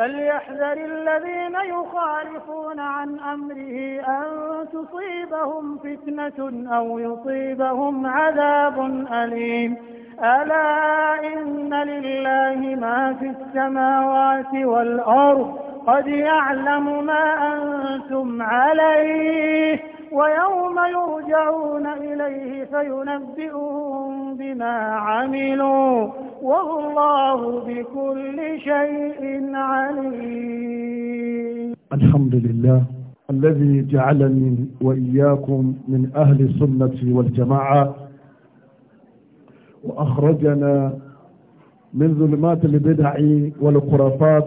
فليحذر الذين يخالفون عن أمره أن تصيبهم فتنة أو يصيبهم عذاب أليم ألا إن لله ما في السماوات والأرض قد يعلم ما أنتم عليه ويوم يرجعون إليه فينبئهم بما عملوا والله بكل شيء عليم الحمد لله الذي جعلني وإياكم من أهل السنة والجماعة وأخرجنا من ظلمات البدع والخرافات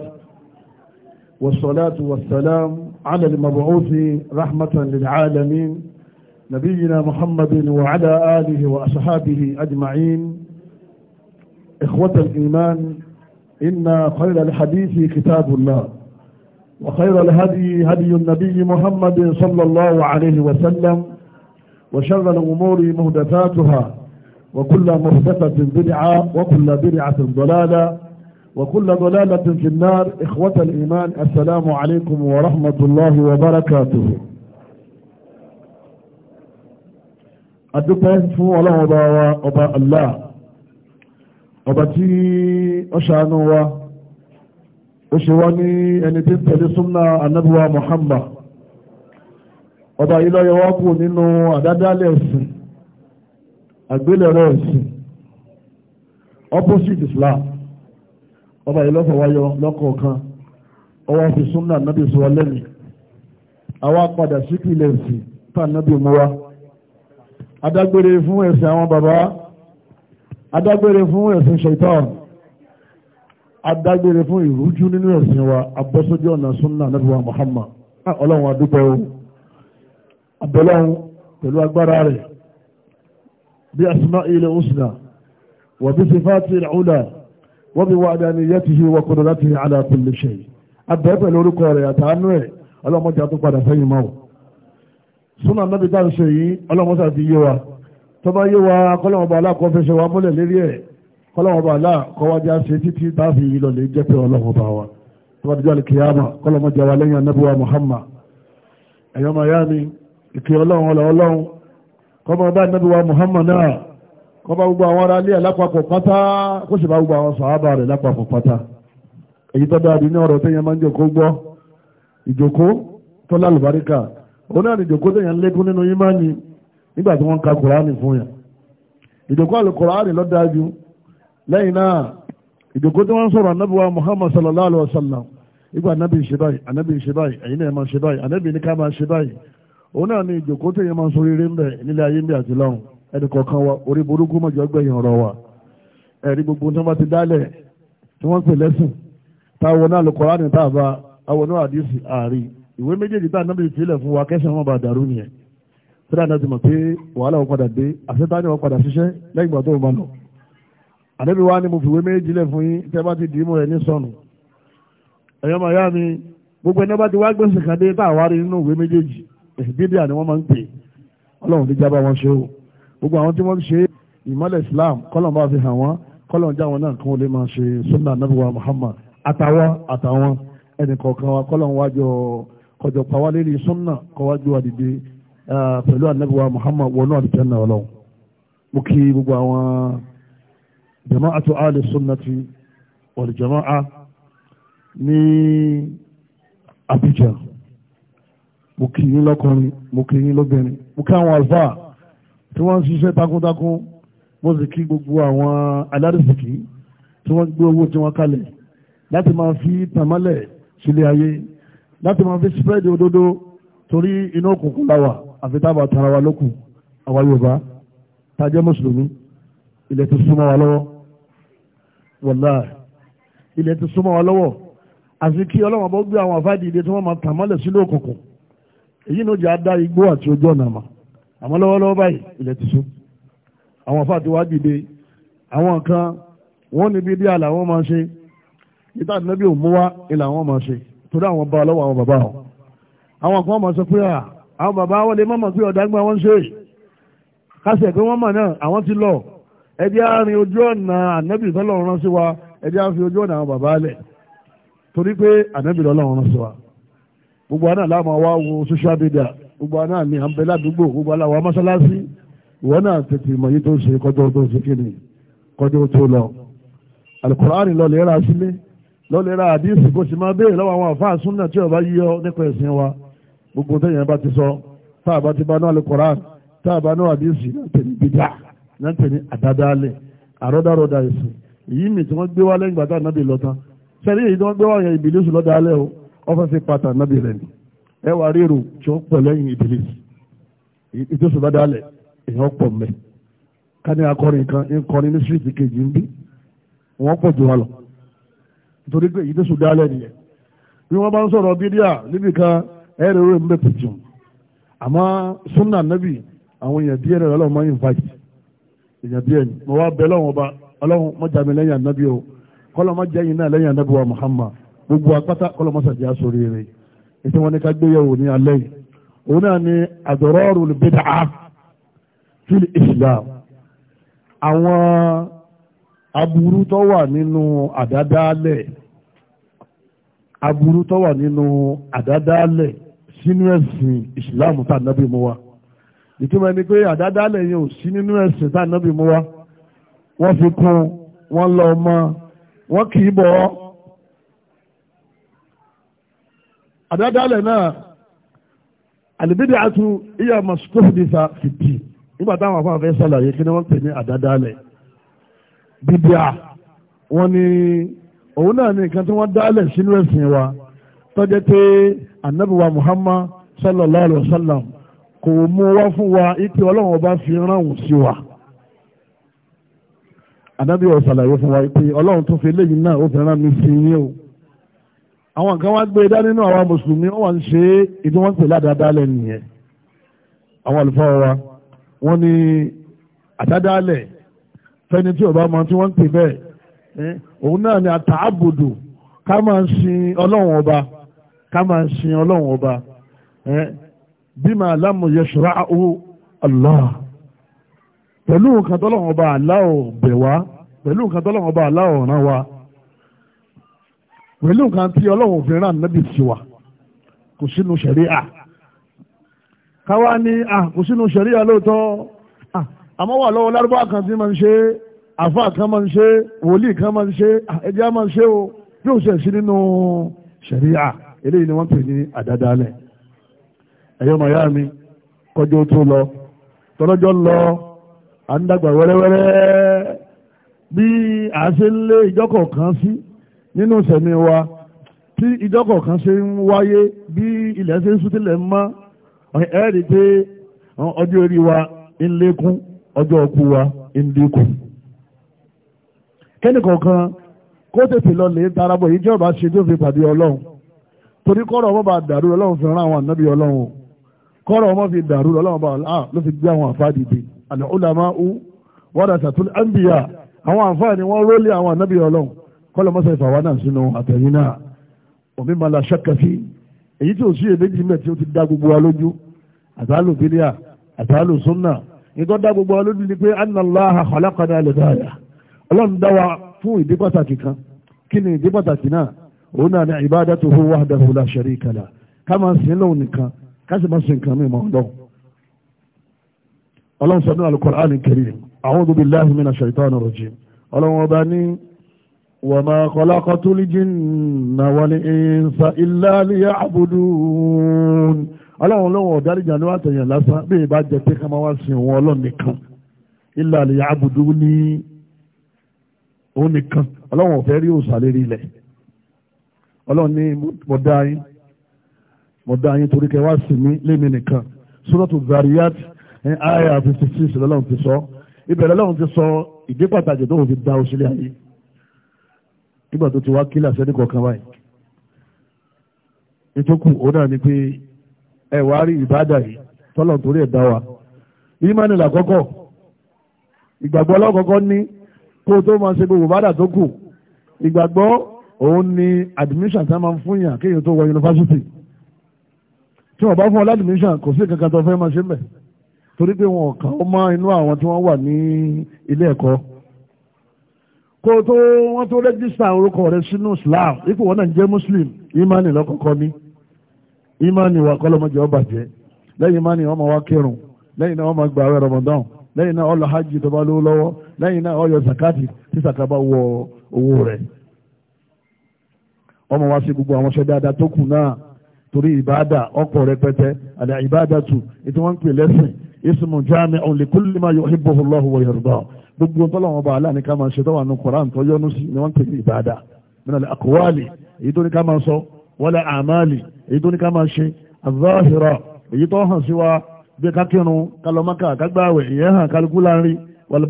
والصلاة والسلام على المبعوث رحمة للعالمين نبينا محمد وعلى آله وأصحابه أجمعين إخوة الإيمان إن خير الحديث كتاب الله وخير الهدي هدي النبي محمد صلى الله عليه وسلم وشر الأمور مهدثاتها وكل مهدثة بدعة وكل بدعة ضلالة وكل ضلالة في النار إخوة الإيمان السلام عليكم ورحمة الله وبركاته adúpẹ́ fún ọlọ́run ọba wa ọba allah ọba tí ó ṣàánú wa ó ṣe wá ní ẹni tí tẹ̀lé súnmọ́ anábíwá muhammad ọba yìí lọ́yọ̀ wá kù nínú àdádálẹ̀ ẹ̀sìn àgbélẹ̀rọ ẹ̀sìn opposite islam ọba yìí lọ́fọ̀ wáyọ lọ́kọ̀ọ̀kan ọwọ́ fi súnà nábì sọ lẹ́nu àwa padà sí kìlẹ̀ sí tá nábì mú wa adágbére fún ẹ̀sìn àwọn bàbá adágbére fún ẹ̀sìn ṣaitan adágbére fún ìrújú nínú ẹ̀sìn wa abọ́sójú ọ̀nà súnà nábì wa Muhammad ọlọ́run adúpẹ́ o abẹ́lọ́run pẹ̀lú agbára rẹ̀ bí asma'ihi al-husna wa bí sifatihi al wọ́n bí wàá dání yẹ́ ti ṣe wọ́n kọ́dọ̀ láti ṣe àdá kò lè ṣe yìí abẹ́ pẹ̀lú orúkọ rẹ̀ àtàánú ẹ̀ ọlọ́mọdé àtún padà sẹ́yìn máa wò súnà nábì tá à ń ṣe yìí ọlọ́mọsà ti yé wa tó bá yé wa kọ́lọ́mọba aláà kọ́ fẹsẹ̀ wa múlẹ̀ lérí ẹ̀ kọ́lọ́mọba aláà kọ́ wájà ṣe títí tá fi yìí lọ́lẹ̀ jẹ́ pé ọlọ́mọba wa tó bá kó gbogbo àwọn ará ilé lápapọ̀ pátá kó sì bá gbogbo àwọn sàábà rẹ̀ lápapọ̀ pátá èyí tó dáadé ní ọ̀rọ̀ téèyàn máa ń jòkó gbọ́ ìjòkó tó lálùbáríkà òun náà ni ìjòkó lékún nínú yín máa ní nígbà tí wọ́n ń ka kùránì fún ìjòkó àlùkùránì dájú lẹ́yìn náà ìjòkó tí wọ́n ń sọ̀rọ̀ Muhammad sallallahu alayhi wa sallam ìgbà anábì ẹnìkọ̀ọ̀kan wa orí burúkú mọ̀jọ́ gbẹ̀yìn ọ̀rọ̀ wa ẹ̀rí gbogbo tí wọ́n bá ti dálẹ̀ tí wọ́n pè lẹ́sìn táwọn náà lùkọ́rá ní tàbá àwọn náà àdísì ààrí ìwé méjèèjì tá ànábì ìfilẹ̀ fún wa kẹ́sàn wọn bá dàrú nìyẹn tí dáadáa ti mọ̀ pé wàhálà wọn padà dé àṣetáni wọn padà ṣiṣẹ́ lẹ́yìn ìgbà tó wọn bá lọ. ànábì wa ni mo fìwé méjì lẹ̀ fún yín tẹ́ bá ti dì í mú rẹ̀ ní sọnù. ẹ̀yọ́ màá yá mi gbogbo ẹni bá ti wá gbèsè kan dé tá àwárí nínú ìwé méjèèjì bíbíà ni wọ́n máa ń pè ọlọ́run ní jábá wọn ṣe o gbogbo àwọn tí wọ́n ṣe ìmọ̀lẹ̀ islam kọ́lọ̀n bá fi hàn wọ́n kọ́lọ̀n já wọn náà kí wọ́n lè máa ṣe sunna anabiwa muhammad àtàwọn àtàwọn ẹnì kọ̀ọ̀kan wa kọ́lọ̀n wájọ kọjọ pàwọ́ lérí sunna kọ́wájú àdìde pẹ̀lú anabiwa muhammad wọnú àdìjẹ́ náà ọlọ́run mo kí gbogbo àwọn jama'atu ahli sunnati wal jama'a ní Abidjan mo kí yín lọ́kùnrin mo kí yín lóbìnrin mo kí àwọn àlùfáà tí wọ́n ń ṣiṣẹ́ takuntakun mo sì kí gbogbo àwọn alárìsìkí tí wọ́n gbé owó tí wọ́n kalẹ̀ láti máa fi tàmálẹ̀ sílé ayé láti máa fi spread òdodo torí iná òkùnkùn la wà àfi tábà tara wa lókun àwa Yorùbá tá a jẹ́ mùsùlùmí ilẹ̀ ti súnmọ́ wa lọ́wọ́ wàláhì ilẹ̀ ti súnmọ́ wa lọ́wọ́ àti kí ọlọ́wọ́n bọ́ gbé àwọn àfáàdì ilé tí wọ́n máa tàmálẹ̀ sílé òkùnkùn èyí ni ó jẹ́ adá igbó àti ojú ọ̀nà àmà àmọ́ lọ́wọ́lọ́wọ́ báyìí ilẹ̀ ti sún àwọn àfáà ti wá dìde àwọn kan wọ́n ní bí díà làwọn máa ṣe níta níbi òun mú wá ilẹ̀ àwọn máa ṣe torí àwọn bá lọ́wọ́ àwọn bàbá wọn àwọn kan máa sọ pé àwọn bàbá wọn lè má mọ̀ pé ọ̀dágbà wọn ṣe kásẹ̀ pé wọ́n mọ̀ náà àwọn ti lọ ẹdí àárín ojú ọ̀nà ànábì fẹ́lọ́run rán sí wa ẹdí àáfi ojú ọ̀nà àwọn bàbá lẹ̀ torí pé ànábì lọ́lọ́run rán sí wa gbogbo àná láàmú wa wo social media gbogbo àná mi à ń bẹ ládùúgbò gbogbo aláwọ̀ mọ́sálásí ìwọ náà tètè mọ̀ yìí tó ṣe kọjọ́ tó ṣe kíni kọjọ́ tó lọ. alukur'an lọ lè ra sílé lọ lè ra àdíìsì kó sì máa béèrè lọ́wọ́ àwọn àfáà súnà tí ọba yíyọ nípa ẹ̀sìn wa gbogbo tẹ̀yìn bá ti sọ tá a bá ti bá náà alukur'an tá a bá náà àdíìsì náà tẹ̀ ní bídà náà tẹ̀ ní àdádálẹ̀ àrọ́dàrọ́dà ẹ̀sìn èyí mi tí wọ́n gbé wá lẹ́yìn gbàtà nábì lọ́tàn sẹ́rí èyí tí wọ́n gbé wá yẹn ìbílẹ̀ sùn lọ́dà ẹ wà ríro tí ó pọ̀ lẹ́yìn Iblis ìtòsùn bá dálẹ̀ èèyàn pọ̀ mẹ́ ká ní akọrin kan ń kọrin ní síríìtì kejì ń bí wọ́n pọ̀ jù wá lọ nítorí pé ìtòsùn dálẹ̀ nìyẹn bí wọ́n bá ń sọ̀rọ̀ bídíà níbi kan ẹ̀rọ rẹ̀ ń bẹ̀ pẹ̀tù àmọ́ súnà nábì àwọn èèyàn díẹ̀ rẹ̀ lọ́wọ́ máa ń ọba ètò wọn ní ká gbéyàwó ní alẹ́ yìí òun náà ni àdọ̀rọ̀rù bídàá fíl islam àwọn aburú tó wà nínú àdádálẹ̀ aburú tó wà nínú àdádálẹ̀ sínú ẹ̀sìn islam tá nábì mú wa ìtumọ̀ ni pé àdádálẹ̀ yẹn ò sí nínú ẹ̀sìn tá nábì mú wa wọ́n fi kún wọ́n lọ ọmọ wọ́n kì í bọ̀ ọ́ àdádálẹ̀ náà àlùbídà àtú ìyá masukuhdisa fìdí nígbà táwọn afọ àfẹ́ sàlàyé kí ni wọ́n pè ní àdádálẹ̀ bíbíà wọ́n ní òun náà ní nǹkan tí wọ́n dálẹ̀ sínú ẹ̀sìn wa tọ́jẹ́ pé anabiwa Muhammad sallallahu alayhi wa sallam kò mú wá fún wa ipe ọlọ́run ọba fi ránwùn sí wa anabiwa sàlàyé fún wa ipe ọlọ́run tó fi léyìn náà ó fi rán mi sí yín o àwọn kan wá gbé e dá nínú àwọn mùsùlùmí wọ́n ń ṣe ìdí wọ́n pè ládàádálẹ̀ nìyẹn àwọn àlùfáà wa wọ́n ní àdádálẹ̀ fẹ́ni tí ọba mọ tí wọ́n ń pè bẹ́ẹ̀ òun náà ni àtàbùdù ká máa ń sin ọlọ́run ọba ká máa ń sin ọlọ́run ọba bima lam yashra'u Allah pẹ̀lú nǹkan tọ́lọ́run ọba Allah ò bẹ̀ wá pẹ̀lú nǹkan tọ́lọ́run ọba Allah ò rán wa pẹ̀lú nǹkan tí ọlọ́run òfin rán nábì sí wa kò sínú ṣẹ̀ríà káwá ní kò sínú ṣẹ̀ríà lóòótọ́ àmọ́ wà lọ́wọ́ lárúbáwá kan tí máa ń ṣe àfáà kan máa ń ṣe wòlíì kan máa ń ṣe ẹjẹ́ á máa ń ṣe o yóò ṣe sí nínú ṣẹ̀ríà eléyìí ni wọ́n pè ní àdádálẹ̀ ẹ̀yọ́ màyá mi kọjọ́ tó lọ tọ́lọ́jọ́ ń lọ à ń dàgbà wẹ́rẹ́wẹ́rẹ́ bí àá ń lé ìjọ́kọ̀ọ̀kan sí. Si nínú ìsẹ̀mí wa tí ìjọ́kọ̀ kan ṣe ń wáyé bí ilẹ̀ ṣe ń sútìlẹ̀ mọ́ ẹ rí pé ọjọ́ orí wa ń lékún ọjọ́ ọkú wa ń dínkù kẹ́nìkọ̀ọ̀kan kó tètè lọ lè darapọ̀ yìí jẹ́ ọba ṣe tó fi pàdé ọlọ́run torí kọ́rọ̀ ọmọ bá dàrú ọlọ́run fi rán àwọn ànábì ọlọ́run o kọ́rọ̀ ọmọ fi dàrú ọlọ́run bá ah ló fi gbé àwọn àfáà dìde àlọ́ ó làmá ó wọ́n dà sàtúlẹ̀ àǹbíyà àwọn àfáà ni wọ́n rólé àwọn ànábì ọlọ́run kọ́lọ̀ mọ́sá ìfàwá náà sínú àtẹ̀yìn náà omi máa la ṣàkàfí èyí tí ò sí èméjì mẹ́ tí ó ti dá gbogbo wa lójú àtàlù bílíà àtàlù súnà ìtọ́ dá gbogbo wa lójú ni pé anàláha khalaqana lẹ́dáyà ọlọ́run dá wa fún ìdí pàtàkì kan kí ni ìdí pàtàkì náà òun náà ni ibadatuhu wahdahu la sharika lah ká máa sin lóhun nìkan ká sì máa sin nǹkan mímọ́ ọlọ́run ọlọ́run sọ وما خلقت الجن والإنس إلا ليعبدون ọlọ́run lọ́wọ́ ọ̀dáríjà ní àtẹ̀yàn lásán bí ìbá jẹ pé ká máa wá sin òun ọlọ́run nìkan إلا ليعبدون òun nìkan ọlọ́run ọ̀fẹ́ rí òòsà lérí ilẹ̀ ọlọ́run ní mo dá yín mo dá yín torí kẹ wá sí mi lémi nìkan Suratu Zariyat ayah fifty six lọ́lọ́run ti sọ ibẹ̀rẹ̀ lọ́run ti sọ ìdí pàtàkì tó fi da òṣèlú ayé nígbà tó ti wá kílà sẹ́ni kọ̀ọ̀kan báyìí ìtókù òun náà ni pé ẹ wá rí ìbádà yìí tọ́lọ̀ torí ẹ̀ dá wa ìmánì làkọ́kọ́ ìgbàgbọ́ lọ́kọ́kọ́ ní kó tó máa ṣe gbogbo bádà tó kù ìgbàgbọ́ òun ni admission tá a máa ń fún yàn kéèyàn tó wọ yunifásitì tí wọ́n bá fún ọ ládùmíṣàn kò sí kankan tó fẹ́ máa ṣe ń torí pé wọn kàn ó mọ́ inú àwọn tí wọ́n wà ní ilé ẹ̀kọ́ kó tó wọ́n tó rẹ́gísítà orúkọ rẹ̀ sínú islam ipò wọn náà jẹ́ muslim imani lọ́kọ̀ọ́kọ́ ní imani wà kọ́lọ́mọdé ọba jẹ́ lẹ́yìn imani wọ́n máa wá kírun lẹ́yìn náà wọ́n máa gbààwẹ̀ ramadan lẹ́yìn náà ó hajj tó bá lówó lọ́wọ́ lẹ́yìn náà ó zakati tí saka wọ owó rẹ̀ wọ́n máa wá sí gbogbo àwọn ṣẹ́ dáadáa tó kù náà torí ìbáàdà ọkọ̀ rẹpẹtẹ gbogbo tọ́lọ́wọ́n bá aláàní ká máa ṣe tọ́wọ́ àánú koran tó yọnu sí ni wọ́n ń tẹ̀lé ìbáadà minal aqwali èyí tó ní ká máa sọ wala a'mali èyí tó ní ká máa ṣe az-zahira èyí tó hàn sí wa bí ká kírun ká lọ Mákà ká gbààwẹ̀ ìyẹn hàn kálukú láàrin wal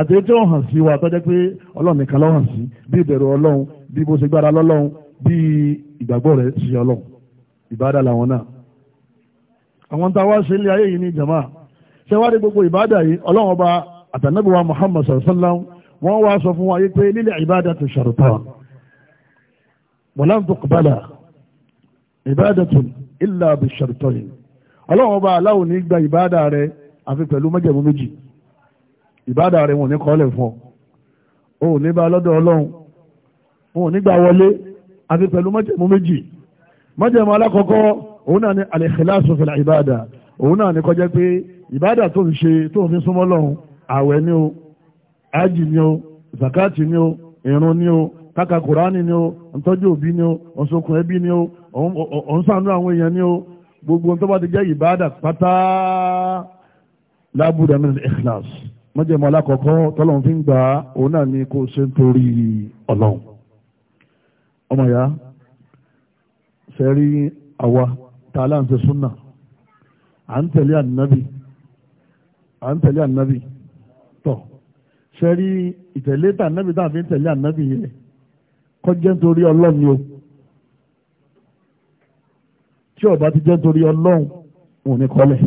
àti èyí tó hàn sí wa tọ́jẹ́ pé ọlọ́run nìkan ló hàn sí bí ìbẹ̀rù ọlọ́run bí bó ṣe gbára lọ́lọ́run bí ìgbàgbọ́ rẹ̀ sí ọlọ́run ìbáadà làwọn náà àwọn táwa ṣe ilé ayé yìí ní jàmáà ṣẹ́wádìí gbogbo ìbáadà yìí ọlọ́run ọba àtànábíwá Muhammad sallallahu wọ́n wá sọ fún wa yí pé lílẹ̀ ìbádàtù ṣàrùtàn wọ́n tó kọ̀bálà ìbádàtù ìlà bí ṣàrùtàn ọlọ́run ọba aláwọ̀ ní gba ìbádà rẹ àfi pẹ̀lú májẹ̀mú méjì ìbádà rẹ wọn ní kọ́lẹ̀ fún ọ ò ní bá lọ́dọ̀ ọlọ́run wọn ò ní gbà wọlé àfi pẹ̀lú májẹ̀mú méjì májẹ̀mú alákọ̀ọ́kọ́ òun náà ní al-ikhlasu fil ìbádà òun náà ní kọjá pé ìbádà tó ń àwẹ̀ ni o ájì ni o zakati ni o ìrun ni o káka kùránì ni o ntọ́jú òbí ni o ọ̀sọ̀kùn ẹbí ni gbogbo tó bá ti jẹ́ ìbáàdà pátá lábúdà min al mọ́jẹ̀mọ́ alákọ̀ọ́kọ́ tọ́lọ́run fi ń gbà òun náà ni ṣe ń torí ọlọ́run ọmọ ìyá sẹ́rí àwa sẹ́rí ìtẹ̀lé tà nẹ́bí tàbí tẹ̀lé ànábì yẹn kọjá nítorí ọlọ́run ni o tí ọba ti jẹ́ nítorí ọlọ́run òun ní kọ́lẹ̀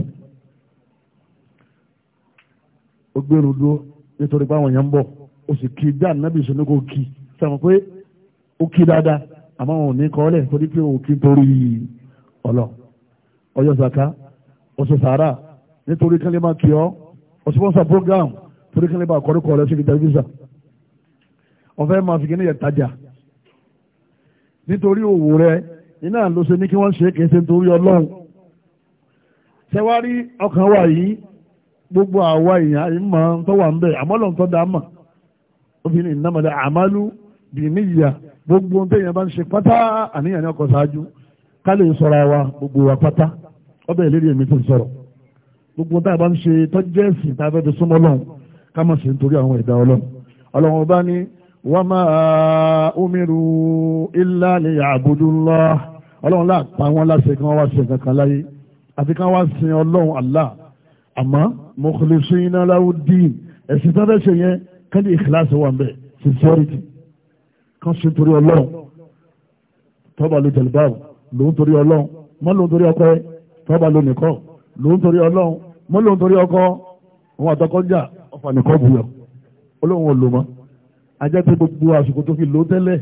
ó gbèrú dúró nítorí pé àwọn èèyàn ń bọ̀ ó sì kí dá ànábì sọ ní kí sàmù pé ó kí dáadáa àmọ́ òun ní kọ́lẹ̀ torí pé òun kí nítorí ọlọ́run ọyọ zaka ọsọ sàárà nítorí kálí máa kí ọ ọsọ program. torí kí ni bá àkọ́rọ́kọ́ rẹ sí tẹlifíṣà ọ̀fẹ́ máa fi kíní yẹn tajà nítorí òwò rẹ iná ló ṣe ní kí wọ́n ṣe kìí nítorí gbogbo àwa èèyàn ìmọ̀ tó wà ń bẹ̀ àmọ́ tó amalu mọ̀ obìnrin ìnámọ̀lẹ̀ gbogbo ohun téèyàn bá ń ṣe pátá àníyàn ní ọkọ̀ ṣáájú ká lè wa gbogbo wa pátá ọbẹ̀ ìlérí èmi tó ń sọ̀rọ̀ gbogbo bá ń ṣe tọ́jú ẹ̀sìn a fẹ́ fi súnmọ́ ká má ṣe nítorí àwọn ẹ̀dá ọlọ́run ọlọ́run ọba ní wa ma umiru illa liya'budullah ọlọ́run láà pa wọ́n láṣẹ kí wọ́n wá ṣe kankan láyé àti kí wọ́n wá sin ọlọ́run Allah àmọ́ mukhlisina lahu din ẹ̀sìn tó fẹ́ ṣe yẹn kẹ́lí ìkìláṣẹ́ wà ń bẹ̀ sincerity kan ṣe torí ọlọ́run tọ́ba ló jẹ̀lú báwò lòun torí ọlọ́run mọ́ lòun torí ọkọ tọ́ba ló nìkọ́ lòun torí ọlọ́run mọ́ lòun torí ọkọ òun àtọkọ jà àǹfààní kọ́ bu ẹ̀ olóhùn ò lò mọ́ ajá pé gbogbo àsìkò tó fi lò tẹ́lẹ̀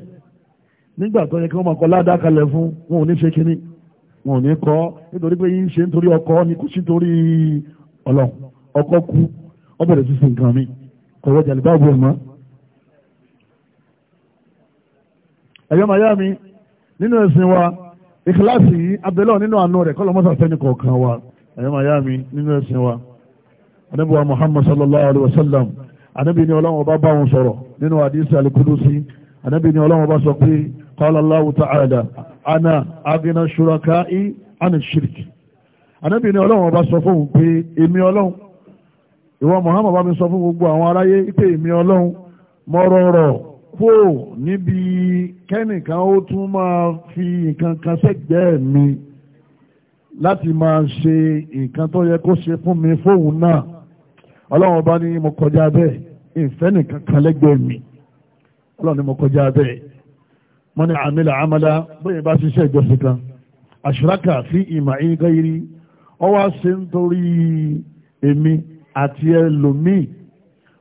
nígbà tó yẹ kí wọ́n máa kọ́ ládàá kalẹ̀ fún wọn ò ní ṣe kínní wọn ò ní kọ́ nítorí pé yín ṣe nítorí ọkọ ni kò sí nítorí ọlọ́run ọkọ kú ọbẹ̀rẹ̀ sísun nǹkan mi kọ̀wọ́ jàlùbá bu ẹ̀ mọ́. ẹ̀yọ́ màyá mi nínú ẹ̀sìn wa ìkíláàsì yìí abẹ́lẹ́ nínú àánú rẹ̀ kọ́ lọ́mọ́sà fẹ́ni kọ̀ọ̀kan wa ẹ̀yọ́ màyá mi nínú ẹ̀sìn wa anábì wa muhammad sallallahu alayhi wa sallam anábì ni ọlọ́run ọba bá wọn sọ̀rọ̀ nínú àdísì alikudusi anábì ni ọlọ́run ọba sọ pé qala Allahu ta'ala ana agina shuraka'i ana shirk anábì ni ọlọ́run ọba sọ fún un pé èmi ọlọ́run ìwọ muhammad bá mi sọ fún gbogbo àwọn aráyé pé èmi ọlọ́run mọ́rọ̀rọ̀ kó níbi kẹ́nìkan ó tún máa fi nǹkan kan sẹ́gbẹ̀ẹ́ mi láti máa ṣe nǹkan tó yẹ kó ṣe fún mi fóun náà ọlọ́run ọba ní mo kọjá bẹ́ẹ̀ ìfẹ́ nìkan kan lẹ́gbẹ̀ẹ́ mi ọlọ́run ní mo kọjá bẹ́ẹ̀ mo ní àmìlà àmàlà bóyá bá ṣiṣẹ́ ìjọsìn kan àṣùrákà fi ìmọ̀ ìyíká yìí rí ọwọ́ ṣe ń torí èmi àti ẹlòmíì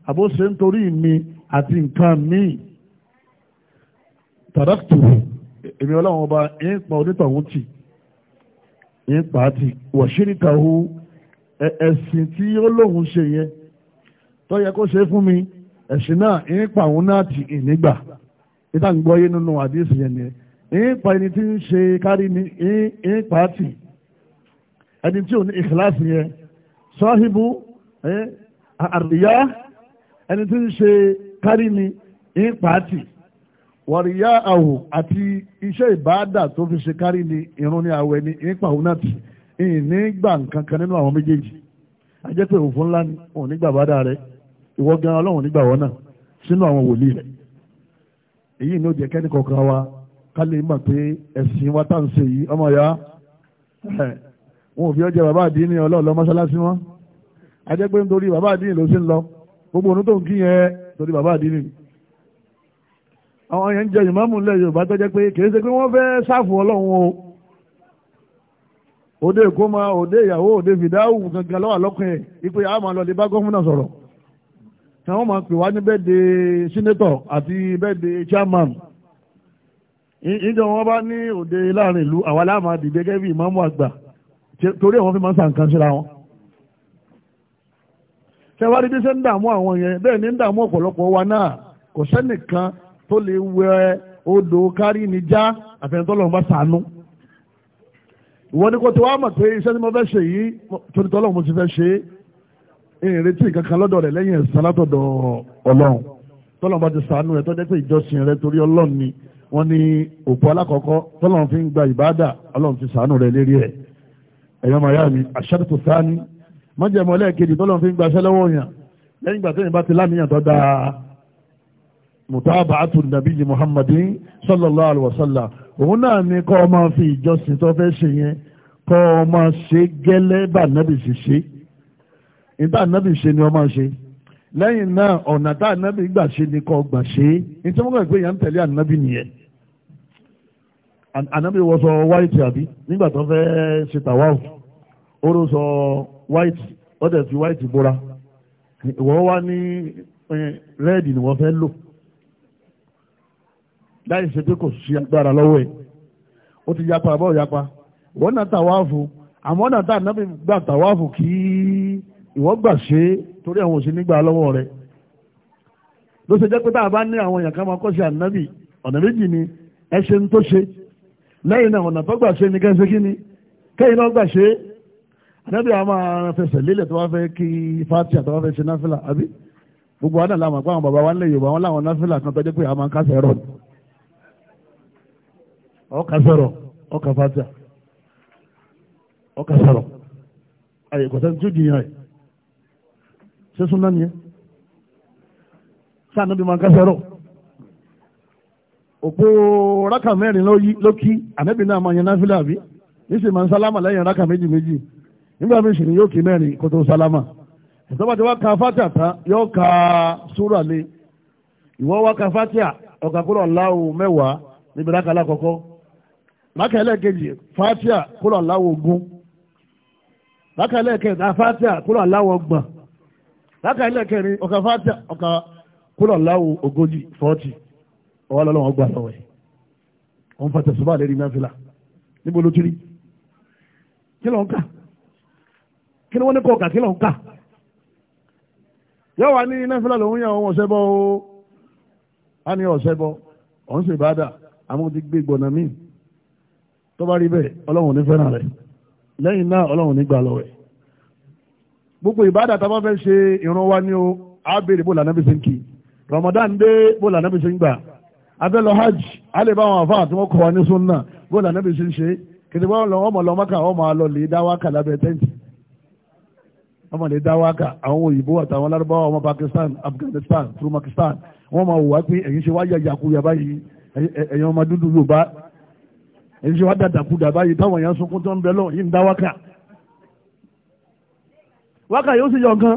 àbó ṣe ń torí mi àti nǹkan míì tàdákùtù èmi ọlọ́run ọba ń pa onítọ̀hún tì ń pa á tì wọ̀ṣíríkà hu ẹ̀sìn tí ó lóhun ṣe yẹn tó yẹ kó ṣe fún mi ẹ̀sìn náà ń pa òun náà tì í níta ń gbọ́ yé nínú àdéhùn yẹn ni ń pa ẹni tí ń ṣe kárí ni ń pa á tì ẹni tí ò ní ìkìláàsì yẹn sọ́híbù àríyá ẹni tí ń ṣe kárí ni ń pa á tì wàríyá àwò àti iṣẹ́ ìbáàdà tó fi ṣe kárí ni irun ní àwẹ̀ ni ń pa òun náà tì ìní gbà nǹkan nínú àwọn méjèèjì ajẹ́ pé ńlá ni òun nígbà bá dáa rẹ̀ ìwọ gan ọlọ́run nígbà wọn náà sínú àwọn wòlíì rẹ̀ èyí ni ó jẹ́ kẹ́ni kọ̀ọ̀kan wa ká lè mọ̀ pé ẹ̀sìn wa tá à ń ṣe yìí ọmọ ya wọn ò fi ọjọ́ bàbá àdínní ọlọ́ọ̀lọ́ mọ́ṣáláṣí wọn ajẹ́gbé nítorí bàbá àdínní ló ṣe ń lọ gbogbo òun tó ń kí yẹn torí bàbá àdínní àwọn yẹn ń jẹ ìmáàmù ńlẹ̀ Yorùbá tó jẹ́ pé kì í ṣe pé wọ́n fẹ́ sáàfù ọlọ́run o òde ìkómà òde ìyàwó òde fìdáwù gangan lọ́wọ́ àlọ́kùn yẹn ipò yàrá máa lọ lè bá gọ́fúnà sọ̀rọ̀ tí wọ́n máa pè wá ní bẹ́ẹ̀dẹ̀ sínétọ̀ àti bẹ́ẹ̀dẹ̀ chairman ìjọ wọn bá ní òde láàrin ìlú àwa la máa dìde gẹ́gẹ́ bí ìmáàmù àgbà torí àwọn fi máa ń sàǹkan síra wọn tẹwárí bí ṣe ń dààmú àwọn yẹn bẹ́ẹ̀ ni ń dààmú ọ̀pọ̀lọpọ̀ wa náà kò sẹ́nìkan tó lè wẹ odò kárí ni já àfẹnitọ́lọ́run bá sànú ìwọ ni kò tó wá mọ̀ pé iṣẹ́ tí mo fẹ́ ṣe yìí tonitọ́lọ́run mo ti fẹ́ ṣe é ìrètí kankan lọ́dọ̀ rẹ̀ lẹ́yìn ẹ̀san látọ̀dọ̀ ọlọ́run tọ́lọ́n bá ti sànú rẹ̀ tọ́jẹ́ pé ìjọsìn rẹ̀ torí ọlọ́run ni wọ́n ní òpó alákọ̀ọ́kọ́ tọ́lọ́run fi ń gba ìbáàdà ọlọ́run ti sànú rẹ̀ lérí ẹ̀ ẹ̀yọ́ màyá mi àṣàtúntò sáni májẹ̀mọ́ lẹ́ẹ̀kejì tọ́lọ́run fi ń gbaṣẹ́ lọ́wọ́ yàn lẹ́yìn ìgbà tẹ́yìn bá ti láníyàn tó dáa mùtábàátù nàbíyí muhammadin sallallahu alaihi wasallam òun náà ni kọ́ ọ máa fi ìjọsìn tó fẹ́ ṣe yẹn kọ́ ọ máa ṣe gẹ́lẹ́ bá nàbì ṣe níta ànábì ṣe ni ọmọ ṣe lẹ́yìn náà ọ̀nà tá ànábì gbà ṣe ni kò gbà ṣe é nítorí wọ́n gbà pé yẹn ń tẹ̀lé ànábì nìyẹn ànábì wọ sọ wáìtì àbí nígbà tó fẹ́ ṣe tàwáwù ó ló sọ wáìtì ó dẹ̀ fi wáìtì bóra ìwọ wá ní rẹ́ẹ̀dì ni wọ́n fẹ́ lò láì ṣe pé kò sí agbára lọ́wọ́ ẹ̀ ó ti yapa àbọ̀ yapa wọ́n náà tàwáàfù àmọ́ náà tá ànábì gbà tàwáàfù kí ìwọ gbà ṣe torí àwọn òsì nígbà lọ́wọ́ rẹ̀ ló ṣe jẹ́ pé báà bá ní àwọn èèyàn kan máa kọ́ sí ànábì ọ̀nà méjì ni ẹ ṣe ń tó ṣe lẹ́yìn náà ọ̀nà tó gbà ṣe ni kẹ́sẹ́ kí ni kẹ́yìn náà gbà ṣe ànábì àwọn máa fẹsẹ̀ lélẹ̀ tó wá fẹ́ kí fati àtọwá fẹ́ ṣe náfìlà àbí gbogbo wa náà làwọn àgbà àwọn bàbá wa nílẹ̀ Yorùbá wọn láwọn náfìlà kan tọ́jú pé àwọn kásẹ̀ rọ̀ ọkà sọ̀rọ̀ ọkà fati ṣé súnmọ́ ni yẹn sáà níbi máa ń kẹsẹ̀ rọ̀ òpó rákà mẹ́rin ló kí ànábì náà máa yan náfìlà àbí níṣẹ́ máa ń sálámà lẹ́yìn rákà méjì méjì nígbà míì sì ni yóò kí mẹ́rin kó tó sálámà ìtọ́ba ti wá ka fátíà tán yóò ka súrà lé ìwọ́ wá ka fátíà ọ̀kà kúrò aláwo mẹ́wàá níbi rákà alákọ̀ọ́kọ́ rákà ẹlẹ́ẹ̀kejì fátíà kúrò aláwo ogún rákà ẹlẹ́ẹ̀kẹta fátíà kúrò aláwo ọgbọ̀n laka ilé kẹrin ọ̀kà fàtà ọ̀kà kúlọ̀ láwù ogójì fọ́ọ̀tì ọwọ́ lọ́wọ́ gbà lọ́wọ́ ẹ̀ wọ́n fàtà sọ́bà lérí náfìlà níbo ló tiri kí ló ni kí ló ń kà yóò wá ní lòun yà o á ní ọ̀sẹ́ bọ́ ti gbé gbọ̀nà míì tó gbogbo ìbádà tá a bá fẹ́ ṣe ìran wa ni o á béèrè bó lànà bí ṣe ń kì Ramadan dé bó lànà bí ṣe ń gbà abẹ́ lọ hajj á lè bá àwọn àfáà tí wọ́n kọ́ wa ní sunna bó lànà bí ṣe ń ṣe kìtì lọ ọmọ lọ mọ́kà ọmọ lọ lè dá wákà lábẹ́ tẹ́ǹtì ọmọ lè dá wákà àwọn òyìnbó àtàwọn lárúbáwá ọmọ Pakistan Afghanistan Turkmenistan wọ́n máa wà pé ẹ̀yin ṣe wá yàyàkuyà báyìí ẹ̀yin ọmọ dúdú Yorùbá ẹ̀yin ṣe wá dàdàkudà báyìí táwọn èèyàn sunkún tó ń bẹ lọ yìí ń dá wákà wákà yóò sì yọ nǹkan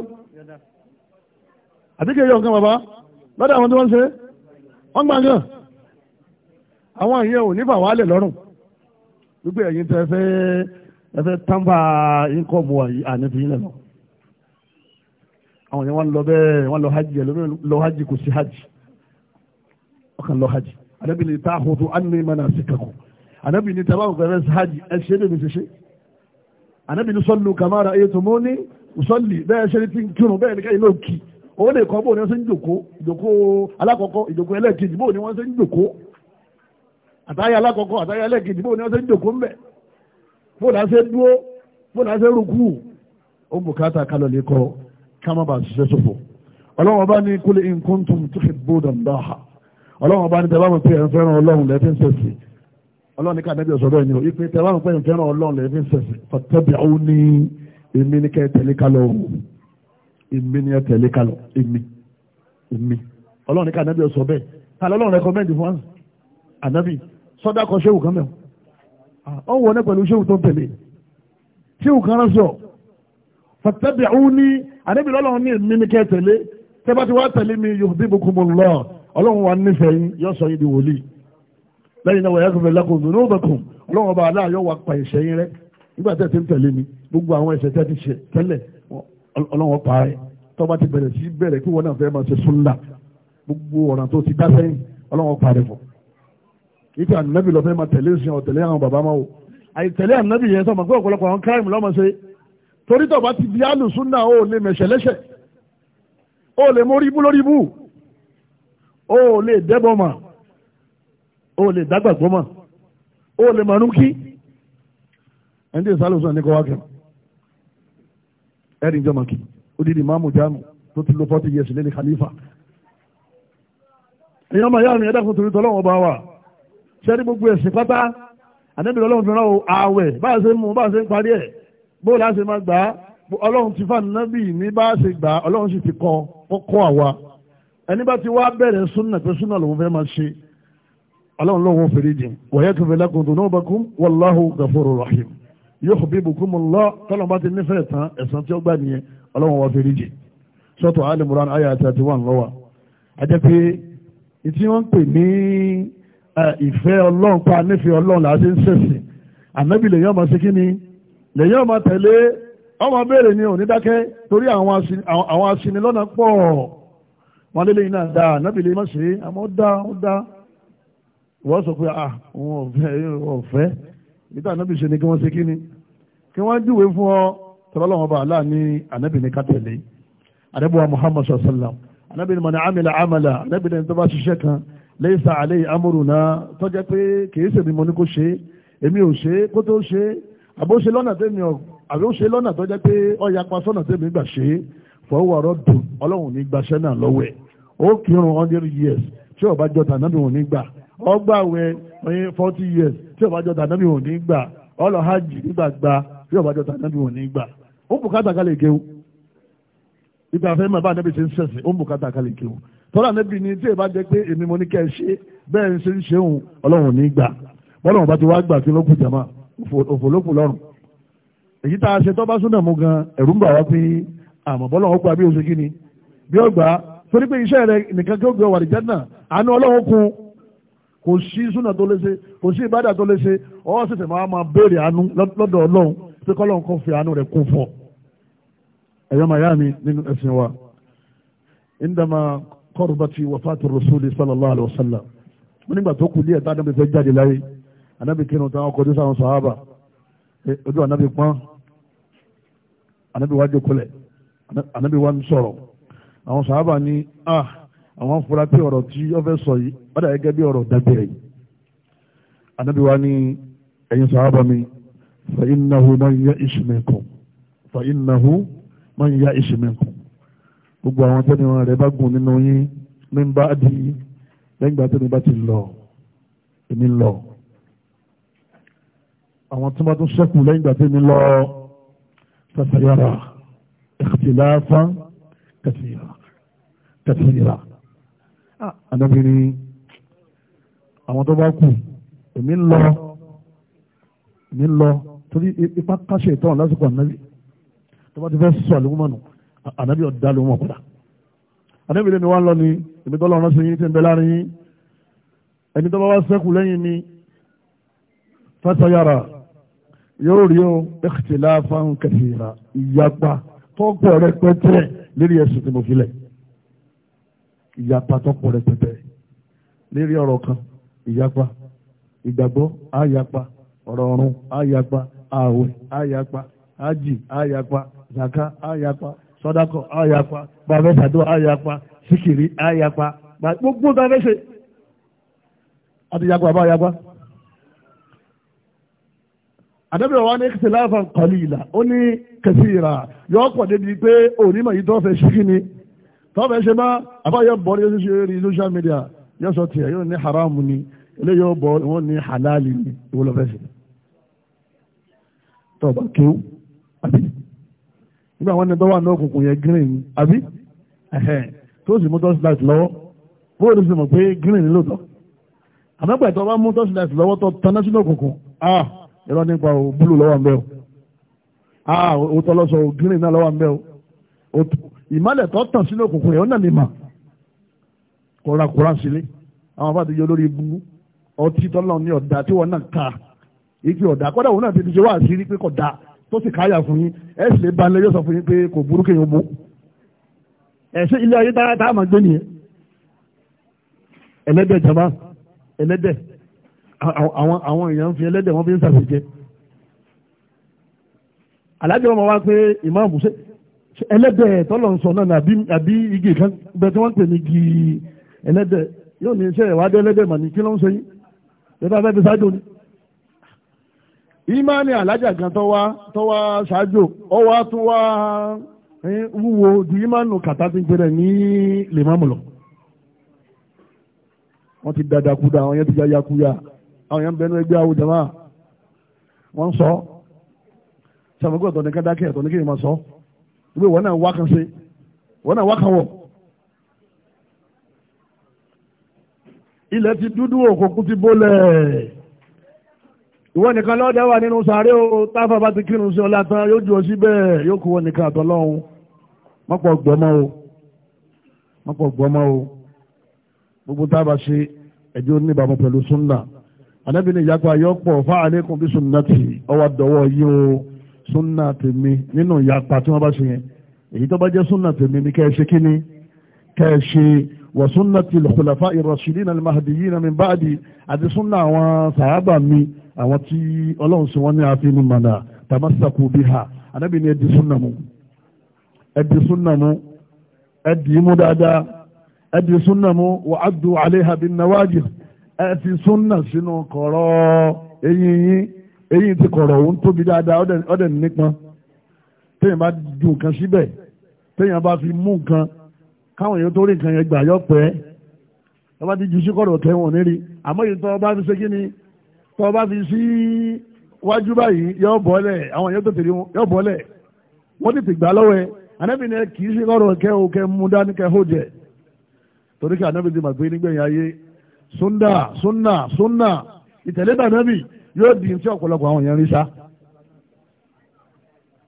àti kí yọ nǹkan bàbá lọ́dọ̀ àwọn tó wọ́n ṣe wọ́n gbà nǹkan àwọn ìyẹn ò nífà wàálẹ̀ lọ́rùn wípé ẹ̀yin tẹ́ fẹ́ ẹ fẹ́ tánbà ínkọ́ọ̀mù ànífi yín lọ àwọn ìyẹn wọ́n lọ bẹ́ẹ̀ wọ́n lọ hajj ẹlòmíràn lọ hajj kò sí hajj ọkàn lọ hajj ànábì ní tá a kò tó ánú ìmọ̀ náà sí kankan ànábì fẹ́ hajj ẹ ṣe ìsọ́lì bẹ́ẹ̀ ṣe ti kírun bẹ́ẹ̀ nìkan ìlú òkì òun lè kọ́ bóun ni wọ́n ṣe ń jòkó ìjòkó alákọ̀ọ́kọ́ ìjòkó ẹlẹ́ẹ̀kejì bóun ni wọ́n ṣe ń jòkó àtàyà alákọ̀ọ́kọ́ àtàyà ẹlẹ́ẹ̀kejì bóun ni wọ́n ṣe ń jòkó ńbẹ̀ bóun náà ṣe dúró bóun náà ṣe rúkú ó bùkátà kálọ̀ lè kọ́ ká má bàa ṣiṣẹ́ ṣòfò ọlọ́wọ́n bá ní kul in kuntum tuhibbunallaha ọlọ́wọ́n bá ní tẹ́ bá mọ̀ pé ẹ̀ ń fẹ́ràn ọlọ́run lẹ́fẹ́ ń sẹ̀sì ọlọ́run ní ká nẹ́bí ọ̀sọ́ bẹ́ẹ̀ ni o ìpè tẹ́ bá mọ̀ pé ẹ̀ ń fẹ́ràn ọlọ́run lẹ́fẹ́ ń sẹ̀sì fattabi'uni èmi ní kẹ́ tẹ̀lé kálọ̀ o èmi ní kẹ́ tẹ̀lé kálọ̀ èmi èmi ọlọ́run ní ká ànábì ọ̀sọ̀ bẹ́ẹ̀ ta lọ́lọ́run rẹ́kọ́mẹ́ndì fún wa ànábì sọ́dá kan ṣéwù kan mẹ́wọ̀ ọ̀ wọ̀ ní pẹ̀lú ṣéwù tó ń tẹ̀lé ṣéwù kan rán sọ fattabi'uni ànábì lọ́lọ́run ní èmi ní kẹ́ tẹ̀lé tẹ́ bá ti wá tẹ̀lé mi yuhbibkumullah ọlọ́run wa nífẹ̀ẹ́ yín yọ sọ yín di wòlíì lẹ́yìn náà wọ̀nyẹ́ kò fẹ́ lẹ́kùn dùn ní ó bẹ̀ kùn ọlọ́run ọba aláàyọ̀ wà pa ìṣẹ́yìn rẹ̀ nígbà tẹ́ ti ń tẹ̀lé mi gbogbo àwọn ẹ̀ṣẹ̀ tẹ́ ti ṣe tẹ́lẹ̀ ọlọ́wọ́ parẹ́ tọ́ba ti bẹ̀rẹ̀ sí bẹ̀rẹ̀ kí wọ́n náà fẹ́ máa ṣe súnlá gbogbo ọ̀ràn tó ti dá sẹ́yìn ọlọ́wọ́ parẹ́ fọ́ kíkọ ànábì lọ fẹ́ máa tẹ̀lé sí ọ tẹ̀lé àwọn bàbá máa wò àìtẹ̀lé ànábì yẹn sọ̀mọ̀ pé ọ̀pọ̀lọpọ̀ àwọn crime lọ́mọ ṣe torí tọ́ba ti di alùsúnà ó lè mẹ̀ṣẹ̀ lẹ́ṣẹ̀ ó lè mórí ibú ó lè dẹ́bọ̀ mà ó lè dágbàgbọ́ mà ó lè mànú ẹni tí ìsàlùsùn ní kọ́ wá kẹ́rù ẹ̀rìn jọmọ kì ó di ìmáàmù jáàmù tó ti lo forty years lẹ́ni khalifa. èèyàn máa yára ní ẹ̀dá fún torítọ́ ọlọ́run ọba wa ṣẹ́ni gbogbo ẹ̀sìn pátá ànábì ọlọ́run fi ràn ó ààwẹ̀ bá a ṣe ń mú bá a ṣe ń parí ẹ̀ bó o láṣẹ máa gbà á ọlọ́run ti fà nábì ní bá a ṣe gbà á ọlọ́run sì ti kọ́ kọ́ àwa ẹni bá ti wá bẹ̀rẹ̀ súnà pé súnà lòun fẹ́ máa ṣe ọlọ́run lọ́wọ́ fèrè jìn wọ̀nyẹ́ tó fẹ́ lákòótó náà bá kú wàláhù gàfóró rahim yuhibbukumullah tọ́lọ́ bá ti nífẹ̀ẹ́ tán ẹ̀sán tí ó gbà nìyẹn ọlọ́run wọ́n fi rí jì sọ́tọ̀ alimuran ayé àti àti wọn lọ́wọ́ ajẹ́ pé ìtí wọ́n ń pè ní ìfẹ́ ọlọ́run pa nífẹ̀ẹ́ ọlọ́run láti ń sẹ̀sìn ànábì lèyàn ọmọ sí kíni lèyàn ọmọ tẹ̀lé ọmọ béèrè ni òní dákẹ́ torí àwọn asinilọ́nà pọ̀ wọn lélẹ́yìn náà dáa ànábì lè má ṣe àmọ́ dá ó dá wọ́n sọ pé ah òun ọ̀fẹ́ nígbà ànábì ṣe ni kí wọ́n ṣe kíni kí wọ́n júwe fún ọ tọ́lọ́wọ́n bá aláà ní anábì ní kátẹ̀lé anábì wa muhammad sallam anábì ní mọ̀nà amìlà amàlà anábì ní tó bá ṣiṣẹ́ kan laysa alayhi amruna tó jẹ́ pé kìí ṣèmi mo ní kó ṣe èmi ò ṣe kó tó ṣe àbó ṣe lọ́nà tẹ́mi ọ̀ àbó ṣe lọ́nà tó jẹ́ pé ó yapa sọ́nà tẹ́mi gbà ṣe fọwọ́ ọ̀rọ̀ dùn ọlọ́run ní gbaṣẹ́ náà lọ́wọ́ ẹ̀ ó kírun hundred years tí ó bá jọta náà mi ò ní gbà ọgbà wẹ forty years tí ó bá jọta náà mi ò ní gbà ọlọ́hàjì nígbàgbà bí ọba jọta anábì wọn ní gbà ó ń bùkátà ká lè kéwú ibi àfẹ́ mọ̀ bá anábì ṣe ń sẹ̀sìn ó ń bùkátà ká lè tọ́lá anábì ni tí èèbá jẹ́ pé èmi mo ní kẹ́ ẹ ṣe bẹ́ẹ̀ ń ṣe ń ṣe òun ọlọ́run ní gbà bọ́lá wọn bá ti wá gbà sí lókùn jàmá òfò lókùn lọ́rùn èyí tá a ṣe tọ́ba súnà mú gan ẹ̀rú ń bà wá pé àmọ́ bọ́lá wọn pa bí oṣù kíni bí ọgbà torí pé iṣẹ́ rẹ nìkan kí ó gbé wà jẹ́nà àánú ọlọ́run kún kò sí súnà tó léṣe kò sí ìbádà tó léṣe ọwọ́ sì máa máa béèrè àánú lọ́dọ̀ ọlọ́run pé kọ́lọ́n kọ́ fi àánú rẹ̀ kún fún ẹ̀yọ́ màyá mi nínú ẹ̀sìn wa indama kọ́rùbátì wàfáàtì rasúlì sallallahu alayhi wa mo nígbà tó kù díẹ̀ tá anábì fẹ́ jáde láyé anábì kírun táwọn kọjú sáwọn sàhábà ojú anábì pọ́n anábì wájú kulẹ̀ anábì wá ń sọ̀rọ̀ àwọn ní ah, àwọn fura pé ọ̀rọ̀ tí ó fẹ́ sọ yìí mi فإنه من يئس منكم فإنه من يئس منكم gbogbo àwọn tẹ́ni wọn rẹ̀ bá gùn nínú yín ní bá di lẹ́gbàá tẹ́ni bá ti lọ èmi lọ àwọn tí wọ́n tún ṣẹ́kù lẹ́gbàá tẹ́ni lọ kàtàyàrá ìkàtìláfà kàtìyàrá kàtìyàrá ànábìrin àwọn tó bá kù èmi lọ èmi lọ torí ipa káṣẹ ìtọ́run lásìkò ànábì tó bá ti fẹ́ sọ àlùmọ́nù ànábì ọ̀dá ló mọ̀ padà ànábì lẹ́nu wa ń lọ ni èmi tọ́lọ́ ọ̀rán sí yín tí ń bẹ láàrin yín ẹni tó bá wá sẹ́kù lẹ́yìn mi fásayára yóò rí o ikhtilafan kathira ìyapa tó pọ̀ rẹpẹtẹ lérí ẹ̀sùn tí mo fi lẹ̀ ìyapa tó pọ̀ rẹpẹtẹ lérí ọ̀rọ̀ kan ìyapa ìgbàgbọ́ àyapa ọ̀rọ̀ ọ̀run àyapa ààwẹ̀ àyapa ájì àyapa zaka àyapa sọ́dákọ̀ àyapa gbàmẹ́sàdó àyapa síkìrì àyapa gbogbo gbàmẹ́sẹ̀ àtìyapa àbáyapa. Àdẹ́bẹ̀ wa ní kìsìlá fan kọlìlà, ó ní kẹsìrà, yọ pọ̀ débi pé onímọ̀ yìí tọ́fẹ̀ ṣí kí ni, tọ́fẹ̀ ṣe máa àbáyọ bọ̀ ní oṣù ṣe rí social media, yọ sọ tiẹ̀ yóò ní haramu ni, eléyìí yóò bọ̀ wọ́n ní halali ni, ìwọlọ́fẹ́ sí i tọ́ọ̀bà kéwú àbí nígbà wọn ní dọ́wà náà kùnkùn yẹn green àbí tó sì mú tọ́sí láti lọ́wọ́ bó o sì mọ̀ pé green lóòótọ́ àmọ́gbà tó bá mú tọ́sí láti lọ́wọ́ tó tán òkùnkùn ah irọ́ nípa o búlù lọ́wọ́ mbẹ́ o ah o tọ́ lọ́sọ̀ o green náà lọ́wọ́ mbẹ́ o ìmọ̀lẹ̀ tó tàn sínú òkùnkùn yẹn ó nà ní mà kóra kóra sílé àwọn afáàdéjọ́ lórí ibú ọtí tọ́lọ́ ní ọ̀dà tí wọ́n náà ká igi ọ̀dà kọ́dà òun náà ti ṣe wá àṣírí pé kọ̀dà tó sì káyà fún yín ẹ sì lè ba lẹ́yọ́ sọ fún yín pé kò burúkú yín mú ẹ̀ṣẹ́ ilé ayé táyà táyà máa gbé nìyẹn ẹlẹ́dẹ̀ jama ẹlẹ́dẹ̀ àwọn àwọn èèyàn fi ẹlẹ́dẹ̀ wọ́n fi ń sàṣejẹ alájọ ọmọ wa pé ìmáàmù ṣe ẹlẹ́dẹ̀ tọ́lọ̀ ń sọ náà àbí igi kan bẹ́ẹ̀ tí wọ́n ń pè ní igi ẹlẹ́dẹ̀ yóò ní iṣẹ́ ìwádìí ẹlẹ́dẹ̀ mà kí ló ń sọ yín bẹ́ẹ̀ bá fẹ́ ni ìmáàni alájà kan tó wá tó wá ṣáájú ó wá tún wá wúwo ju ìmáànù kàtà ti ń pè rẹ̀ ní lèmọ́mù lọ wọ́n ti dàdàkúdà àwọn yẹn ti ya yakuya àwọn yẹn ń bẹnu ẹgbẹ́ àwọn jama wọ́n sọ sàmùkú ọ̀tọ̀ nìkan dákẹ́ ọ̀tọ̀ nìkan ìmọ̀ sọ ìwé wọn náà wá kan ṣe wọn náà wá kan wọ̀. ilẹ̀ ti dúdú òkùnkùn ti bólẹ̀ ìwọ nìkan lọ́dẹ wà nínú sàárẹ́ o táfà bá ti kírun sí ọlá tán yóò jù ọ síbẹ̀ yóò kú wọn nìkan àtọ́lọ́hún mọ́pọ̀ gbọ́mọ́ o mọ́pọ̀ gbọ́mọ́ o gbogbo tábà ṣe ẹjọ́ oníbàámu pẹ̀lú súnà ànábì ní ìyapa yọ pọ̀ fáàlẹ́kùn bí súnà tì ọwọ́ dọ̀wọ́ yín o súnà tèmi nínú ìyapa tí wọ́n bá ṣe yẹn èyí tó bá jẹ́ súnà tèmi ni kẹ́ kíní kẹ́ ẹ ṣe wa sunnati al-khulafa'i ar-rashidin al-mahdiyyin àti súnà àwọn sàhábà mi àwọn tí ọlọ́run sọ wọ́n ní àfi ní mọ̀nà tàmásákù bí ha anábì ní ẹdí súnà mú ẹdí súnà mú ẹdí mú dáadáa ẹdí súnà mú wà á dùn àléhà bí nàwájì ẹ fi súnà sínú kọ̀rọ̀ eyín yín eyín ti kọ̀rọ̀ òun tóbi dáadáa ọ̀dẹ̀ nípọn téèyàn bá ju nǹkan síbẹ̀ téèyàn bá fi mú nǹkan káwọn èèyàn tó rí nǹkan yẹn gbà yọ pẹ́ ẹ bá ti ju sí kọ̀rọ̀ kẹ́wọ̀n nírí àmọ́ ìtọ́ bá fi ṣe kí ni tọ́ bá fi sí wájú báyìí yọ bọ́lẹ̀ àwọn yóò tètè yọ bọ́lẹ̀ wọ́n tètè gbà lọ́wọ́ ẹ̀ anábì ni kì í ṣe lọ́rọ̀ kẹ́ o kẹ́ mú dání kẹ́ hó jẹ torí kí anábì ti mà pé nígbẹ̀yìn ayé sunna sunna sunna ìtẹ̀lé dànábì yóò di ní tí ọ̀pọ̀lọpọ̀ àwọn yẹn rí sá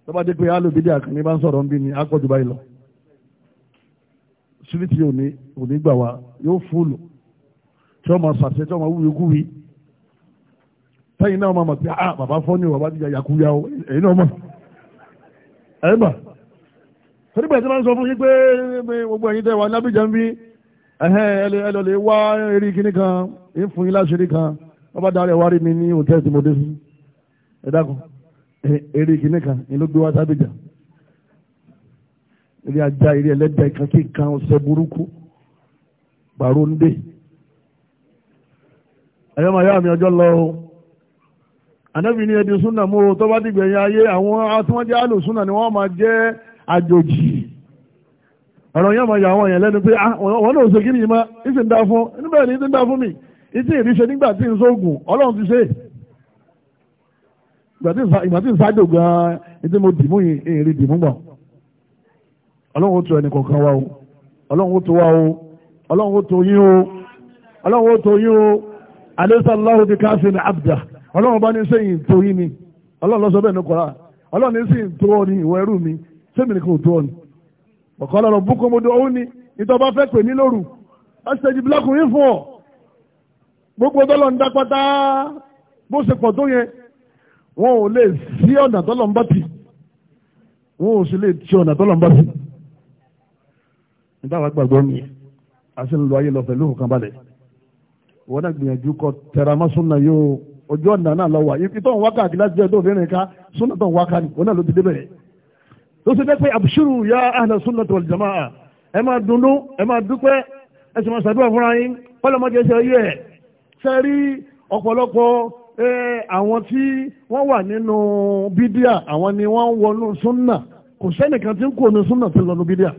tó bá dé pé alòbídé àkànní bá ń sọ̀rọ̀ ń bí ni akọ́jú báyìí lọ sílítì òní òní gbà wá yóò fúlù tí wọ́n máa ṣàṣẹ tí wọ́n máa wúwo ikú tẹ́yìn náà máa mọ̀ ah bàbá fọ́ ni bàbá ti yàkúyà o èyí náà mọ̀ ẹ̀ bà torí pẹ̀lú tí wọ́n sọ fún pé gbogbo ẹ̀yin tẹ́ wà lábìjà ń bí ẹ lọ lè wá eré kíní kan ń darí ẹ̀ mi ní hòtẹ́ẹ̀lì tí mo dé ẹ dákun eré kíní kan ló gbé wá sábìjà ajá eré ẹlẹ́dẹ̀ kan kí lọ anábì ní ẹdín súnà mú o tó bá dìgbẹ̀yìn ayé àwọn tí wọ́n jẹ́ àlò súnà ni wọ́n máa jẹ́ àjòjì ọ̀rọ̀ yẹn máa yà àwọn èèyàn lẹ́nu pé ah, wọ́n náà ṣe kí ni ìmọ̀ ìsì ń dá fún níbẹ̀ ni ìsì ń dá fún mi ìsì ìríṣe nígbà tí ń sóògùn ọlọ́run ti ṣe ìgbà tí ń ṣáájò gan-an ìdí mo dìmú yìí ìrì dìmú gbọ̀n ọlọ́run ó tó ẹnì kọ̀ọ̀kan wa o ọlọ́run ó tó wa o ọlọ́run ó tó yín o ọlọ́run ó tó yín o alẹ́ sàlọ́run ti káfíń abdá ọlọ́run bá ní sẹ́yìn torí mi ọlọ́run lọ́sọ bẹ́ẹ̀ ní kọ́ra ọlọ́run ní sẹ́yìn tó ọ ní ìwọ ẹrú mi sẹ́mi ní kò tó ọ ni ìtọ́ba fẹ́ pè mí lóru ọ gbogbo dọ́lọ́ dá pátá bó ṣe pọ̀ tó yẹn wọn ò lè sí ọ̀nà tọ́lọ̀ bá wọn ò sì lè ti ọ̀nà tọ́lọ̀ bá nígbà wàá gbàgbọ́ a ojú ọ̀nà náà lọ wà ibi tó ń wákà àti láti jẹ́ tó obìnrin ká súnà tó ń wákà ní ọ̀nà ló ti débẹ̀rẹ̀ tó ṣe jẹ́ pé àbùsùrù ya ahla sunnati wal jamaa ẹ máa dunnú ẹ máa dúpẹ́ ẹ sì máa ṣàdúrà fúnra yín kọ́lọ́mọdé ṣe ayé ẹ̀ ṣe rí ọ̀pọ̀lọpọ̀ àwọn tí wọ́n wà nínú bídíà àwọn ni wọ́n wọnú súnà kò sẹ́nìkan tí ń kó nu súnà tí lọ́nu bídíà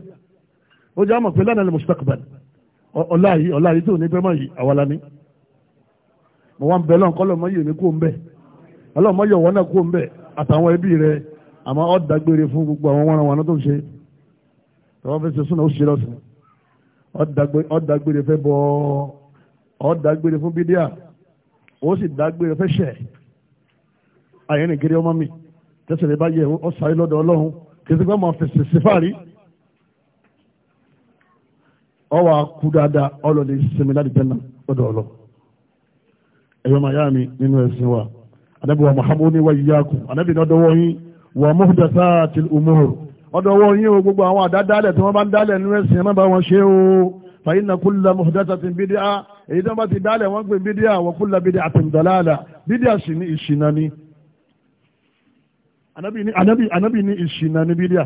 ó jẹ́ àmọ̀ pé lánàá ni mustaqbal ọ̀la yìí ọ̀la yìí tó ní bẹ́ẹ̀ máa yìí àwa la ní. mo wá ń bẹ lọ́nkọ́ lọ́mọyè mi kó ń bẹ̀ ọlọ́mọyè wọn náà kó ń bẹ̀ àtàwọn ẹbí rẹ àmọ́ ọ́ fún gbogbo àwọn wọn àwọn tó ń ṣe tọ́wọ́ fẹ́ ṣe súnà ó ṣe lọ́sìn ọ́ dágbére fẹ́ bọ́ ọ́ dágbére fún bídíà ó sì fẹ́ ṣẹ̀ kiri ọmọ mi tẹ́sẹ̀ lè bá yẹ ọ́ sáré ẹ̀yọ́ mayami nínú ẹ̀sìn wa anábì wa muhammadu wa yiyaku anábì ní ọdọwọ́ yín wa muhdathatil umur ọdọwọ́ yín o gbogbo àwọn àdádálẹ̀ tí wọ́n bá ń dálẹ̀ nínú ẹ̀sìn má bá wọn ṣe o fa inna kulla muhdathatin bídíà èyí tó bá ti dálẹ̀ wọ́n pè bídíà wa kulla bid'atin dalala bídíà sì ní ìṣìnà ni anábì ní ìṣìnà ni bídíà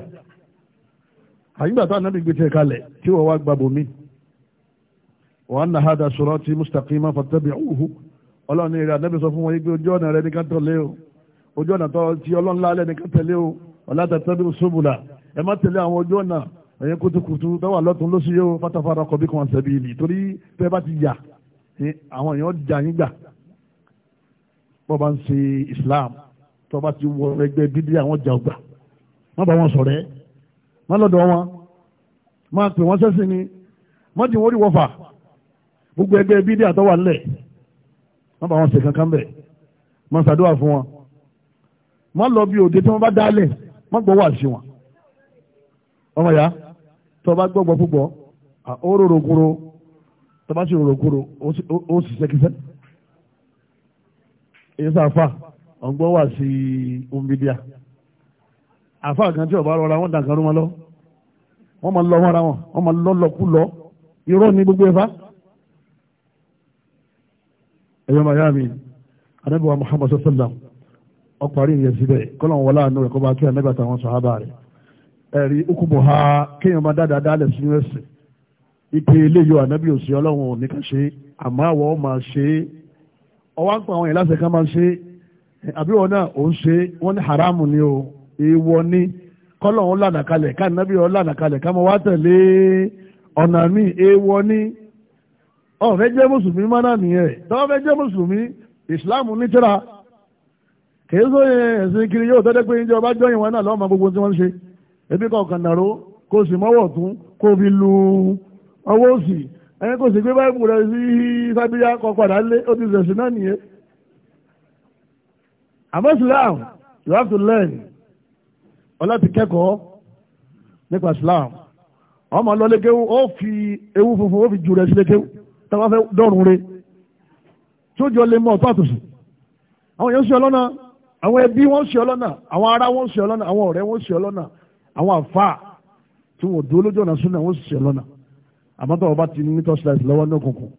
àyígbà tó anábì gbé tẹ̀ kalẹ̀ tí wọ́n wá gbàbọ̀ mi wa anna hada sirati mustaqima fattabi'uhu ọlọ́run ní ìrìn ànábì sọ fún wọn yìí pé ojú ọ̀nà rẹ nìkan tẹ̀lé o ojú ọ̀nà tó ti ọlọ́run lálẹ́ nìkan tẹ̀lé o ọ̀là tẹ̀tẹ̀bí sóbùlà ẹ má tẹ̀lé àwọn ojú ọ̀nà ẹ̀yẹ kùtùkùtù tó wà lọ́tún lóṣù yóò fátafára kọ̀ bí kan ṣẹ̀bi ìlì torí tẹ́ bá ti yà àwọn èèyàn jà yín gbà bọ́ bá ń ṣe Islam tó bá ti wọ ẹgbẹ́ bíbí àwọn jà ọgbà má bá wọn sọ̀rẹ́ má lọ́dọ̀ wọn má pè wọ́n sẹ́sìn má bá wọn ṣe kankan bẹ̀ má ṣàdúrà fún wọn má lọ bí òde tí wọ́n bá dálẹ̀ má gbọ́ wà sí wọn. ọmọ ya tó o bá gbọ́gbọ́ púpọ̀ ó rorò kúrò tó o bá sì rorò kúrò ó sì ṣẹ́kíṣẹ́. èyí sàfà ọ̀gbọ́n wà sí omidíà àfà kan tí ọba rọra wọn dàgbà rú wọn lọ wọn máa lọ wọn ra wọn wọn máa lọ lọkú lọ irọ́ ni gbogbo ẹ̀fà ẹ̀yọ́ miami anábíwá muhammad sallam ọparí ìyẹn síbẹ̀ kọ́lọ̀ wọlé àánú ẹ̀kọ́ bá kí anábí àtàwọn sọ̀hábà rẹ̀ ẹ̀rí ukùbọ̀ ha kéèyàn máa dáadáa dálẹ̀ sínú ẹ̀sìn ike eléyìí anábí òsì ọlọ́run ò ní ká ṣe àmọ́ àwọ̀ máa ṣe é ọwọ́ ń pa àwọn yẹn láṣẹ ká máa ṣe é àbí náà ò ń ṣe wọ́n ní haramu ni o èèwọ̀ ni kọ́lọ̀ wọn lànà kalẹ̀ ká anábí wọn lànà ó fẹ́ jẹ́ mùsùlùmí mọ́nà nìyẹn tó fẹ́ jẹ́ mùsùlùmí ìsìláàmù nítíra kìí sọ ẹ̀sìn kiri yóò tọ́jú pé ìjọba jọyìn wọn náà lọ́mọ gbogbo tí wọ́n ń ṣe ebi kọ̀ọ̀kan nàró kó sì mọ́wọ́ tún kó fi lu ọwọ́ òsì ẹni kò sì gbé báyìí kúrẹ́ sí sábíyá kọ padà lé ó ti sẹ̀sìn náà nìyẹn. àmọ́ Islam you have to learn ọlá ti kẹ́kọ̀ọ́ nípa Islam ọmọ lọ lékewu ó fi ewu funfun ó fi jù rẹ̀ sí lékewu. tàbá fẹ́ dọ̀rùn re tí ó jọ lè mọ ọ̀tọ́ àtòsí àwọn èèyàn ṣe ọlọ́nà àwọn ẹbí wọn ṣe ọlọ́nà àwọn ará wọn ṣe ọlọ́nà àwọn ọ̀rẹ́ wọn ṣe ọlọ́nà àwọn àfáà tí wọn dúró lójú ọ̀nà súnà wọn ṣe ọlọ́nà àmọ́ tó ọba ti ní tọ́sílẹ̀tì lọ́wọ́ ní òkùnkùn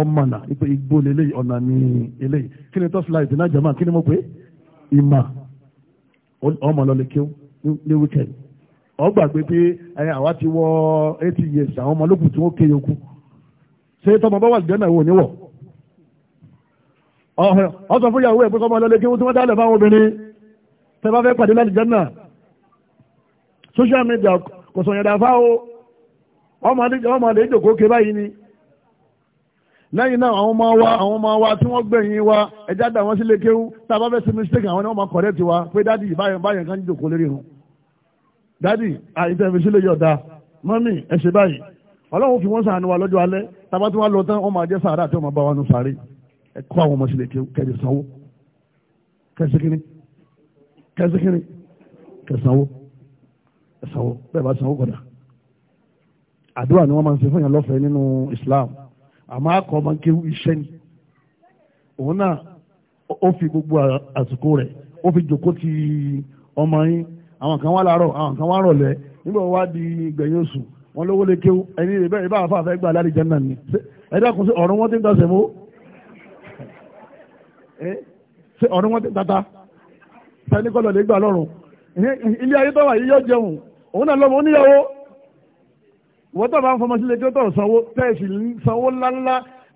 ọmọnà ipò igbó lélẹ́yìí ọ̀nà ní eléyìí kí ni kí ni mo pè ìmà ọmọ kí ṣe tọmọ bá wà lùdẹ́ náà wò níwọ̀ ọ̀sán fún ìyàwó ẹ̀kọ́ sọmọ lọ́lẹ́ kí wọ́n tí wọ́n dálẹ̀ fáwọn obìnrin tẹ bá fẹ́ pàdé láti jẹ́nà social media kò sọ yẹn dáfá o ọmọ àlè ìjòkó ké báyìí ni lẹ́yìn náà àwọn ọmọ wa àwọn ọmọ wa tí wọ́n gbẹ̀yìn wa ẹja dà wọ́n sílé kéwú tá a bá fẹ́ sí mistake àwọn ni wọ́n máa correct wa pé dádì báyọ̀ báyọ̀ kan jòkó lérí hun dádì àìsàn ìfisílẹ̀ yọ̀ọ̀dà mọ́mì ẹ̀ ṣe báyìí ọlọ́run fi wọ́n sàánú wa lọ́jọ́ alẹ́ tàbá tí wọ́n lọ tán wọ́n máa jẹ́ sàárà tí wọ́n máa bá wa nù sàárè ẹ kọ́ àwọn ọmọ sílẹ̀ kẹ́rì sanwó kẹ́sìkínní kẹ́sìkínní kẹsànwó ẹsànwó bẹ́ẹ̀ bá sanwó kọ̀dà àdúrà ni wọ́n máa ń ṣe fún yàn lọ́fẹ̀ẹ́ nínú Islam àmọ́ akọ máa ń kéwú iṣẹ́ ni òun náà ó fi gbogbo àsìkò rẹ̀ ó fi jòkó ti ọmọ yín àwọn kan wá láàárọ̀ àwọn kan wá rọ̀lẹ́ nígbà wọ́n wá di gbẹ̀yìn oṣù wọn lówó lè kéwú ẹni ìbẹ́ ìbá àfa àfẹ́ gbà láti jẹ́nà ni ẹ̀dá kùn sí ọ̀run wọn ti ń tọ́sẹ̀ mú ṣe ọ̀run wọn ti ń tata sani kọlọ̀ lè gbà lọ́rùn ilé ayé tọ́wà yìí yọ jẹun òun náà lọ́mọ oníyàwó wọ́n tọ́ bá ń fọmọ sílé kí ó tọ̀ sanwó tẹ́ẹ̀sì sanwó ńláńlá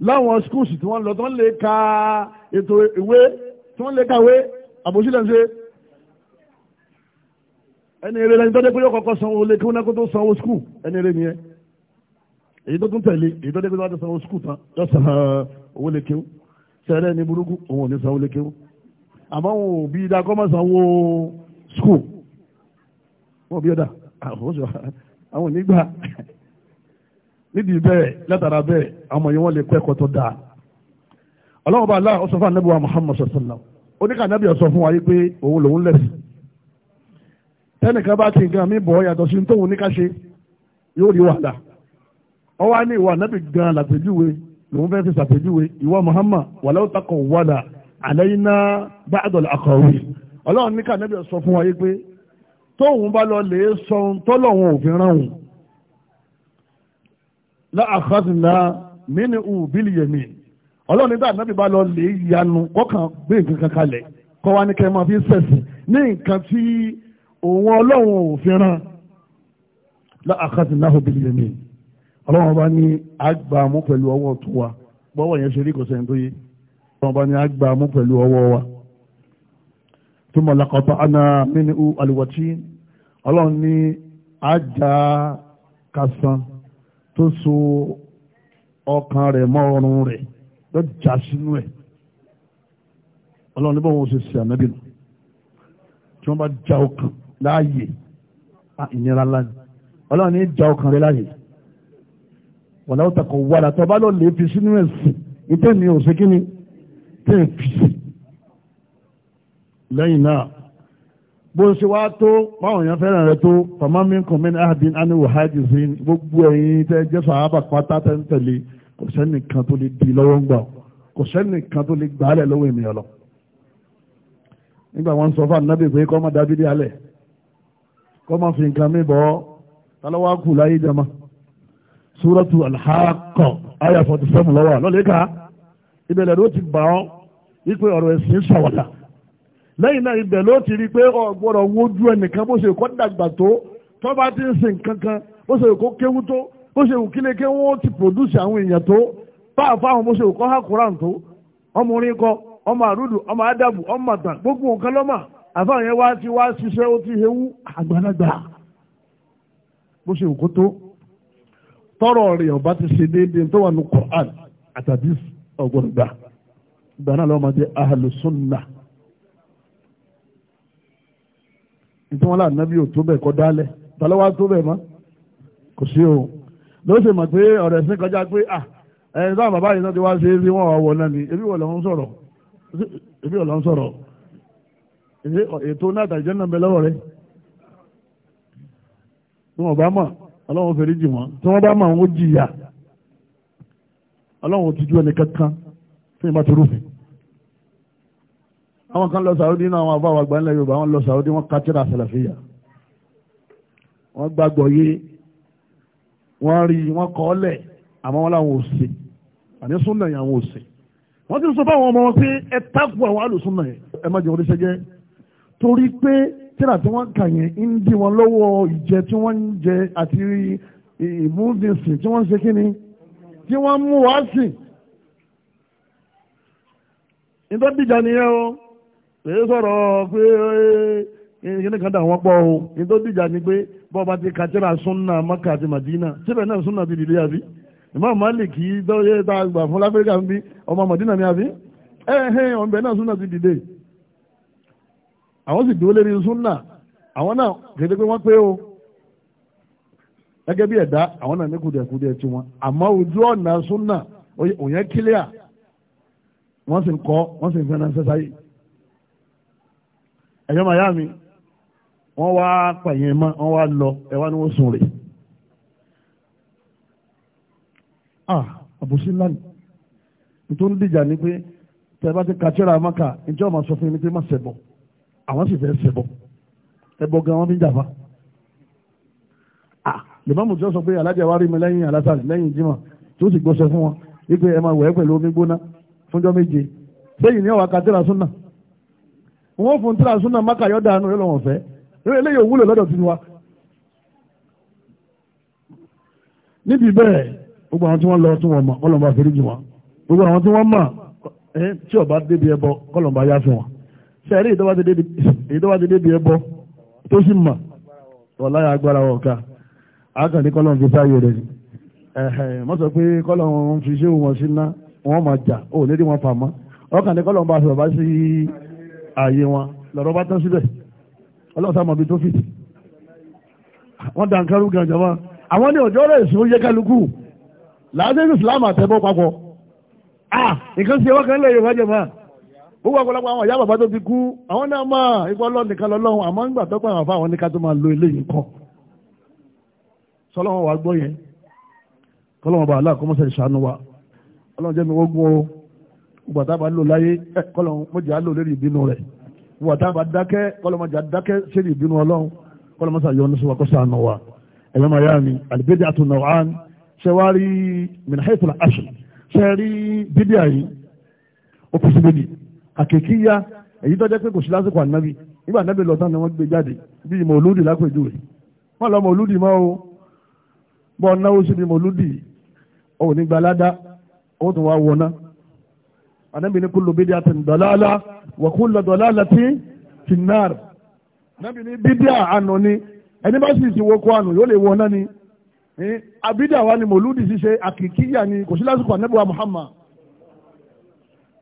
láwọn skúùsì tí wọ́n lọ tí wọ́n lè ka ètò ìwé tí wọ́n lè kàwé àbòsílẹ̀ ń ṣe ẹni eré lẹ́yìn tó dé pé yóò kọ́kọ́ sanwó lé kí wọ́n nákó tó sanwó skul ẹni eré nìyẹn èyí tó tún tẹ̀lé èyí tó dé pé wọ́n ti sanwó skul tán yọ uh, san owó lé kéwú sẹ́rẹ́ ní burúkú òun ò ní sanwó lé kéwú àmọ́ òun ò bí dáa kọ́ mọ́ sanwó skul wọ́n bí ọ̀dà àwọn onígbà nídìí bẹ́ẹ̀ látara bẹ́ẹ̀ àwọn yìí wọ́n lè kọ́ ẹ̀kọ́ dáa ọlọ́run bá aláà sọ fún anábìwá Muhammad sallallahu oníkà anábìwá sọ fún wa yìí pé òun lòun lẹ̀sìn tẹ́nìkan bá ti nǹkan mi bọ̀ yàtọ̀ sí tóun ní ká ṣe yóò rí wàhálà ọ wá ní ìwà nábì gan làpèjúwe lòun fẹ́ fi ṣàpèjúwe ìwà Muhammad wàlẹ́ òtakọ̀ wàdà àlẹ́yìnà ba'dal aqawil ọlọ́run ní kànábì sọ fún wa yí pé tóun bá lọ lè sọ tọ́lọ́run òfin ráhùn láàkásìlá mínú ùbílì yẹ̀mí ọlọ́run nígbà nábì bá lọ lè yanu kọ́kàn gbé nǹkan kan kalẹ̀ kọ́ ní kẹ́ máa fi sẹ̀sìn ní nǹkan tí òun ọlọ́run ò fẹ́ràn láàkàtì náà bí lèmi ọlọ́run bá ní àgbà mú pẹ̀lú ọwọ́ tó wa bọ́wọ́ yẹn ṣe rí kò sẹ́ni tó yé ọlọ́run bá ní àgbà mú pẹ̀lú ọwọ́ wa tó mọ̀ lakọ̀tọ̀ àná mínú àlùwọ̀tí ọlọ́run ní àjà kásán tó so ọkàn rẹ̀ mọ́ ọrùn rẹ̀ lọ jà sínú ẹ̀ ọlọ́run ní bọ́wọ́ ṣe ṣe ànábìnú tí wọ́n bá já ọkàn láàyè ah, ìnira ńlá ni ọlọ́run ní ìjà ọkàn rẹ láàyè wọ̀lá ó takọ̀ wàdà tó bá lọ lè fi sínú ẹ̀sìn ìtẹ́ mi ò sí kí ni tẹ́ ẹ̀ fi sí. lẹ́yìn náà bó ṣe wá tó báwọn èèyàn fẹ́ràn rẹ tó fama mi kàn mí ní ahadin ani wahadi sí gbogbo ẹ̀yin tẹ́ jẹ́ sàábà pátá tẹ́ ń tẹ̀lé kò sẹ́nìkan tó lè di lọ́wọ́ ń gbà kò sẹ́nìkan tó lè gbà á lẹ̀ lọ́wọ́ ènìyàn lọ. nígbà wọn sọ fún ànábì pé kọ́ má dábìlì alẹ́ kọ́ máa fi nǹkan mi bọ́ talawa kù láyé jama súrọ́tù alhaqqa aya forty seven lọ́wọ́ lọ́lẹ́ka ìbẹ̀lẹ̀ ló ti bà ọ́ wípé ọ̀rọ̀ ẹ̀sìn ṣàwàdà lẹ́yìn náà ibẹ̀ ló ti rí pé ọ̀gbọ́dọ̀ wojú ẹnìkan bó ṣe kọ́ dàgbà tó tó bá ti ń sin kankan bó ṣe kó kéwú tó bó ṣe kó kílé kéwú ti pòdúsì àwọn èèyàn tó báà fáwọn bó ṣe kó hákùrán tó ọmọ orin kọ ọmọ àrúdù ọmọ ádàbù ọmọ àtàn gbogbo nǹkan lọ́mà afọ yẹn wá ti wá ṣiṣẹ́ ó ti hewu àgbàlagbà bó ṣe tọrọ rẹ ọba ti ṣe déédéé tó wà ní Qur'an àtàdí ọgbọ̀ngbà ìgbà náà lọ́wọ́ máa wọn láàánú bẹ́ẹ̀ kọ́ dálẹ̀ tó bẹ́ẹ̀ mọ́ kò sí o ló ṣe mọ̀ pé ọ̀rọ̀ ẹ̀sìn kọjá pé ah, à ti wá ṣe é sí wọn ebi wọ̀ sọ̀rọ̀ ètò náà tàjẹ́ náà bẹ lọ́wọ́ rẹ̀ tí wọ́n bá mọ̀ ọlọ́run fèrè jì wọ́n tí wọ́n bá mọ̀ wọ́n jìyà ọlọ́run ti ju ẹni kankan tí ìbá ti rúfin àwọn kan lọ Saudi náà àwọn àbáwà àgbà ńlẹ̀ Yorùbá wọn lọ Saudi wọn kátìrà àsàlàfíà wọ́n gbàgbọ́ yé wọ́n rí wọ́n kọ́ ọ́lẹ̀ àmọ́ wọn làwọn ò ṣe àní súnà yẹn àwọn ò ṣe wọ́n ti sọ fáwọn ọmọ wọn pé ẹ torí pé tíra tí wọ́n kà yẹn ń dí wọn lọ́wọ́ ìjẹ tí wọ́n ń jẹ àti ìmúdìsìn tí wọ́n ń ṣe kí ni tí wọ́n ń mú wá sí nítorí dìjà nìyẹn o èyí sọ̀rọ̀ pé kíní kan dà wọ́n pọ̀ o nítorí dìjà ni pé bọ́ọ̀ bá ti kàtíra súnà Maka àti Madina síbẹ̀ náà súnà ti dìde àbí Imam Malik dọ́yé tá a gbà fún láfíríkà ń bí ọmọ Madina ni àbí ẹ̀hìn ọ̀nbẹ náà súnà ti dìde àwọn sì dúró lérí súnà àwọn náà kéde pé wọ́n pé o gẹ́gẹ́ bí ẹ̀dá àwọn náà ní kùdìẹ̀kùdìẹ̀ tí wọn àmọ́ ojú ọ̀nà súnà òyìn kílíà wọ́n sì ń kọ́ wọ́n sì ń fẹ́ràn ṣẹ́ṣá yìí ẹ̀yọ́ màá yá mi wọ́n wá pàyẹn mọ́ wọ́n wá lọ ẹ̀ wá ní wọ́n sùn rè ah àbùsí lánàá nítorí dìjà ni pé tẹ́ bá ti kàtírà mọ́kà ìjọ́ sọ fún mi pé má ṣẹ̀bọ̀ àwọn sì fẹ́ ṣẹbọ ẹbọ gan wọn fi ń jàfa lèmọ́mù tí wọ́n sọ pé alájà wa rí mi lẹ́yìn alásàlì lẹ́yìn jimá tí ó sì gbọ́sọ fún wọn wípé ẹ máa wẹ̀ pẹ̀lú omi gbóná fúnjọ́ méje sẹ́yìn ní ọ̀wà ka tíra súnà wọ́n fún tíra súnà má dànù yóò lọ́wọ́n fẹ́ eléyìí òwúlò lọ́dọ̀ tí wa. níbi bẹ́ẹ̀ gbogbo àwọn tí wọ́n lọ tí wọ́n mọ̀ kọ́lọ́mbà fèrè jù wọn gbogbo àwọn tí wọ́n mọ̀ tí sẹ́rí ìdọ́wà ti débi ẹbọ tó sì mà ọ̀láyà agbára ọ̀ka àkàndé kọ́lọ̀ fi sáyé rẹ̀ ni mọ́ sọ pé kọ́lọ̀ ń fi ṣé wọn síná wọn máa jà ó lédè wọn fà mọ́ ọkàndé kọ́lọ̀ bá sọ̀rọ̀ bá sí ààyè wọn lọ́rọ̀ bá tán síbẹ̀ ọlọ́run sá mọ̀ bí tó fì wọ́n dà ń kẹ́rù gan jọba àwọn ní ọjọ́ rẹ̀ sùn yẹ kálukú làásẹ̀ Islam àtẹ̀bọ̀ papọ̀ ah nǹkan ṣe wákàtí lẹ́yìn wájẹ̀ gbogbo àgbàlagbà àwọn ìyá bàbá tó ti kú àwọn náà máa ipò ọlọ́run nìkan lọ́lọ́run àmọ́ ń gbàtọ́ pé àwọn àfa àwọn nìkan tó máa lo eléyìí kan sọlọ́wọ́n wa gbọ́ yẹn kọ́lọ́wọ́n bá aláàkọ́mọ́sẹ̀ ìṣàánú wa ọlọ́run jẹ́ mi wọ́gbọ́n o gbàtà bá lò láyé kọ́lọ́run mọ́jà lò lérí ìbínú rẹ̀ gbàtà bá dákẹ́ kọ́lọ́mọjà dákẹ́ sérí ìbínú ọlọ́run kọ́lọ́mọsà àkèkíyá èyí tó jẹ́ pé kò sí lásìkò ànábì nígbà ànábì lọ tán ni wọ́n gbé jáde bí ìmọ̀ olódì lápèjú rẹ̀ wọ́n lọ́mọ olódì mọ́ o bọ́ náwó síbi ìmọ̀ olódì òun ní gbalada òun tó wá wọná ànábì ní kullu bid'atin dalala wa kullu dalalatin finnar ànábì ní bídíà àná ni ẹni bá sì ti wọ́kọ́ àná yóò lè wọná ni àbídà wa ni mọ̀lúdì ṣíṣe àkìkíyà ni kò sí lásìkò ànábì wa Muhammad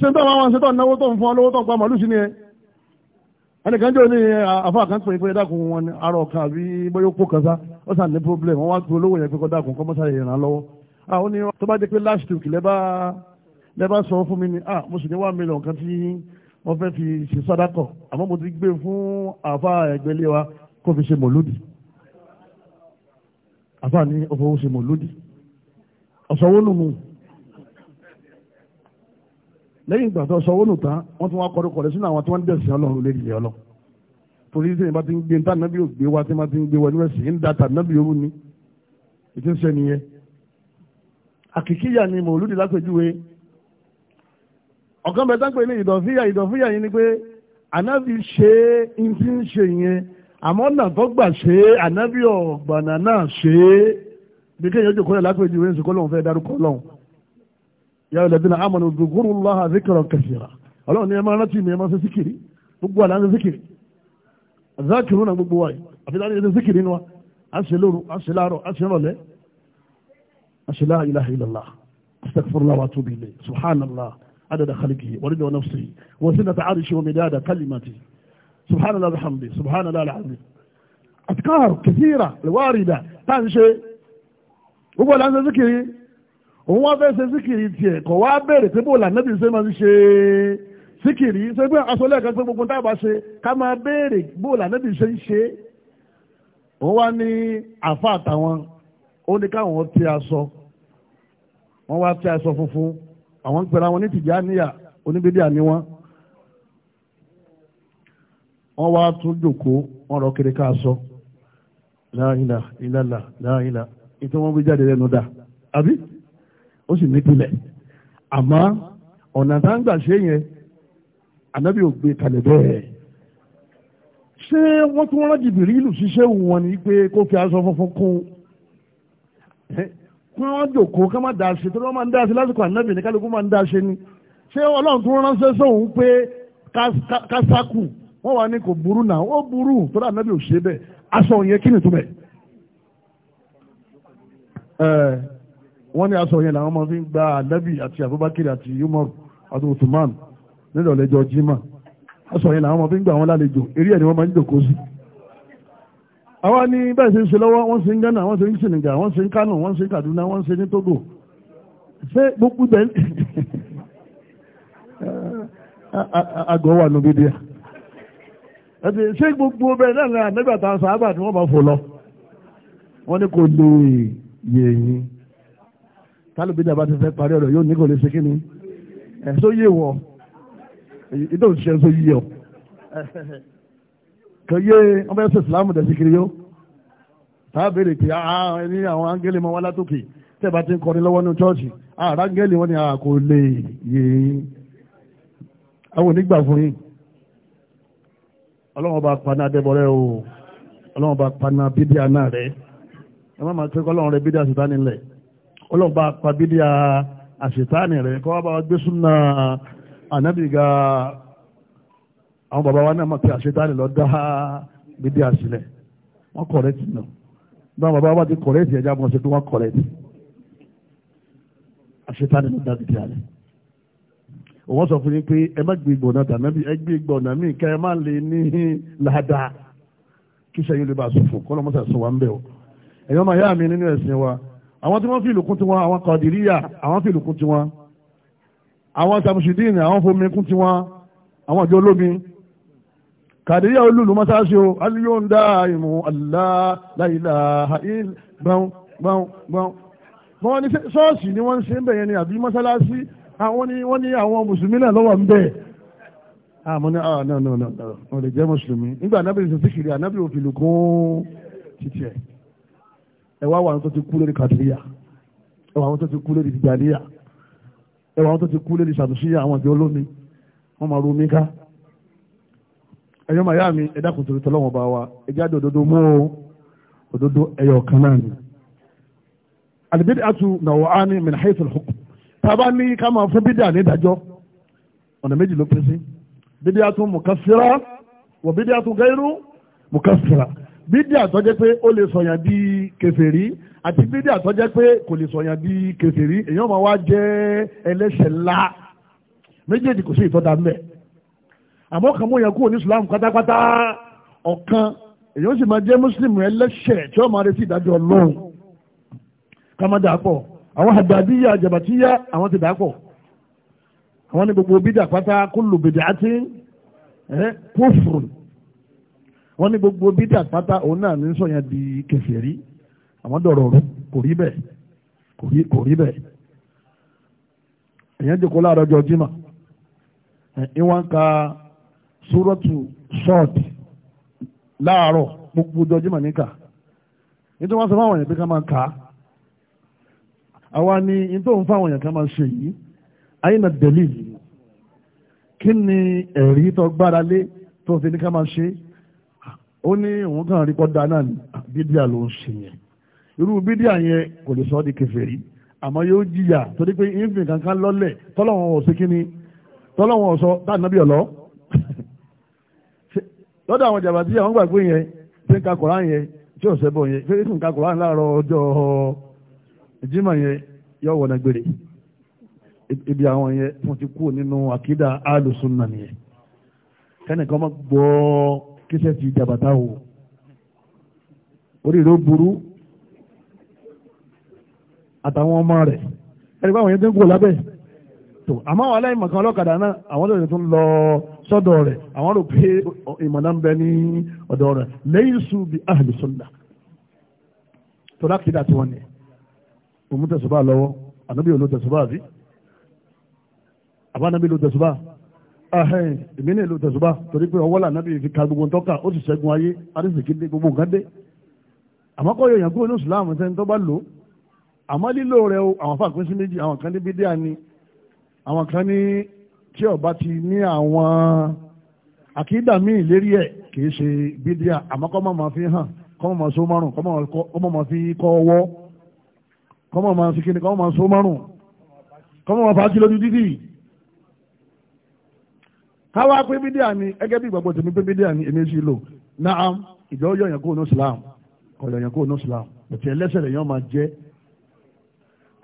ṣe tó àwọn àwọn ṣetán náwó tó ń fún ọlọ́wọ́ tó ń pa màlúù sí ni ẹ ẹnìkan jẹ́ òní àfa kan pè é dákun wọn ni arọ kan àbí bóyá ó kó kan sá ó sàn ní problem wọn wá tu olówó yẹn pé kó dákun kọ́ mọ́sá yẹn ràn lọ́wọ́ àwọn ni tó bá jẹ́ pé last week lẹ́bà lẹ́bà sọ fún mi ni ah mo sì ní one million kan tí wọ́n fẹ́ fi ṣe sádàkọ̀ àmọ́ mo ti gbé e fún àfa ẹ̀gbẹ́lé wa kó fi ṣe mòlúdì àfa ni ó fowó ṣe mòlúdì ọ̀sọ̀wó lẹ́yìn ìgbà tó sọ owó nù tán wọ́n tún wá kọ́dọ̀ kọ̀dọ̀ sínú àwọn tí wọ́n ń dẹ̀sìn ọlọ́run lè lè ọlọ́ torí tí ìbá ti ń gbé níta tí wọ́n ti ń gbé ń ni ètò ìṣẹ́ nìyẹn. àkìkíyà ni ọ̀kan tán pé ní ìdọ̀fíyà ìdọ̀fíyà yìí ni pé ànábì ṣe é ti ń ṣe yẹn àmọ́ tó gbà ṣe é ànábì náà ṣe é bí kéèyàn yàrá ìlẹ̀dínà amọ̀nà òdògóró lọ́hà zikirọ̀ kẹsìrà ọlọ́run ní ẹ máa rántí mi ẹ máa ṣe zikiri gbogbo àlá ń ṣe zikiri zákìrún náà gbogbo wáyé àfihàn ẹni zikiri ni wa a ṣe lóru a ṣe láàárọ̀ a ṣe rọ̀lẹ́ a ṣe la ilaha illallah astaghfirullah wa atubu ilayhi subhanallah adada khalqihi wa rida nafsihi wa zinata arishi wa midada kalimatihi subhanallah alhamdi subhanallah òun wá fẹ́ ṣe síkìrì tiẹ̀ kọ̀ wá bèrè pé bó lànàbì ṣe máa ń ṣe síkìrì ṣe pé aṣọ lẹ́ẹ̀kan pé gbogbo táàbà ṣe ká máa bèrè bó lànàbì ṣe ń ṣe òun wá ní àfa àtàwọn ó ní káwọn ti aṣọ wọ́n wá ti aṣọ funfun àwọn ń pera wọn ní tìjàníyà oníbídíà ni wọ́n wọ́n wá tún jòkó wọ́n rọ kiri ká aṣọ láìlà ìlàlà láìlà ìtí wọ́n bí jáde lẹ́nu dà àbí. ó sì nípìnlẹ̀ àmọ́ ọ̀nà tá ń gbà ṣe yẹn ànábì ò gbé kalẹ̀ bẹ́ẹ̀ ṣé wọ́n tún ìlú ṣiṣẹ́ wọn ni pé kó fi aṣọ funfun kún kí wọ́n jòkó ká má dáa ṣe tó lọ́ máa ń dáa ṣe lásìkò ní kálukú máa ṣe ni ṣé ọlọ́run tún ránṣẹ́ wọ́n ní aṣọ yẹn làwọn máa fi ń gba ànábì àti Abubakar àti Umar àti Uthman nílò ọ̀lẹ́jọ́ jimá aṣọ yẹn làwọn máa fi ń gba àwọn lálejò eré ẹ̀ ni wọ́n máa ń jòkó sí. àwa ní bẹ́ẹ̀ ṣe ń ṣe lọ́wọ́ wọ́n ṣe ń Ghana wọ́n ṣe ń Senegal wọ́n ṣe ń Kano wọ́n ṣe ń Kaduna wọ́n ṣe ní Togo ṣé gbogbo ibẹ̀ àgọ́ wà níbi díẹ̀ ẹ̀sìn ṣé gbogbo bẹ́ẹ̀ náà nígbà tá a sábà ni wọ́n máa fò lọ wọ́n ní kò lè yẹ̀yìn tálùbídà bá ti fẹ́ parí ọ̀rọ̀ yóò ní kò lè ṣe kí ni ẹ̀ tó yé wọ ìdó òṣìṣẹ́ tó yé ọ kò yé ọmọ ẹsẹ̀ ìsìlámù dẹ̀ sí kiri yó tá béèrè pé ní àwọn áńgẹ́lì máa wá látòkè tẹ́ bá ti ń kọrin lọ́wọ́ ní chọ́ọ̀chì àrà áńgẹ́lì wọn ni a kò lè yé àwọn onígbà fún yín ọlọ́wọ́n bá paná adébọ̀rẹ́ o ọlọ́wọ́n bá paná bídíà náà rẹ̀ ẹ má máa tẹ́kọ́ ọlọ́run rẹ̀ bídíà sì dánilẹ̀ ọlọ́ba pàbílíà àṣetáàni rẹ̀ kọ́ wá bá wa gbé súnà ànábì ga àwọn bàbá wa náà mọ̀ pé àṣetáàni lọ dá bídí àṣìlẹ̀ wọ́n kọ̀rẹ́tì náà bí wọ́n bàbá wa ti kọ̀rẹ́tì ẹ̀já mọ̀ sí pé wọ́n kọ̀rẹ́tì àṣetáàni lọ dá bídí àṣìlẹ̀ wọ́n sọ fún yín pé ẹ má gbé gbọ̀nà tàbí ẹ gbé gbọ̀nà míì kẹ́ ẹ má lè ní ládàá kí sẹ́yìn ló bá sọ fún kọ́lọ́mọ́sà sọ wa ń bẹ̀ o ẹ̀yọ́ máa yá mi nínú ẹ̀sìn wa àwọn tí wọ́n fi ìlú kún tiwọn àwọn kọ̀dìríyà àwọn fi ìlú kún tiwọn àwọn sàmùsùdíìn àwọn fomi kún tiwọn àwọn ìjọ olómi kàdìríyà olùlù mọ́sáàsì o aliyóńdá ìmú aláìlá gbọ́n gbọ́n gbọ́n wọ́n ní ṣọ́ọ̀ṣì ni wọ́n ń ṣe ń bẹ̀yẹn ni àbí mọ́sálásí àwọn ah, ni wọ́n ní àwọn mùsùlùmí náà lọ́wọ́ ń bẹ̀ àmọ́ ah, ní àwọn náà náà náà wọ́n lè jẹ́ mùsùlùmí nígbà anábì ṣe síkìrì ẹwà àwọn tó ti kú lórí kàdíríyà ẹwà àwọn tó ti kú lórí ìjàdíyà ẹwà àwọn tó ti kú lórí ìṣàtúnṣíyà àwọn ìjọ olómi wọn máa ro omi ká ẹyọ màyá mi ẹdá kò tòrítọ́ lọ́wọ́ bá wa ẹjá dé òdodo mú o òdodo ẹyọ kan náà ni. àdìbídì àtú nàwọ̀ á ní min haythu al bá ní ká máa fún bídà ní ìdájọ́ ọ̀nà méjì ló pín sí bídà tún mukaffira wa bídà tún gairu mukaffira bídí àtọ́jẹ́ pé ó lè sọ̀yàn di kèfèrí àti bídí àtọ́jẹ́ pé kò lè sọ̀yàn di kèfèrí èèyàn máa wá jẹ́ ẹlẹ́ṣẹ̀ ńlá méjèèjì kò sí ìtọ́da mẹ́ àmọ́ kan mú yẹn kúrò ní Islam pátápátá ọ̀kan èèyàn sì máa jẹ́ muslim ẹlẹ́ṣẹ̀ tí ó máa retí ìdájọ́ Ọlọ́run ká má dà pọ̀ àwọn àgbàdíyà àjàbàtíyà àwọn ti dà pọ̀ àwọn ní gbogbo bídà pátá kúlù bìdà àti kófùrù wọ́n ní gbogbo bídà pátá òun náà ní sọ yẹn di kèfèrí àwọn dọ̀rọ̀ ọ̀rọ̀ kò rí bẹ́ẹ̀ kò rí bẹ́ẹ̀ èyàn jẹ́ kó láàárọ̀ ọjọ́ jimá ìwọ̀n ka súrọ́tù ṣọ́ọ̀tì láàárọ̀ gbogbo ọjọ́ jimá níkà nítorí wọ́n sọ fáwọn èèyàn pé ká máa kà àwa ni nítorí òun fáwọn èèyàn ká máa ṣe yìí ayé na dẹ̀lì yìí kí ni ẹ̀rí tó gbára lé tó fi ní ká máa ṣe é ó ní òun kan rí kọ́dá náà ní ah, bídíà ló ń ṣe yẹn irú bídíà yẹn kò lè sọ ọ́ di kèfèrí àmọ́ yóò jìyà torí pé ìfìn kankan lọ́lẹ̀ tọ́lọ́wọ́n ò sí kíni tọ́lọ́wọ́n ò sọ táànábì ọ̀lọ́ lọ́dọ̀ àwọn jàmbá tí àwọn gbàgbé yẹn tí ń ka Kùránì yẹn tí ò sẹ́bọ̀ yẹn ń ka láàárọ̀ ọjọ́ yẹn yọ wọ̀nà ibi àwọn yẹn wọ́n ti kú nínú àkídà alùsùn kíṣẹ́ ti jàbàtà o orí ló burú àtàwọn ọmọ rẹ̀ ẹni báwọn yẹn ti ń kú lábẹ́ tó àmọ́ àwọn aláìmọ̀kan ọlọ́kadà náà àwọn tó lè tún lọ sọ́dọ̀ rẹ̀ àwọn rò pé ìmọ̀nà ń bẹ ní ọ̀dọ̀ rẹ̀ lẹ́yìn sùn bí ahli sunnah tó lákìdá tí wọ́n ní òun tẹ̀sùbá lọ́wọ́ ànábì olóòtẹ̀sùbá àbí àbá ànábì olóòtẹ̀sùbá ahẹ́n èmi ní ìlú tẹ̀sùbá torí pé ọwọ́ lànàbí fi ka gbogbo ntọ́ka ó sì ṣẹ́gun ayé arísìkí dé gbogbo nǹkan dé àmọ́ kọ́ yóò yàn kúrò ní ìsìláàmù tẹ́ni tó bá lò ó àmọ́ lílo rẹ̀ o àwọn afáàpín sí méjì àwọn kan ní bídíà ni àwọn kan ní tí ọba ti ní àwọn àkídà míì lérí ẹ̀ kì í ṣe bídíà àmọ́ kọ́ máa máa fi hàn kọ́ máa máa so márùn kọ́ máa máa fi kọ́ ọwọ́ kọ́ máa máa fi kíni kọ́ máa so márùn kọ́ máa máa fa káwá pé bídíà ni ẹgẹ́ bí ìgbàgbọ́ tèmi pé bídíà ni èmi sì lò náà ìjọ yọ yẹn kó ní islam ọ̀yọ̀ yẹn kó ní islam òtí ẹlẹ́sẹ̀ lè yàn máa jẹ́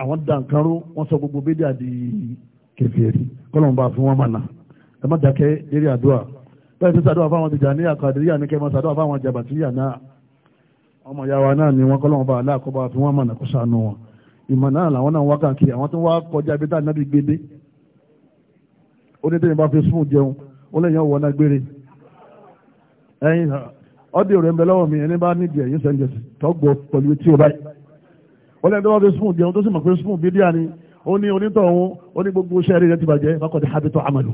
àwọn dànkáró wọ́n sọ gbogbo bídíà di kèfèrí kọ́lọ̀ bá fi wọ́n mà nà ẹ má dákẹ́ eré àdúrà bẹ́ẹ̀ fi sàdúrà fáwọn tìjà ní àkàdéríà ní kẹ́ sàdúrà fáwọn jàbàtíyà náà ọmọ ìyá wa náà ni wọ́n kọ́lọ̀ bá aláàkọ́ bá fi wọ́n mà nà kó sànù wọn ìmọ̀ náà làwọn náà wá àwọn tó wá kọjá ibi tá ó ní tẹ́yìn bá fi sùn jẹun ó lẹ́yìn ọ̀wọ́ náà gbére ẹ̀yìn ọdẹ rẹ̀ ń bẹ lọ́wọ́ mi ẹni bá nídìí ẹ̀yìn sẹ́ńjẹ̀ tọ́gbọ̀ pẹ̀lú etí ọba yìí ó lẹ́yìn tó bá fi sùn jẹun tó sì mọ̀ pé sùn bí díà ni ó ní onítọ̀hún ó ní gbogbo sẹ́ẹ̀rì rẹ̀ ti bàjẹ́ bákọ̀dé habitó amadu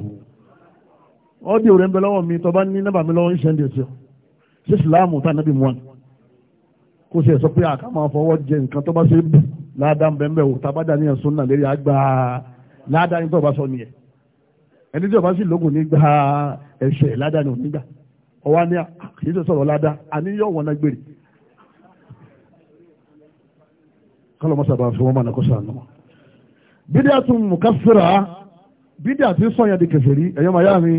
ọdẹ rẹ̀ ń bẹ lọ́wọ́ mi tọ́ba ní nọ́mbà mi lọ́wọ́ ń sẹ́ńjẹ̀ sí ọ ṣé sìláàmù tá nàbí mu wọn kó sì sọ pé àká máa fọwọ́ jẹ nǹkan tó bá ṣe bù ládàá ń bẹ́ẹ̀ wò tábàdà ní ẹ̀sùn náà ẹni tí ọba sì lógun nígbà ẹ̀ṣẹ̀ ládàá ni ò nígbà ọwọ́ ni ah, kìí ṣe sọ̀rọ̀ ládàá àníyàn wọn náà gbèrè kọlọmọsà bá fi wọn máa nàkó sànù wọn. bídíà tún mú káfíra bídíà tí sọ̀yàn di kèfèrí ẹ̀yọ́ màá yá mi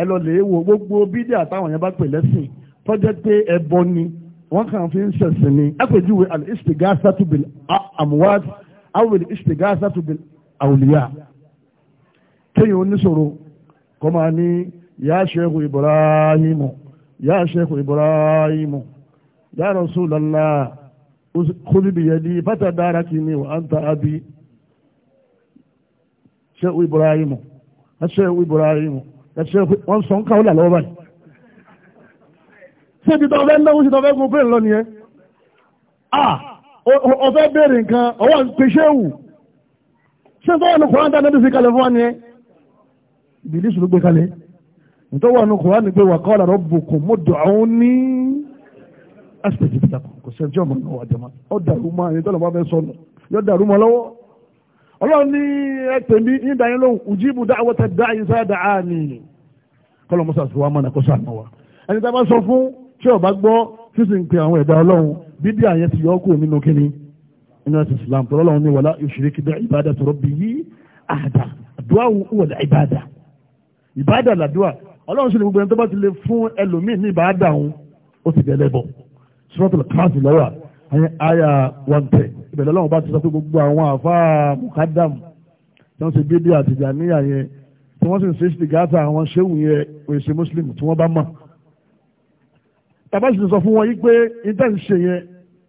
ẹ lọ lè wo gbogbo bídíà táwọn yẹn bá pè lẹ́sìn tọ́jẹ́ pé ẹbọ ni wọ́n kàn fi ń ṣẹ̀sìn ni àpèjúwe al-istighasatu bil amwat aw al-istighasatu bil awliya kéyìn oníṣòro kọ́ máa ní ya Sheikh Ibrahim ya Sheikh Ibrahim ya Rasulallah khudh biyadi fatadarakini wa anta abi Sheikh Ibrahim ya Sheikh Ibrahim ya Sheikh wọ́n sọ ń káwọ́ là lọ́wọ́ báyìí ṣé ibi tó fẹ́ náwó ṣe tó fẹ́ gun fèrè lọ nìyẹn ọ̀fẹ́ béèrè nǹkan ọwọ́ pèsè ìbílísù ló gbé kalẹ̀ nítorí wọn kò ní pé wa qala rabbukum ud'uni astajib lakum kò sẹ́ni tí ọmọ náà wà jẹ́mọ́ ọ dàrú mọ́ ẹni tó lọ́ bá fẹ́ sọnù yọ dàrú mọ́ lọ́wọ́ ọlọ́run ní ẹ̀pẹ̀ mi ní ìdáyẹn lóhùn ujibu da'wata da'i iza da'ani kọ́lọ̀ mọ́sá fi wá mọ́ náà kó sànù wa ẹni tá a bá sọ fún tí ò bá gbọ́ sísì ń pe àwọn ẹ̀dá ọlọ́run bíbí àyẹn ti yọ kúrò nínú kíni inú ẹ̀sìn Islam tọ́lọ́run ní wala yushrik bi ibadati rabbihi ahada àdúrà wọlé ìbàdà ìbáàdà làdúà ọlọ́run sì ni gbogbo ẹni tó bá ti lè fún ẹlòmíì ní ìbáàdà òun ó ti bẹ̀rẹ̀ bọ̀ suratul Kahf lọ́wọ́ àyà one ten ìbẹ̀rẹ̀ ọlọ́run bá ti sọ pé gbogbo àwọn àfáà mukadam tí wọ́n ti bí bí àtìjàníyà yẹn tí wọ́n sì ń ṣe gáàtà àwọn ṣéwù yẹn òyìnṣẹ́ muslim tí wọ́n bá mọ̀ tàbá sì sọ fún wọn yí pé ìtẹ́ ń ṣe yẹn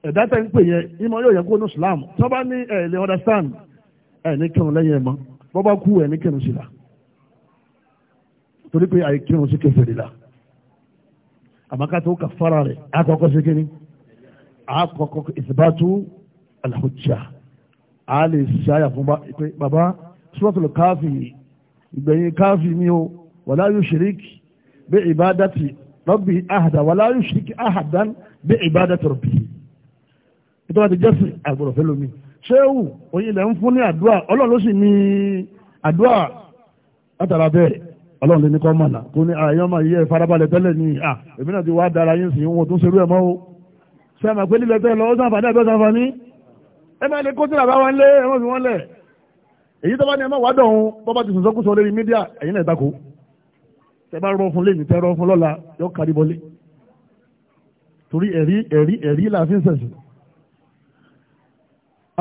ẹ̀dá islam tí wọ́n bá understand ẹ̀ ní kírun lẹ́yìn ẹ̀ mọ́ bọ́ torí pé àìkírun sí kẹfẹ́rẹ́ la àmàkàtà ó kà fara rẹ̀ àkọ́kọ́ sí kíní àkọ́kọ́ ìsìbátú alhujja a lè ṣáyà fún bàbá suratul káfí ìgbẹ̀yìn káfí mi o wàlá yushrik bí ìbádàtì rabbi ahada wàlá yushrik ahadan bí ìbádàtì rabbi ìtọ́wà ti jẹ́sì àgbọ̀rọ̀ fẹ́ lómi ṣéwù oyin ń fún ní àdúrà ọlọ́run ló sì ní àdúrà látara bẹ́ẹ̀ ọlọ́run lè ní kọ́ mọ̀nà kó ní àyàn máa yẹ farabalẹ̀ tẹ́lẹ̀ ní à èmi náà ti wá dára yín sìn wọn tó ń serú ẹ̀ mọ́ o ṣe àmà pé lílẹ̀ tẹ́lẹ̀ lọ́wọ́ sàǹfààní àbẹ́ sàǹfààní ẹ máa lè kó sílà bá wọn lé ẹ mọ̀ fi wọn lẹ̀ èyí tó bá ní ẹ máa wádọ̀ òun tó bá ti sùn sọ́kùsọ lórí mídíà ẹ̀yin náà ìtako tẹ bá rọ fún lẹ́yìn tẹ rọ fún lọ́la yọ kárí bọlé torí ẹ̀rí ẹ̀rí ẹ̀rí là fi ń sẹ̀sìn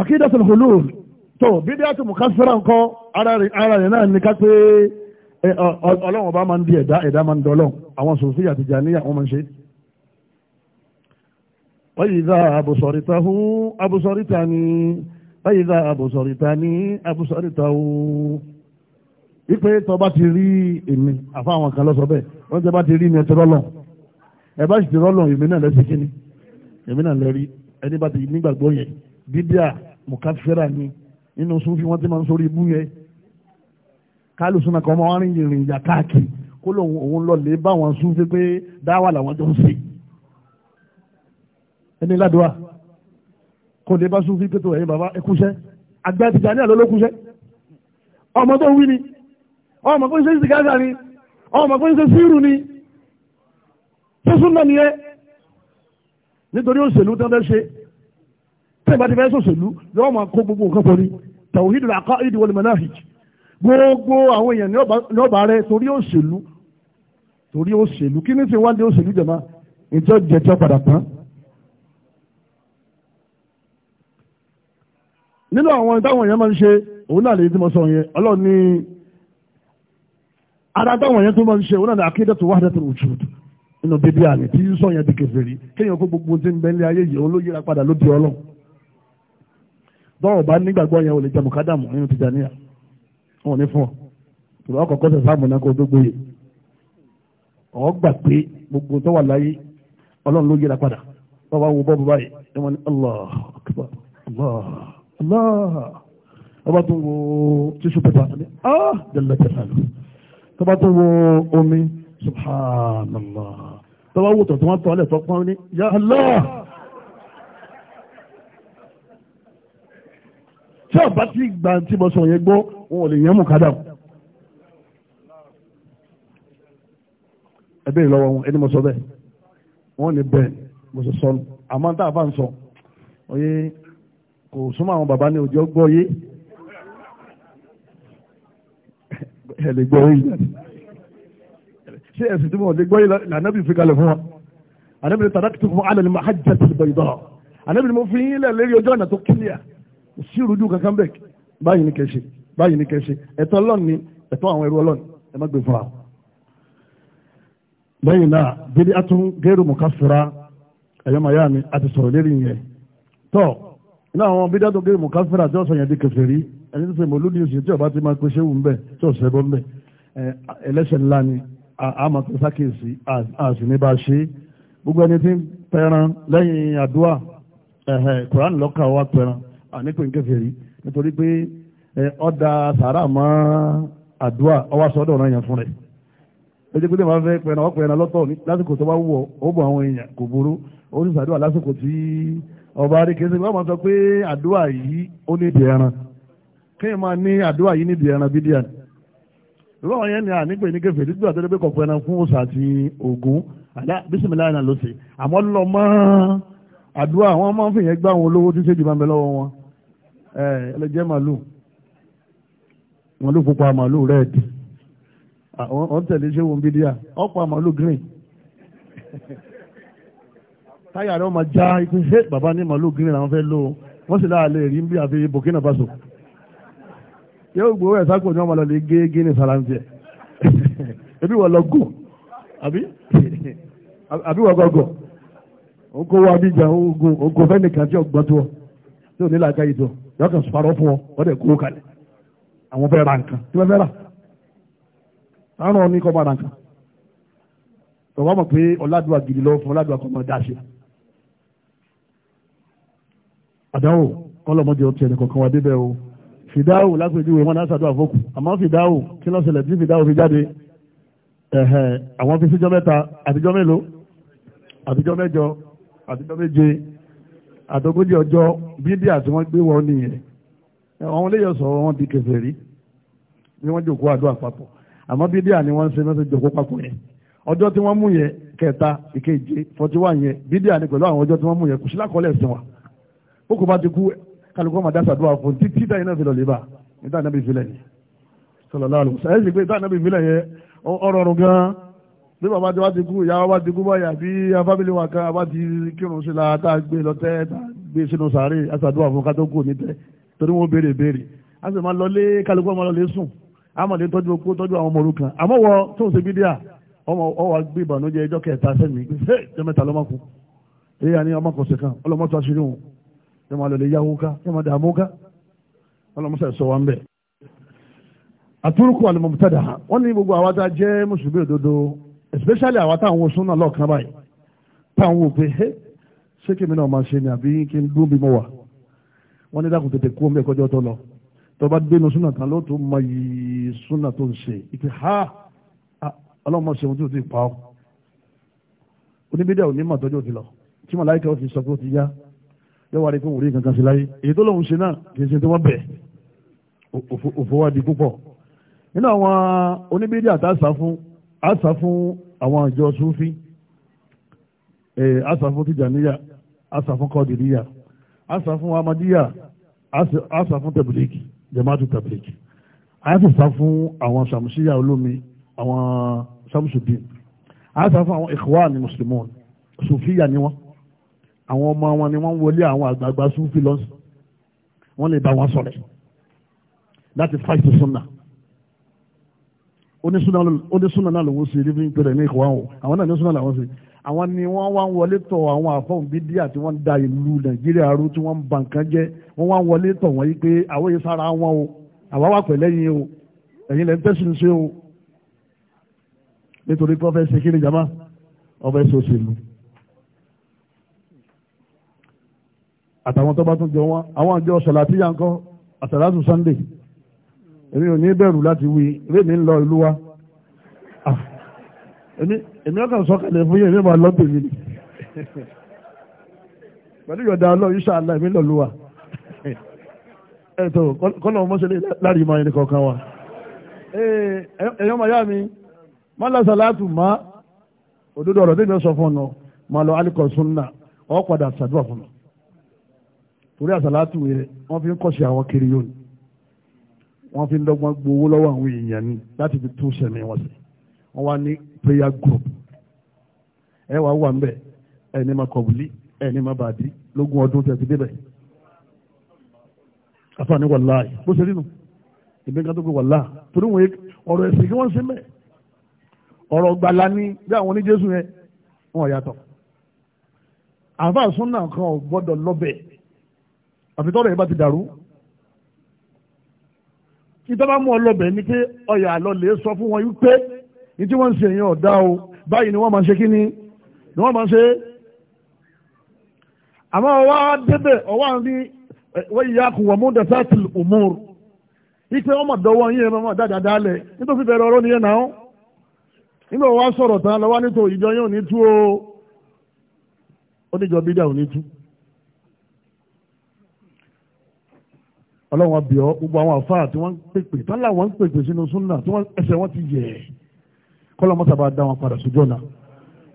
akídàtúlù hulul tó bídíà tó mú kásífẹ́rà ńkọ́ ara rẹ̀ náà ní ká pé ọlọ́run ọba máa ń di ẹ̀dá ẹ̀dá máa ń dọ́lọ́run àwọn sòfin àti jàníyà wọ́n máa ń ṣe. wáyìíza àbùsọ̀rìta hu àbùsọ̀rìta ni wáyìíza àbùsọ̀rìta ni àbùsọ̀rìta hu. wípé tó bá ti rí èmi àfa àwọn kan lọ́sọ bẹ́ẹ̀ wọ́n ti bá ti rí mi ẹtọ́ lọ́lọ́ ẹ bá sì ti rọ́lọ́ èmi náà lẹ́sìn kíní èmi náà lẹ́rí ẹni bá ti nígbàgbọ́ yẹn bíbíà kálùsùn náà kọ́ ọmọ wọn rìn ìrìn ìjà káàkiri kó lóun òun lọ lè bá wọn sún pé dáwà làwọn jọ ń ṣe ẹni ládùúgbà kò lè bá sún fi pété ẹ̀yin bàbá ẹkúṣẹ́ àgbà ìtìjà ní àlọ́lọ́kúṣẹ́ ọmọ tó wí ni ọmọ pé ń ṣe ìsìkáṣà ni ọmọ pé ń ṣe síìrù ni tó súnmọ́ nìyẹn nítorí òṣèlú tó fẹ́ ṣe tẹ́gbà ti fẹ́ ọmọ kó gbogbo nǹkan pọ̀ ni tàwíìdì àkọ́ ìdíwọlùmọ̀ náà hìjì gbogbo àwọn èèyàn ní ọba rẹ torí òṣèlú torí òṣèlú kí ní ti wá lé òṣèlú jẹ̀má ìjọ jẹjọ padà tán. nínú àwọn ìtàwọn èèyàn máa ń ṣe òun náà lè tí mo sọ yẹn ọlọ́run ní ara táwọn èèyàn tó máa ń ṣe òun náà ní akídẹ́tù wahdatul wujud nínú bíbí àná tí ń sọ di kéèyàn kó gbogbo ti ń bẹ wọn ò ní fún ọ tòlú ọkọ̀ọ̀kọ́ sọ sáàmù náà kó gbogbo yìí ọ̀ gbà pé gbogbo tó wà láyé ọlọ́run ló yíra padà wọ́n wá wo bọ́ọ̀bù báyìí ẹ wọ́n ní Allah akbar Allah Allah ọba tó ń wo tíṣù pépà ní ah jẹ́lẹ̀ tẹ̀sán tọ́ba tó ń wo omi subhanallah tọ́ba wò tọ̀ tó wọ́n tọ́ ọ lẹ̀ tọ́ pọ́n ní ya tí ọba ti gbà tí mo sọ yẹn gbọ́ wọn ò lè yẹn mú kádà o. ẹbí ìlọ́wọ́ wọn ẹni mo sọ bẹ́ẹ̀ wọ́n ní bẹ́ẹ̀ mo sọ sọnù àmọ́ tá a bá ń sọ oyè kò súnmọ́ àwọn bàbá ní òjò gbọ́ yé ẹ lè gbọ́ yé ṣé ẹ̀sìn tí mo lè gbọ́ yé lànà bí fi kalẹ̀ fún wa ànábìrin tàdákìtì fún alẹ́ ni mo hajj àti ìbẹ̀yìí dọ́rọ̀ mo fi yín lẹ̀ lérí ojú ọ̀nà tó kílíà sí ìrújú kankan bẹ́ẹ̀ báyìí ní kẹ́ṣe báyìí ní kẹ́ṣe ẹ̀tọ́ ọlọ́run ni ẹ̀tọ́ àwọn ẹrú ọlọ́run ẹ má gbé fúnra. lẹ́yìn náà bídí atún géèrú mọ̀ká fura ẹ̀yọ́ màyá mi àti sọ̀rọ̀ lérí yẹn tọ́ iná àwọn bídí atún géèrú mọ̀ká fura tí wọ́n sọ yẹn di kèfèrí ẹni tó ṣe mọ̀ lóde oṣù tí ọba ti máa pèsè wù mbẹ tí ò sẹ́bọ̀ mbẹ ẹlẹ́sẹ̀ ńlá ni àmọ̀ tó sákèsì àṣì ní bá ṣe gbogbo ẹni tí ń pẹran lẹ́yìn àdúrà ẹ̀hẹ̀ kùránì lọ́kà wa pẹran ànípò nkẹfẹ̀rí nítorí pé ọ̀dà sàrà mọ́ àdúrà ọwọ́ sọ́dọ̀ ọ̀nà yẹn fún rẹ̀ lójú pé lèèmọ̀ fẹ́ pẹ̀lú ọ̀pọ̀ ẹ̀nà lọ́tọ̀ lásìkò tó bá wọ̀ ó bọ̀ àwọn èèyàn kò burú ó sì sàdúrà lásìkò tí ọba arékèsè wọ́n máa sọ pé àdúrà yìí ó ní ìdí ẹran kéèyàn máa ní àdúrà yìí ní ìdí ẹran bídíà ìwọ àwọn yẹn ni ànípè ní kẹfẹ títí àti ẹgbẹ́ kọ̀ọ̀kan ẹran fún òòsà àti ògún àdá bísímìlá ẹ̀nà ló ṣe àmọ́ lọ mọ́ àdúrà wọn máa ń fìyẹn gbá àwọn olówó tí ṣèjì máa ń bẹ wọn ẹlẹ́jẹ́ màlúù màlúù pupa màlúù red wọ́n tẹ̀lé ṣé wọn bí díà ọ̀pọ̀ màlúù green táyà rẹ̀ wọ́n máa já ikú ṣé bàbá ní màlúù green làwọn fẹ́ lò wọ́n sì láàlẹ́ rí bí àfi Burkina Faso yóò gbowó ẹ̀ sákò ní wọn lọ lè gé gíní ẹ̀ ebi wọ́n lọ gùn àbí àbí wọ́n gọ̀gọ̀ òun kó wá bí òun kò fẹ́ nìkan tí ọgbọ́n tó tí ò ní làákàyè yọ̀ọ́ kan sọ̀rọ̀ fún ọ wọ́n dẹ̀ kúrò kalẹ̀ àwọn fẹ́ ra nǹkan tí wọ́n fẹ́ rà àárọ̀ ní kọ́ bá ra nǹkan tọ́wọ́ mọ̀ pé ọ̀làdùà gidi lọ́wọ́ fún ọ̀làdùà kọ́ mọ̀ dá ṣe àdáwò kọ́lọ́mọdé ọtí ẹnì kọ̀ọ̀kan wá débẹ̀ o fìdáwò lápèjúwe wọn lásàdó àfọkù àmọ́ fìdáwò kí ló ṣẹlẹ̀ bí fìdáwò fi jáde àwọn fi síjọ́ mẹ́ta àtijọ́ mélòó àtijọ́ mẹ́jọ àtijọ́ méje àtọ́gójì ọjọ́ bídíà tí wọ́n gbé wọn nìyẹn àwọn oléyọ̀ sọ̀rọ̀ wọn di kèfèrí ni wọ́n jòkó àdúrà papọ̀ àmọ́ bídíà ni wọ́n ń ṣe mẹ́sẹ̀ jòkó papọ̀ yẹn ọjọ́ tí wọ́n mú yẹn kẹta ìkeje forty one yẹn bídíà ni pẹ̀lú àwọn ọjọ́ tí wọ́n mú yẹn kò sí lákọọ́lẹ̀ ẹ̀sìn wa ó kò bá ti kú kálukú ọmọ dá sàdúrà fún títí táyì náà fi lọ lébà nígbà náà bí bàbá tí wọ́n ti kú ìyá wa ti kú báyà bí fámìlì wa kan àbá ti kírun sí la tá a gbé lọ tẹ́ tá a gbé sínú sàárè àtàdúrà fún kátó kù ní tẹ́ torí wọ́n béèrè béèrè a sì máa lọlé kálukú ọmọ lọlé sùn a máa lè tọ́jú okó tọ́jú àwọn ọmọ òrukàn àmọ́ wọ tó ń ṣe bídíà ọmọ ọwọ́ gbé ìbànújẹ́ ẹjọ́ kẹta sẹ́mi ṣé jẹ́mẹ́ta lọ́mọkù èyí àní ọmọkùnrin kan ọlọ́mọtò àtúrúkọ àlùmọ̀mùtàdà wọ́n ní gbogbo àwa tá jẹ́ mùsùlùmí òdodo especially àwọn táwọn oṣù náà lọ́ọ̀kan báyìí táwọn wò pé ẹ ṣé kí mi náà máa ṣe ni àbí kí n dún bí mo wà wọ́n ní dákun tètè kú omi ẹ̀kọ́jọ́ tó lọ tó bá dénú súnà tán ló tó mọ yìí súnà tó ń ṣe ìpè ha ọlọ́mọ ṣeun tó ti pa ọ́ oníbídẹ́ òní mọ̀ tọ́jú òtí lọ tí mo láyé kẹ́ ó ti sọ pé ó ti yá yóò wá rí fún wòlíì kankan sí láyé èyí tó lóun ṣe náà kì í ṣe tí wọ́n bẹ̀ òfò wá di púpọ̀ nínú àwọn oníbídẹ́ àtàṣà fún a sá fún àwọn àjọ súnfí a sá fún tìjàníyà a sá fún kọ́dìríyà a sá fún amadíyà a sá fún tẹ̀bílíkì jamaatu tẹ̀bílíkì a sì sá fún àwọn sàmùsíyà olómi àwọn sàmùsùdín a fún àwọn ikhwan muslimun sùfíyà ni wọ́n àwọn ọmọ wọn ni wọ́n wọlé àwọn àgbààgbà súnfí lọ́sùn wọ́n lè bá wọn sọ̀rọ̀ láti fáìtì sunna onísúná náà lòun ṣe living prayer ní ìkọ̀wá wọn àwọn náà onísúná làwọn ṣe àwọn ni wọ́n wá ń wọlé tọ̀ àwọn àfọ̀hún bídíà tí wọ́n ń da ìlú nàìjíríà rú tí wọ́n ń ba nǹkan jẹ́ wọ́n wá ń wọlé tọ̀ wọ́n yí pé àwọn yìí sára wọn o àwa wà pẹ̀lẹ́ yín o ẹ̀yin lẹ́ ń ń ṣe o nítorí pé ọfẹ́ ṣe kí ni jama ọfẹ́ ṣe òṣèlú. àtàwọn tó bá tún jọ wọn àwọn àjọ sọ̀lá àtìyà ńkọ́ sunday èmi ò ní bẹ̀rù láti wí èmi mi ń lọ ìlú wa ah, èmi ọkàn sọ̀kalẹ̀ fún yẹn èmi máa lọ tèmi ni pẹ̀lú ìyọ̀dà ọlọ́run iṣẹ́ àlá èmi lọ ìlú wa ẹ̀tọ́ kọ́nà mọ́ṣẹ́lẹ̀ láàrin ìmọ̀ ẹni kọ̀ọ̀kan wa ẹ̀yọ́ màá yá mi má lásà látù má òdodo ọ̀rọ̀ tẹ́lẹ̀ sọ fún ọ̀nà má lọ alikọ̀ sunna ọ̀ padà sàdúrà fún ọ torí àsàlátù yẹn wọ́n fi ń kọ́ṣe àwọn kiri yóò wọ́n fi ń dọ́gbọ́n gbowó lọ́wọ́ àwọn èèyàn ni láti fi tún sẹ̀mí wọn sí wọ́n wá ní prayer group ẹ wàá wà ńbẹ ẹ ní ma kọ̀bùlí ẹ ní ma bàdí lógún ọdún tẹ̀sí débẹ̀ àfààní wàláì bó ṣe rí nu ìbí nǹkan tó gbé wàláà torí wọn ọ̀rọ̀ ẹ̀sìn kí wọ́n ṣe mẹ́ ọ̀rọ̀ gbàlá ni bí àwọn oní Jésù yẹn wọn yàtọ̀ àfàsúnà kan ò gbọ́dọ̀ lọ́bẹ̀ àfitọ́rọ̀ yẹn bá ti dàrú ìjọba mú ọlọ́bẹ̀ ni pé ọyà àlọ́lẹ̀ sọ fún wọn wípé ní tí wọ́n ń ṣe èèyàn ọ̀dá o báyìí ni wọ́n máa ń ṣe kí ni ni wọ́n máa ń ṣe àmọ́ ọwọ́ débẹ̀ ọwọ́ àrí wọ́n kù wọ́n mú ipe yín o ọlọ́run ọbẹ̀ ọ gbogbo àwọn àfáà tí wọ́n ń pèpè tọ́lá wọn ń pèpè sínú súnà tí wọ́n ẹsẹ̀ wọn ti yẹ̀ kọ́lọ́ mọ́ta bá dá wọn padà sójú ọ̀nà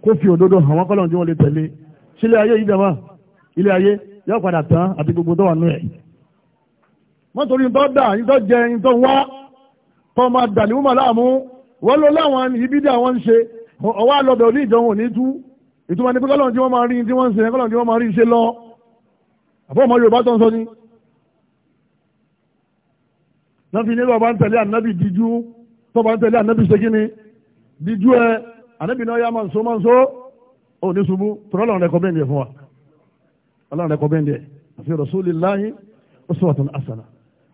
kó fi òdodo hàn wọ́n kọ́lọ́ tí wọ́n lè tẹ̀lé sílé ayé yìí dàmà ilé ayé yóò padà tán àti gbogbo tó wà nú ẹ̀. wọ́n torí tó dà ní tó jẹ ní wá tó máa dà ní wọ́n láàmú wọ́n ló láwọn ibi dà wọ́n ṣe ọwọ́ àlọ́bẹ̀ náà fi ní bàbá ń tẹ̀lé ànábì díjú tọ́ba ń tẹ̀lé ànábì ṣe kíni díjú ẹ ànábì náà yá máa ń so máa ń so ó ní ṣubú tọ́lá ọ̀rọ̀ rẹ̀kọ́mẹ́ndì ẹ̀ fún wa ọlọ́run rẹ̀kọ́mẹ́ndì ẹ̀ àfi rasulillahi uswatun hasana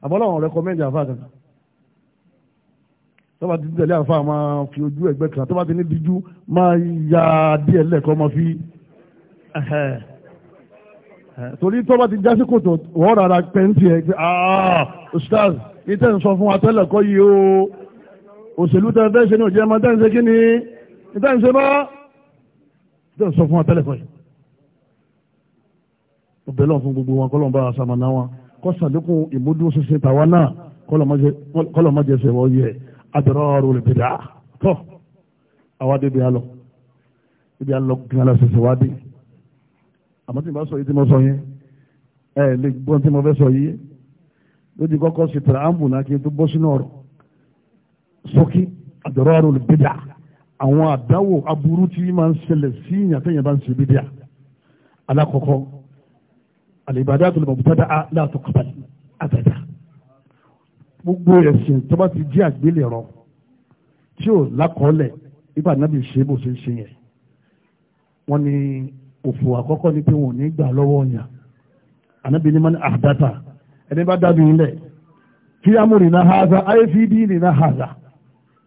àbọ̀lọ́run rẹ̀kọ́mẹ́ndì àfa kan tọ́ba ti tẹ̀lé àfa máa fi ojú ẹgbẹ́ kan tọ́ba ti ní díjú máa ya díẹ̀ lẹ́ẹ̀kọ́ máa fi torí tọ́ba ti jásí kòtò wọ́n rárá pẹ́ntì ẹ̀ pé ah ustaz ní tẹ́ ń sọ fún wa tẹ́lẹ̀ kọ́ yìí o òṣèlú tẹ́ fẹ́ ṣe ní òjẹ́ ọmọ tẹ́ kí ni ní tẹ́ ń ṣe bá tẹ́ ń sọ fún wa tẹ́lẹ̀ kọ́ yìí. ọbẹ̀ lọ́wọ́ fún gbogbo wọn kọ́lọ́ bá aṣàmọ̀nà wọn kọ́ sàdékùn ìmúdúróṣinṣin tàwa náà kọ́lọ́ má jẹsẹ̀ wọ́n yẹ adọ́rọ́ rẹ̀ tọ́ àwa débi alọ ibi alọ gan la ṣẹṣẹ wá dé àmọ́ tí mo bá sọ yìí tí mo sọ yẹn ẹ ló ti kọ́kọ́ sí pẹ̀láǹbù náà kí n tó bọ́ sínú ọ̀rọ̀ sókí àdọ̀rọ̀ olùbídà àwọn àdáwò aburú tí máa ń ṣẹlẹ̀ sí ìyàtẹ̀yìn bá ń ṣe bídà alákọ̀ọ́kọ́ àlèbàdà tó lè mọ̀ bùtádà á láàtọ̀ kọ́tà àtàdà gbogbo ẹ̀sìn tó bá ti jẹ́ àgbélẹ̀rọ tí ò lákọ̀ọ́lẹ̀ ibà náà ṣe bó ṣe ń ṣe yẹn wọ́n ní òfò àkọ́kọ́ ni pé wọn ò ní gbà lọ́wọ́ yàn ànábì ní mọ́ni àdáta ẹni bá dábì ilẹ̀ fi amúrì náà haza ifd ní náà haza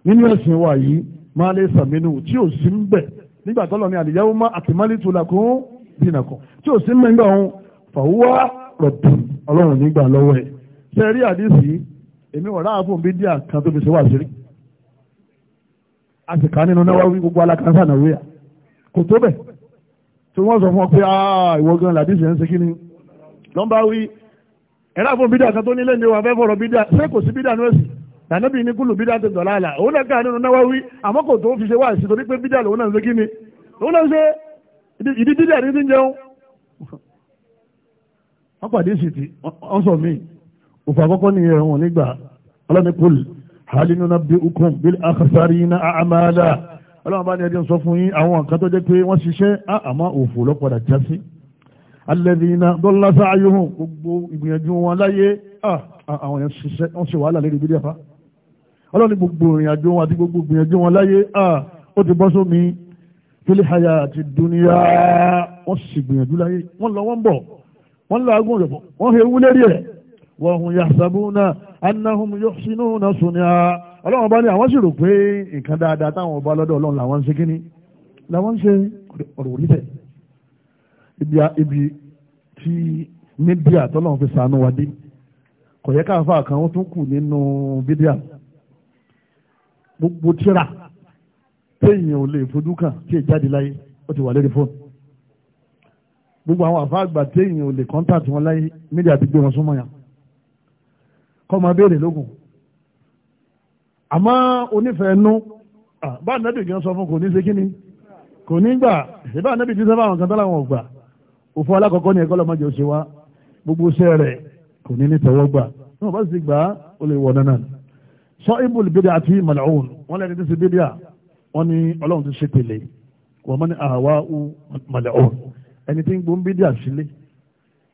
nínú ẹ̀sìn wa yìí máa lè sàmínú tí ò sí ń bẹ̀ nígbà tọ́lọ̀ ní àdìyàwó má àtìmálì tó lakún dínà kan tí ò sí ń bẹ̀ nígbà òun fàwúwá rọ̀bù ọlọ́run nígbà lọ́wọ́ ẹ̀ ṣe rí àdìsí èmi ọ̀rá àfún bí díà kan tó fi ṣe wà sírí a sì ká nínú náwáwí gbogbo alákàtà nàwíyà kò tó bẹ̀ tí wọ́n sọ fún ọ pé ìwọ gan làdìsí ẹ̀ ń ṣe kí ẹ̀rá fún bídà kan tó nílé ní wa fẹ́ fọ̀rọ̀ bídà ṣé kò sí bídà ní ẹ̀sìn tànàbí ní kúlù bídà tó dọ̀lá àlà òun náà káà nínú Nawawi àmọ́ kò tó fi ṣe wá sí torí pé bídà lòun náà ń ṣe kí ni òun náà ń ṣe ìdí bídà ní ti ń jẹun. wọ́n pàdé sí ti wọ́n sọ mí òfò àkọ́kọ́ ní ẹ̀rọ wọn nígbà ọlọ́ni kúlù bí ukùn bí akasari na àmàlà ọlọ́run alẹ́dìínà dọ́lá sáàyòhùn gbogbo ìgbìyànjú wọn láyé ah, ah, àwọn èèyàn ṣiṣẹ́ wọ́n ṣe wàhálà lérí bídíà fa ọlọ́ni gbogbo ìrìnàjò wọn àti gbogbo ìgbìyànjú wọn láyé ah, ó ti bọ́ sómi fílíhàyà àti dúníyà wọ́n sì gbìyànjú láyé wọ́n lọ wọ́n bọ̀ wọ́n láàgùn ìyọ̀bọ̀ wọ́n he ewu lérí ẹ̀ wọ́n hun yasabuna annahum yuhsinuna sunia ọlọ́run bá ní àwọn sì rò pé nǹkan dáadáa táwọn ọba lọ́dọ̀ ọlọ́run làwọn ń ṣe kíní làwọn ń ṣe ọ̀rọ̀ orí ibi tí mídíà tọ́lọ́run fi sànú wa dé kò yẹ káfà kan ó tún kù nínú mídíà gbogbo tíra téèyàn ò lè fojú kàn tí èjáde láyé ó ti wà lórí fóònù gbogbo àwọn àfa àgbà téèyàn ò lè kọ́ńtàtì wọn láyé mídíà ti gbé wọn súnmọ́ yàn kọ́ máa béèrè lókun àmọ́ onífẹ̀ẹ́ nú bá nàbì gan sọ fún kò ní ṣe kí ni kò ní gbà ìbá nàbì ti sábà àwọn kan tó láwọn ò gbà òfò alákọ̀ọ́kọ́ ni ẹ̀kọ́ lọ́mọdé òṣè wa gbogbo iṣẹ́ rẹ̀ kò ní ní tẹ̀wọ́ gbà náà bá sì gbà ó lè wọ̀ nánà sọ ibùl bídà àti màlàún wọn lẹ́ni tí sì bídà wọn ni ọlọ́run ti ṣe pèlè wọ́n mọ́ ní àwa u màlàún ẹni tí ń gbó ń bídà sílé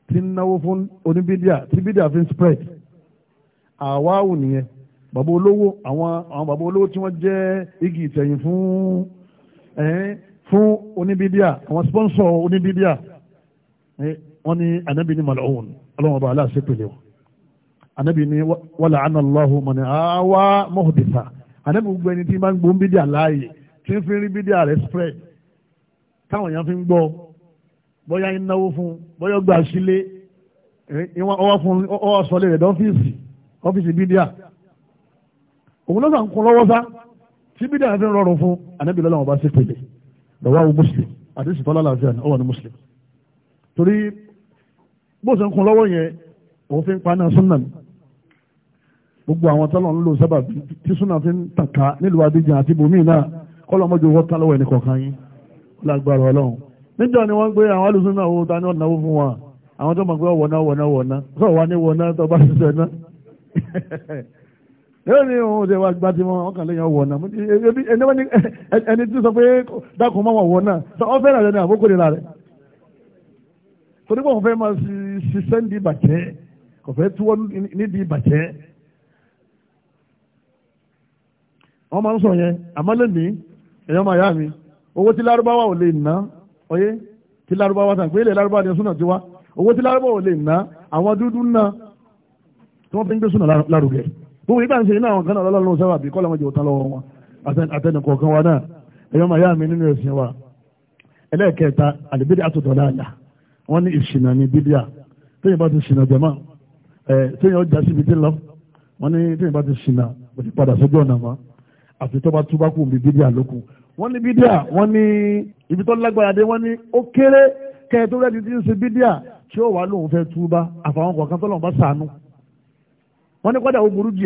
tí ń náwó fún oníbídà tí bídà fi ń spread àwa u nìyẹn bàbá olówó àwọn àwọn bàbá olówó tí wọ́n jẹ́ igi ìtẹ̀yìn fún fún oníbídà àwọn sponsor oníbídà Eh, wọ́n ní anabi ní mal'un ọlọ́run ọba aláṣẹ pèlè wọn anabi ní wàlà anallahu mọ̀ ní àwa muhditha anabi gbogbo ẹni tí máa ń gbóhùn bídíà láàyè tí ń fi rí bídíà rẹ̀ spread táwọn èèyàn fi ń gbọ́ bóyá ń náwó fún bóyá gbà sílé ọwọ́ eh, sọlé rẹ̀ dọ́fíìsì ọ́fíìsì bídíà òun lọ́sàn kún lọ́wọ́ sá tí bídíà fi ń rọrùn fún anabi lọ́lọ́wọ́ bá sí lọ́wọ́ torí bó ṣe ń kun lọ́wọ́ yẹn òun fi ń paná súnà mi gbogbo àwọn tọ́lọ̀ ń lò sábà tí súnà fi ń tàka nílùú Abidjan àti bòmíì náà kọ́lọ́ mọ́jú owó tá lọ́wọ́ ẹni kọ̀ọ̀kan yín lágbára ọlọ́run níjọ́ ni wọ́n gbé àwọn alùsùn náà ta ní ọ̀nà owó fún wa àwọn tó mọ̀ pé wọ̀nà wọ̀nà wọ̀nà sọ̀rọ̀ wá ní wọ̀nà tó bá ṣiṣẹ́ náà yóò òun ṣe wá gba ti wọn ọkàn lẹ́yìn wọ̀nà ẹni tí sọ pé dákun mọ́ wọ̀nà sọ ọ fẹ́ràn rẹ ní àbókò torí wọn kò fẹ́ máa ṣiṣẹ́ ní ìbàjẹ́ kò fẹ́ túwọ́ níbi ìbàjẹ́ wọ́n máa ń sọ yẹn àmọ́ lẹ́mìí ẹ̀yọ́ máa yá mi owó tí lárúbáwá ò lè ná ọyé tí lárúbáwá tàbí ilẹ̀ lárúbáwá ni súnà ti wá owó tí lárúbáwá ò lè ná àwọn dúdú ná tí wọ́n fi ń gbé súnà lárugẹ gbogbo ìgbà ń ṣe iná àwọn kan náà lọ́lọ́run sábà bí kọ́lá wọn jẹ́ òtán lọ́wọ́ wọn àtẹnukọ̀ọ̀kan wa náà ẹ̀yọ́ máa yá mi nínú ẹ̀sìn wa ẹlẹ́ẹ̀kẹta àlùbídà àtọ̀dọ̀ láàlà wọ́n ní ìṣìnà ní bídíà téèyàn bá ti ṣìnà jẹ̀mọ́ ẹ̀ téèyàn ọjà síbi tí lọ wọ́n ní téèyàn bá ti ṣìnà kò ti padà sójú ọ̀nà mọ́ àti tó bá túbá kù bí bídíà lókù wọ́n ní bídíà wọ́n ní ibi tó lágbára dé wọ́n ní ó kéré kẹ́ẹ̀ tó rẹ́ni tí ń ṣe bídíà tí ó wà lóun fẹ́ túbá àfàwọn kọ̀ọ̀kan tó lọ́n bá sànú wọ́n ní kọ́dà ó burú ju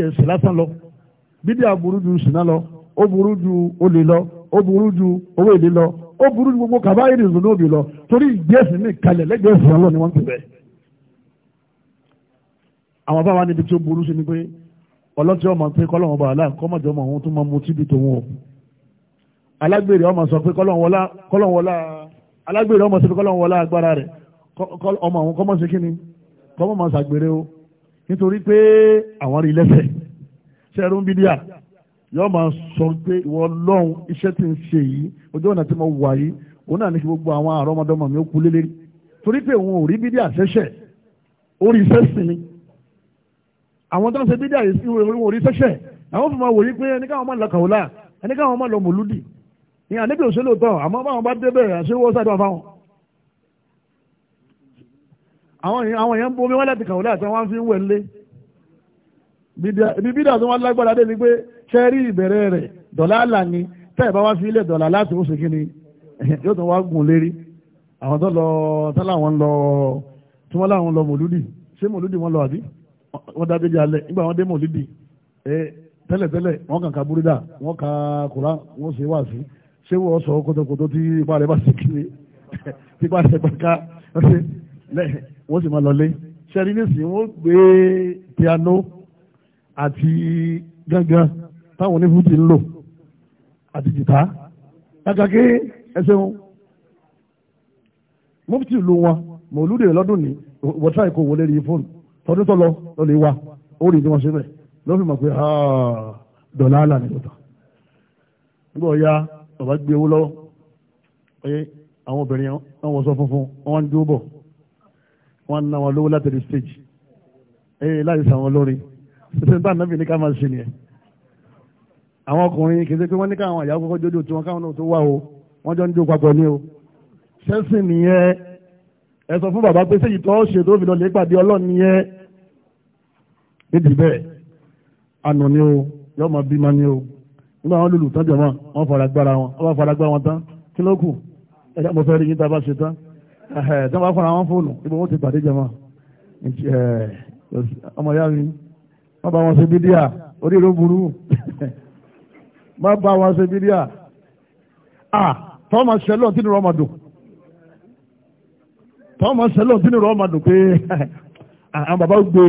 ẹ̀sìn ó burú ní gbogbo kaba yìí nìyẹn lóbi lọ torí ìgbésìn ní kalẹ̀ lẹ́gbẹ̀ẹ́ ọlọ́ ni wọ́n ń pè àwọn bá wa níbi tí ó burú sí ni pé ọlọ́tí ọmọ pé kọ́lọ́wọ́n bá aláà kọ́mọ̀jọ́ ọmọ òun tó máa mutí bí tòun o alágbèrè ọmọ sọ pé kọ́lọ́wọ́n wọlá alágbèrè ọmọ sọ pé kọ́lọ́wọ́n wọlá agbára rẹ̀ ọmọ òun kọ́mọ̀ sí kíni kọ́mọ̀ máa ṣàgbèrè o nítorí pé àwọn rí lẹ́sẹ̀ ṣẹ́rú ń yóò máa sọ pé ìwọ ọlọ́run iṣẹ́ tí ń ṣe yìí ojú ọ̀nà tí mo wà yìí òun náà ní kí gbogbo àwọn àrọ́mọdọ́mọ mi ó kú lélẹ́rí torí pé òun ò rí bídí àṣẹṣẹ orí iṣẹ́ sì ni àwọn tó ń ṣe bídí àyèsí orí iṣẹ́ṣẹ àwọn fún ma wòye pé ẹni káwọn máa lọ kàwọ́lá ẹni káwọn máa lọ mòlúdì ní àníbi òṣèlú tọ àmọ́ báwọn bá débẹ̀ àṣewọ́ sádùn àfáwọn àwọn èèyàn ń bomi wọn láti kàwọ́lá dé ni pé ṣẹ́rí ìbẹ̀rẹ̀ rẹ̀ dọ̀là àlà ni tẹ́ ẹ̀ bá wá fi ilẹ̀ dọ̀là láti oṣù kìíní yóò tún wá gùn lérí àwọn tó lọ tó láwọn lọ tí wọ́n láwọn lọ mòlúdì ṣé mòlúdì wọn lọ àbí wọ́n dá déjì alẹ́ nígbà wọn dé mòlúdì tẹ́lẹ̀tẹ́lẹ̀ wọ́n kàn ka búrídà wọ́n ka kura wọ́n ṣe wá sí ṣé wọ́n sọ kótókótó tí ipa rẹ̀ bá ṣe kiri tí ipa rẹ̀ bá ká wọ́n sì máa lọlé ṣẹ́rí nísìnyí wọ́n gbé piano àti gángan táwọn onífújì ń lò àti jìtá kàkàkí ẹsẹ̀ wọn mọ́fìtì ìlú wọn mọ̀lúdè lọ́dún ní wọ́tá ìkó wọlé rí fóònù tọdún tó lọ lọ́lẹ̀ wa ó rí ní wọ́n ṣe bẹ̀ lọ́ fi mọ̀ pé ah, dọ̀là àlà ní lọ́tọ̀ nígbà ọ̀ya bàbá gbé owó lọ́wọ́ ẹ àwọn obìnrin wọn wọ́n sọ funfun wọn ń dúró bọ̀ wọn ń ná wọn lówó látẹ̀lé stage ẹ láì sàwọn lórí ṣẹṣẹ bá nàbì ní ká máa ṣe nìyẹn àwọn ọkùnrin kìí ṣe pé ní káwọn àyàwó kọ́kọ́ jójó tí wọ́n káwọn náà tó wá o wọ́n jọ ń jó papọ̀ ní o ṣẹ́sìn nìyẹn ẹ sọ fún bàbá pé sẹ́yìn tó ṣe tó fi lọ lè pàdé ọlọ́run nìyẹn níbi bẹ́ẹ̀ ànà ni o yọ máa bímọ ni o nígbà wọn lùlù tán jọmọ wọn fara gbára wọn wọn fara gbá wọn tán kí ló kù ẹ jẹ́ mo fẹ́ rí yín tá a bá ṣe tán ẹ̀ tí wọ́n fara wọn fóònù ibo wọn ti pàdé jọmọ ọmọ yá mi wọ́n bá wọn ṣe bídíà orí ìró burú má bá wọn ṣe bíbí à à tọ́ ma ṣẹlẹ̀ ọ̀tí ni rọ́ ma dùn tọ́ ma ṣẹlẹ̀ ọ̀tí ni rọ́ ma dùn pé àwọn bàbá gbé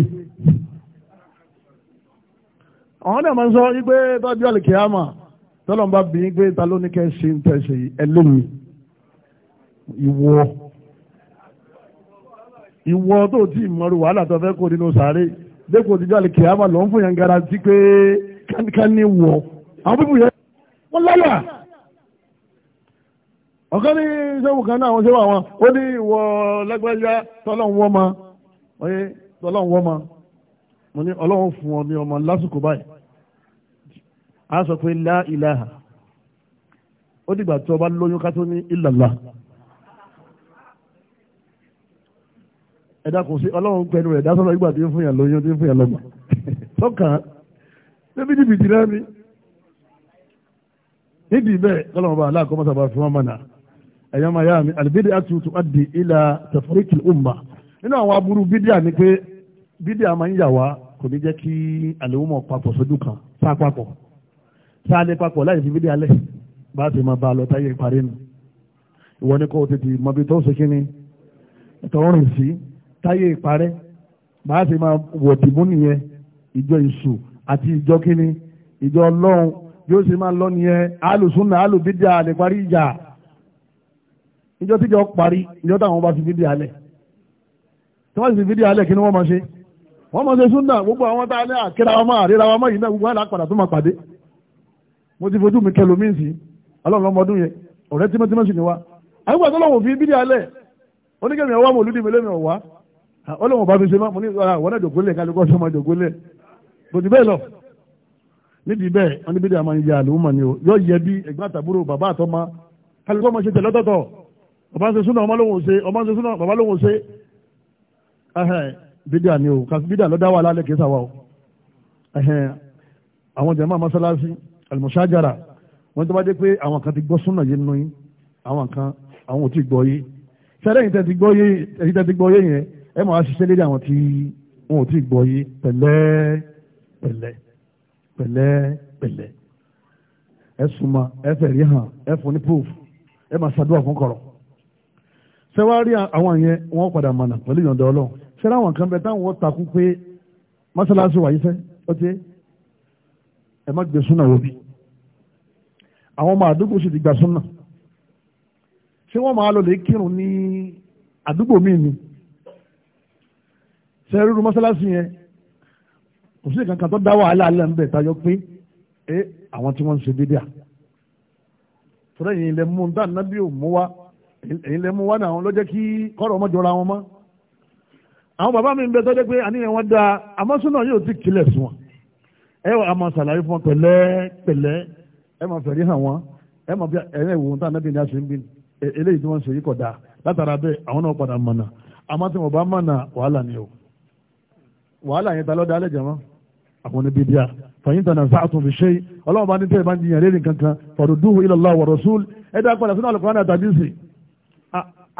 àwọn náà máa ń sọ wípé tọ́jú àlìkìyàmà tọ́lọ̀ ń bá bí i pé ta ló ní kẹ́ ṣe ń tẹ̀sí ẹlẹ́mi ìwọ ìwọ tó tí ìmọ̀rù wàhálà tó fẹ́ kó nínú sàárè dépò tíjọ́ àlìkìyàmà ló ń fún yẹn garanti pé kánikánni wọ̀ àwọn pípù yẹn wọ́n lálà ọ̀kan ní sẹ́wọ̀n kan náà àwọn sẹ́wọ̀n àwọn ó ní ìwọ lágbájá tọ́lọ́hún wọ́n ma oye tọ́lọ́hún wọ́n ma mo ní ọlọ́run fún ọ ní ọmọ lásìkò báyìí a sọ pé lá ìlàhà ó dìgbà tí ọba lóyún ká tó ní ìlàlá ẹ̀dá kò sí ọlọ́run pẹ̀lú rẹ̀ dá ìgbà tí ń fún yàn lóyún tí ń fún yàn lọ́gbà tọ́kàn débi dìbìtì náà ni níbi bẹ́ẹ̀ kọ́lọ́mọba aláàkọ́mọ́sàbà fún wọn mọ̀nà ẹ̀yọ́ máa yá mi àlùbídí àtúntò àdì ilà tẹ̀fọ́ríkì umma nínú àwọn aburú bídíà ni pé bídíà máa ń yà wá kò ní jẹ́ kí àlèwọ́mọ̀ papọ̀ sójú kan sá papọ̀ sá lé papọ̀ láì fi bídíà lẹ̀ bá a ti máa bá a lọ táyé parí nu ìwọ ni kò tètè mọbi tó ṣe kíni tọrùn sí táyé parẹ́ bá a ti máa wọ̀ tìmú nìyẹn ìjọ ìṣù yóò ṣe máa lọ nìyẹn alùsùnà alùbídíà lè parí ìjà níjọ́ tíjọ́ parí níjọ́ táwọn bá fi bídíà lẹ̀ tí wọ́n sì fi bídíà lẹ̀ kí ni wọ́n máa ṣe wọ́n máa ṣe súnà gbogbo àwọn tá a ní àkíra wa máa ríra wa máa yìí náà gbogbo àlà padà tó máa pàdé mo ti fojú mi kẹlò mí sí ọlọ́run ọmọdún yẹn ọ̀rẹ́ tímọ́tímọ́ sì ni wa àyùkọ̀ tó lọ́wọ́ fi bídíà lẹ̀ oníkẹ́mi ọwọ́ mo lùdí mi lẹ́mi nídìí bẹ́ẹ̀ wọn níbi dí àwọn ìyá àlùmọ̀ ni o yóò yẹ bí ẹ̀gbọ́n àtàbúrò bàbá àtọ́mọ kálukọ́ ọmọ ṣe tẹ̀lé ọ̀tọ̀ọ̀tọ̀ ọba ń ṣe súnà ọmọ lóhùn ṣe ọmọ ń ṣe súnà bàbá lóhùn ṣe bídà ni o kàfi bídà lọ́dá wà lálẹ́ kìí sàwà o àwọn jàmáà masalasi almusajara wọ́n tó bá dé pé àwọn kan ti gbọ́ súnà yìí nínú yín àwọn kan àwọn ò tí gbọ́ yìí sẹ́lẹ̀ yìí tẹ́tí gbọ́ yìí gbọ́ yìí yẹn ẹ máa ṣiṣẹ́ lédè pẹ̀lẹ́pẹ̀lẹ́ ẹ súnmọ́ ẹ fẹ̀rí hàn ẹ fún proof ẹ máa ṣàdúrà fún kọ̀rọ̀ sẹ́wárí àwọn yẹn wọ́n padà mọ̀nà pẹ̀lú ìyọ̀ǹda ọlọ́run sẹ́rẹ́ àwọn kan bẹ táwọn takú pé mọ́sálásí wà yí fẹ́ ó ti ẹ má gbé súnà wò bí àwọn ọmọ àdúgbò sì ti gba súnà ṣé wọ́n máa lọ lè kírun ní àdúgbò míì ni sẹ́rú mọ́sálásí yẹn kò sí kankan tó dá wàhálà alẹ́ ń bẹ̀ tayọ pé ẹ àwọn tí wọ́n ń ṣe bídíà tọ́lá yìí lẹ mú dá nábì ò mú wá èyí lẹ mú wá náà ló jẹ́ kí kọ́rọ̀ ọmọ jọra wọn mọ́ àwọn bàbá mi ń bẹ tọ́jú pé àníyàn wọn dáa àmọ́ súnà yóò ti kílẹ̀ sí wọn ẹ wà á máa fún wọn pẹ̀lẹ́ pẹ̀lẹ́ ẹ máa fẹ̀rí hàn wọn ẹ máa bí ẹ̀rẹ́ ìwò tá ànábì ní aṣọ ń e, eléyìí tí wọ́n ń ṣe yìí kọ̀ dáa látara bẹ́ẹ̀ àwọn náà padà mọ̀nà àmọ́ tí wọ́n bá mọ̀nà wàhálà ni o wàhálà yẹn ta lọ́dọ̀ alẹ́ jẹ̀mọ́ àwọn oníbíbíà fàyín tànà sáàtún fi ṣe ọlọ́run bá ní tẹ́ ẹ̀ bá ń jiyàn lérí kankan fàdùdúhu ila Allah wa rasul ẹ̀dá padà sínú àlùkò náà tàbí sí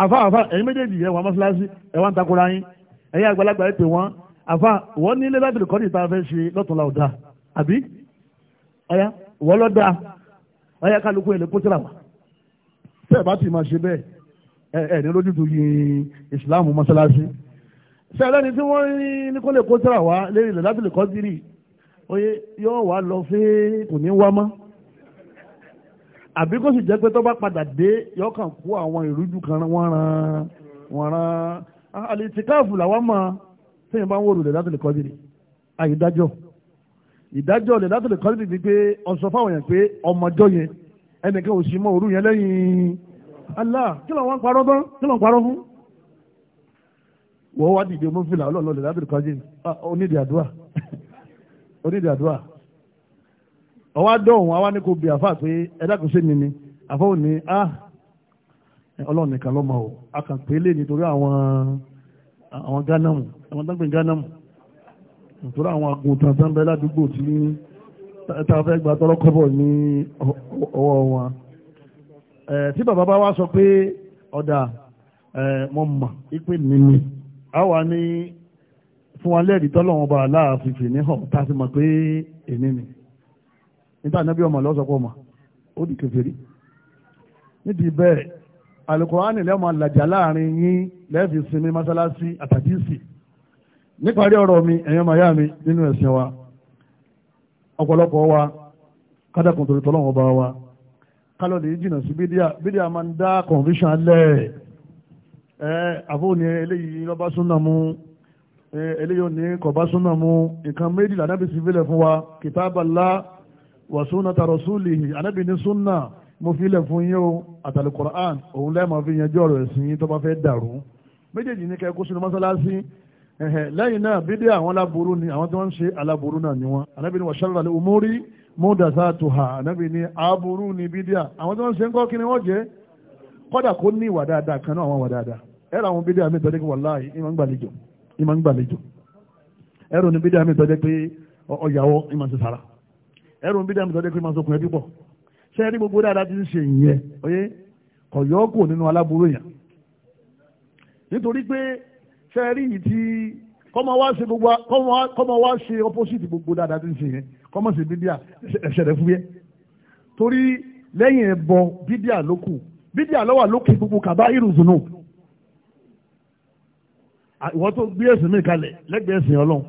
àfa àfa ẹ̀yin méjèèjì ẹ̀wọ̀n mọ́ṣáláṣí ẹ̀wọ̀n takora yín ẹ̀yin àgbàlagbà ẹ̀ pè wọ́n àfa wọ́n ní lẹ́dàbìlì kọ́ni ìta fẹ́ ṣe lọ́tùnla ọ̀dà àbí da ọ̀yá kálukú ẹ̀ lè kó wa tẹ́ ẹ̀ bá ti máa ṣe bẹ́ẹ̀ ẹ̀ ẹ̀ ní lójútu yin ìsìláàmù mọ́ṣáláṣí ṣẹlẹ́ni tí wọ́n ní oye yóò wá lọ sí kò ní wá mọ́ àbí kó sì jẹ́ pé tó bá padà dé yóò kàn kó àwọn ìrújú kan wọ́n ran wọ́n ran ah, àlìtìkáàfù làwọn mọ̀ sẹ́yìn bá ń wòrò lẹ́dá tó lè kọ́dìrì àyídájọ́ ìdájọ́ lẹ́dá tó lè kọ́dìrì ni pé ọ̀sán fáwọn yẹn pé ọmọjọ́ yẹn ẹnìkan ò sí mọ́ òru yẹn lẹ́yìn Allah kí ló wọ́n parọ́ tán kí ló ń parọ́ fún. wọ́n wá dìde mọ́fìlà ọlọ́ọ̀lọ́ lẹ́dá tó lè kọ́dìrì onídìí ah, onídàádúrà ọwọ́ adóhùn àwa ní kò bí àfa pé ẹ̀dákùn sí mi ni àfa ò ní á ah, ọlọ́run nìkan ló mọ̀ ọ́ a kàn pé lè nítorí àwọn àwọn gánàmù àwọn tán pé gánàmù nítorí àwọn àgùntàn tán bẹ ládùúgbò tí tá fẹ́ gba tọrọ kọ́bọ̀ ní ọwọ́ wọn tí bàbá bá wá sọ pé ọ̀dà mo mọ̀ ipe mi ni a wà ní fún wa lẹ́rìí tọ́lọ́wọ́n bá aláàfin fi ní hàn tá a ti mọ̀ pé èmi ni níta níbi ọmọ lọ́sọ̀pọ̀ ọmọ ó di kèfèrí nídìí bẹ́ẹ̀ alukurani lẹ́mọ̀ alàjà láàrin yín lẹ́ẹ̀fì sinmi mọ́sálásí àtàkìsì níparí ọ̀rọ̀ mi ẹ̀yọ́ màyá mi nínú ẹ̀sìn wa ọ̀pọ̀lọpọ̀ wa kádàkùn torí tọ́lọ́wọ́n bá wa kálọ̀ lè jìnà sí bídíà bídíà máa ń dá conviction lẹ̀ ẹ̀ àfóònì eléyìí ní kọ̀bá súnà mú nǹkan méjìlá anábì sì filẹ̀ fún wa kìtàbàlá wà súnà tààrọ̀ súlìhì anábì ní súnà mo filẹ̀ fún yín o àtàlẹ̀ Qur'an òun lẹ́ẹ̀mọ́ fi yanjú ọ̀rọ̀ ẹ̀sìn yín tó bá fẹ́ dàrú méjèèjì ní kẹ́kọ́ sínú mọ́sálásí lẹ́yìn náà bídé àwọn aláburú ni àwọn tí wọ́n ń ṣe aláburú náà ni wọ́n anábì ní wà ṣàlàlẹ̀ umórí múdàsátùhà anábì ní aburú ni bídé àwọn tí wọ́n ń ṣe ń kọ́ kí ni wọ́n jẹ́ kọ́dà kó ní ìwà dáadáa kan náà àwọn ìwà dáadáa ẹ̀rọ àwọn bídé àmì ìtọ́jú wàláhì ìmọ̀ gbàlejò ní máa ń gbàlejò ẹrù ní bídíà mi tọ́jẹ́ pé ọ̀yàwó ní máa ń ṣe sára ẹrù ní bídíà mi tọ́jẹ́ pé máa ń sokùn ẹbí pọ̀ ṣé ẹ rí gbogbo dáadáa ti ń ṣe ìyẹn oyé kọ̀yọ́ kù nínú aláburú yẹn nítorí pé ṣé ẹ rí yìí tí kọ́mọ wá ṣe gbogbo kọ́mọ wá ṣe opposite gbogbo dáadáa ti ń ṣe yẹn kọ́mọ ṣe bídíà ẹ̀ṣẹ̀ rẹ̀ fúyẹ́ torí lẹ́yìn ẹ̀bọ bídíà lókù bídíà lọ́wà lókè gbogbo kàbá ìrùzùnú ìwọ́n tó gbé ẹ̀sìn mi kalẹ̀ lẹ́gbẹ̀ẹ́ ẹ̀sìn ọlọ́run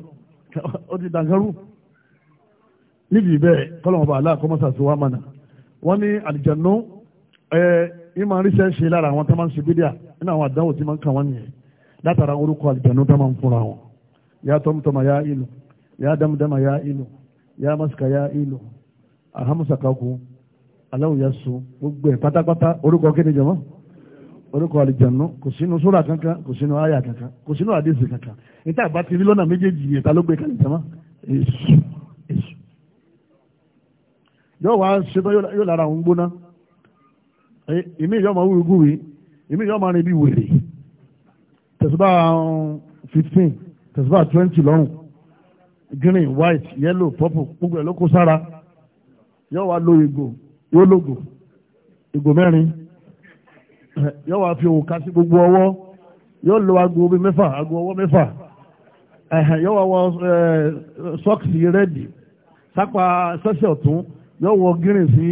ó ti dàgẹ́rù níbi bẹ́ẹ̀ kọ́lọ́mọba aláàkọ́mọ́sà sí wa mọ̀nà wọ́n ní I ma àríṣẹ́ ṣe lára àwọn tó máa ń ṣe bídíà nínú àwọn àdánwò tí máa ń kà wọ́n nìyẹn látara orúkọ àlìjànú tó máa ń fúnra wọn ya tọ́mùtọ́mà ya ìlú ya dámdámà ya ìlú ya mọ́síkà ya ìlú ahamusakaku aláwòyásù gbogbo ẹ̀ pátápátá orúkọ orúkọ àlìjànú kò sínú sóra kankan kò sínú àyà kankan kò sínú àdéhùn kankan níta àbá ti rí lọ́nà méjèèjì ìta ló gbé kalẹ̀ jama èṣù èṣù yóò wá ṣetán yóò lára òun gbóná ìmí yóò máa wúwo gúwe ìmí yóò máa rìn bí wèrè tẹ̀síbà um, fifteen tẹ̀síbà twenty lọ́rùn green white yellow purple gbogbo ẹ̀ ló kó sára yóò wá lo ìgò yóò lògò ìgò mẹ́rin. yóò wá fi sí gbogbo ọwọ́ yóò lo aago bíi mẹ́fà aago ọwọ́ mẹ́fà yóò wá wọ sọ́ọ̀kì rẹ́dì sápá sẹ́sẹ̀ ọ̀tún yóò wọ gírìn sí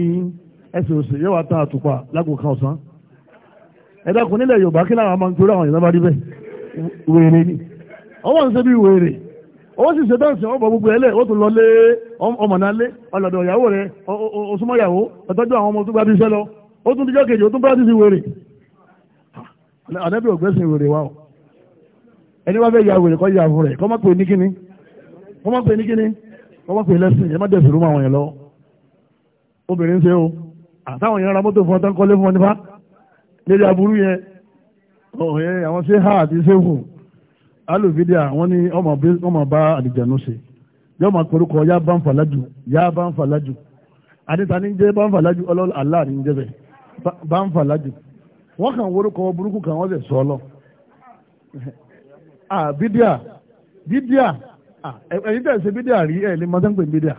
ẹsẹ̀ òsì yóò wá ta àtùpà lágbo kan ọ̀sán ẹ̀dàkùn nílẹ̀ Yorùbá kí làwọn máa ń torí àwọn bẹ́ẹ̀ wèrè ni ọwọ́ ń ṣe bí wèrè ó sì ṣe gbogbo ẹlẹ́ ó tún lọ lé lé ọ̀làdọ̀ ìyàwó rẹ̀ ọ̀tọ́jú àwọn ọmọ tó gbá bí iṣẹ́ lọ ó tún kejì ànábì ògbẹ́sìn wèrè wa o ẹni wá fẹ́ ya wèrè kọ́ ya fún rẹ̀ kọ́ má pè ní kíni kọ́ má pè ní kíni kọ́ má pè lẹ́sìn ẹ má dẹ̀ sùrù mọ́ àwọn yẹn lọ obìnrin ṣe o àtàwọn yẹn ra mọ́tò fún ọtán kọ́lé fún ọ nípa lédè aburú yẹn ọ̀hẹ́ àwọn ṣe ha àti ṣe hù alùbídíà wọ́n ní ọmọ bá àlìjẹ̀nu ṣe yóò máa korúkọ yá bá ń fàlájù yá bá ń fàlájù àdìta ní jẹ́ bá ń fàlájù ọlọ́lá àlá ní jẹ́ bẹ̀ bá ń fàlájù wọ́n kàn worúkọ burúkú kan wọ́n lè sọ lọ. Ah, bídíà bídíà ah, ẹ̀yin tẹ̀ ṣe bídíà rí ẹ̀ lè máa tẹ́ ń pè bídíà.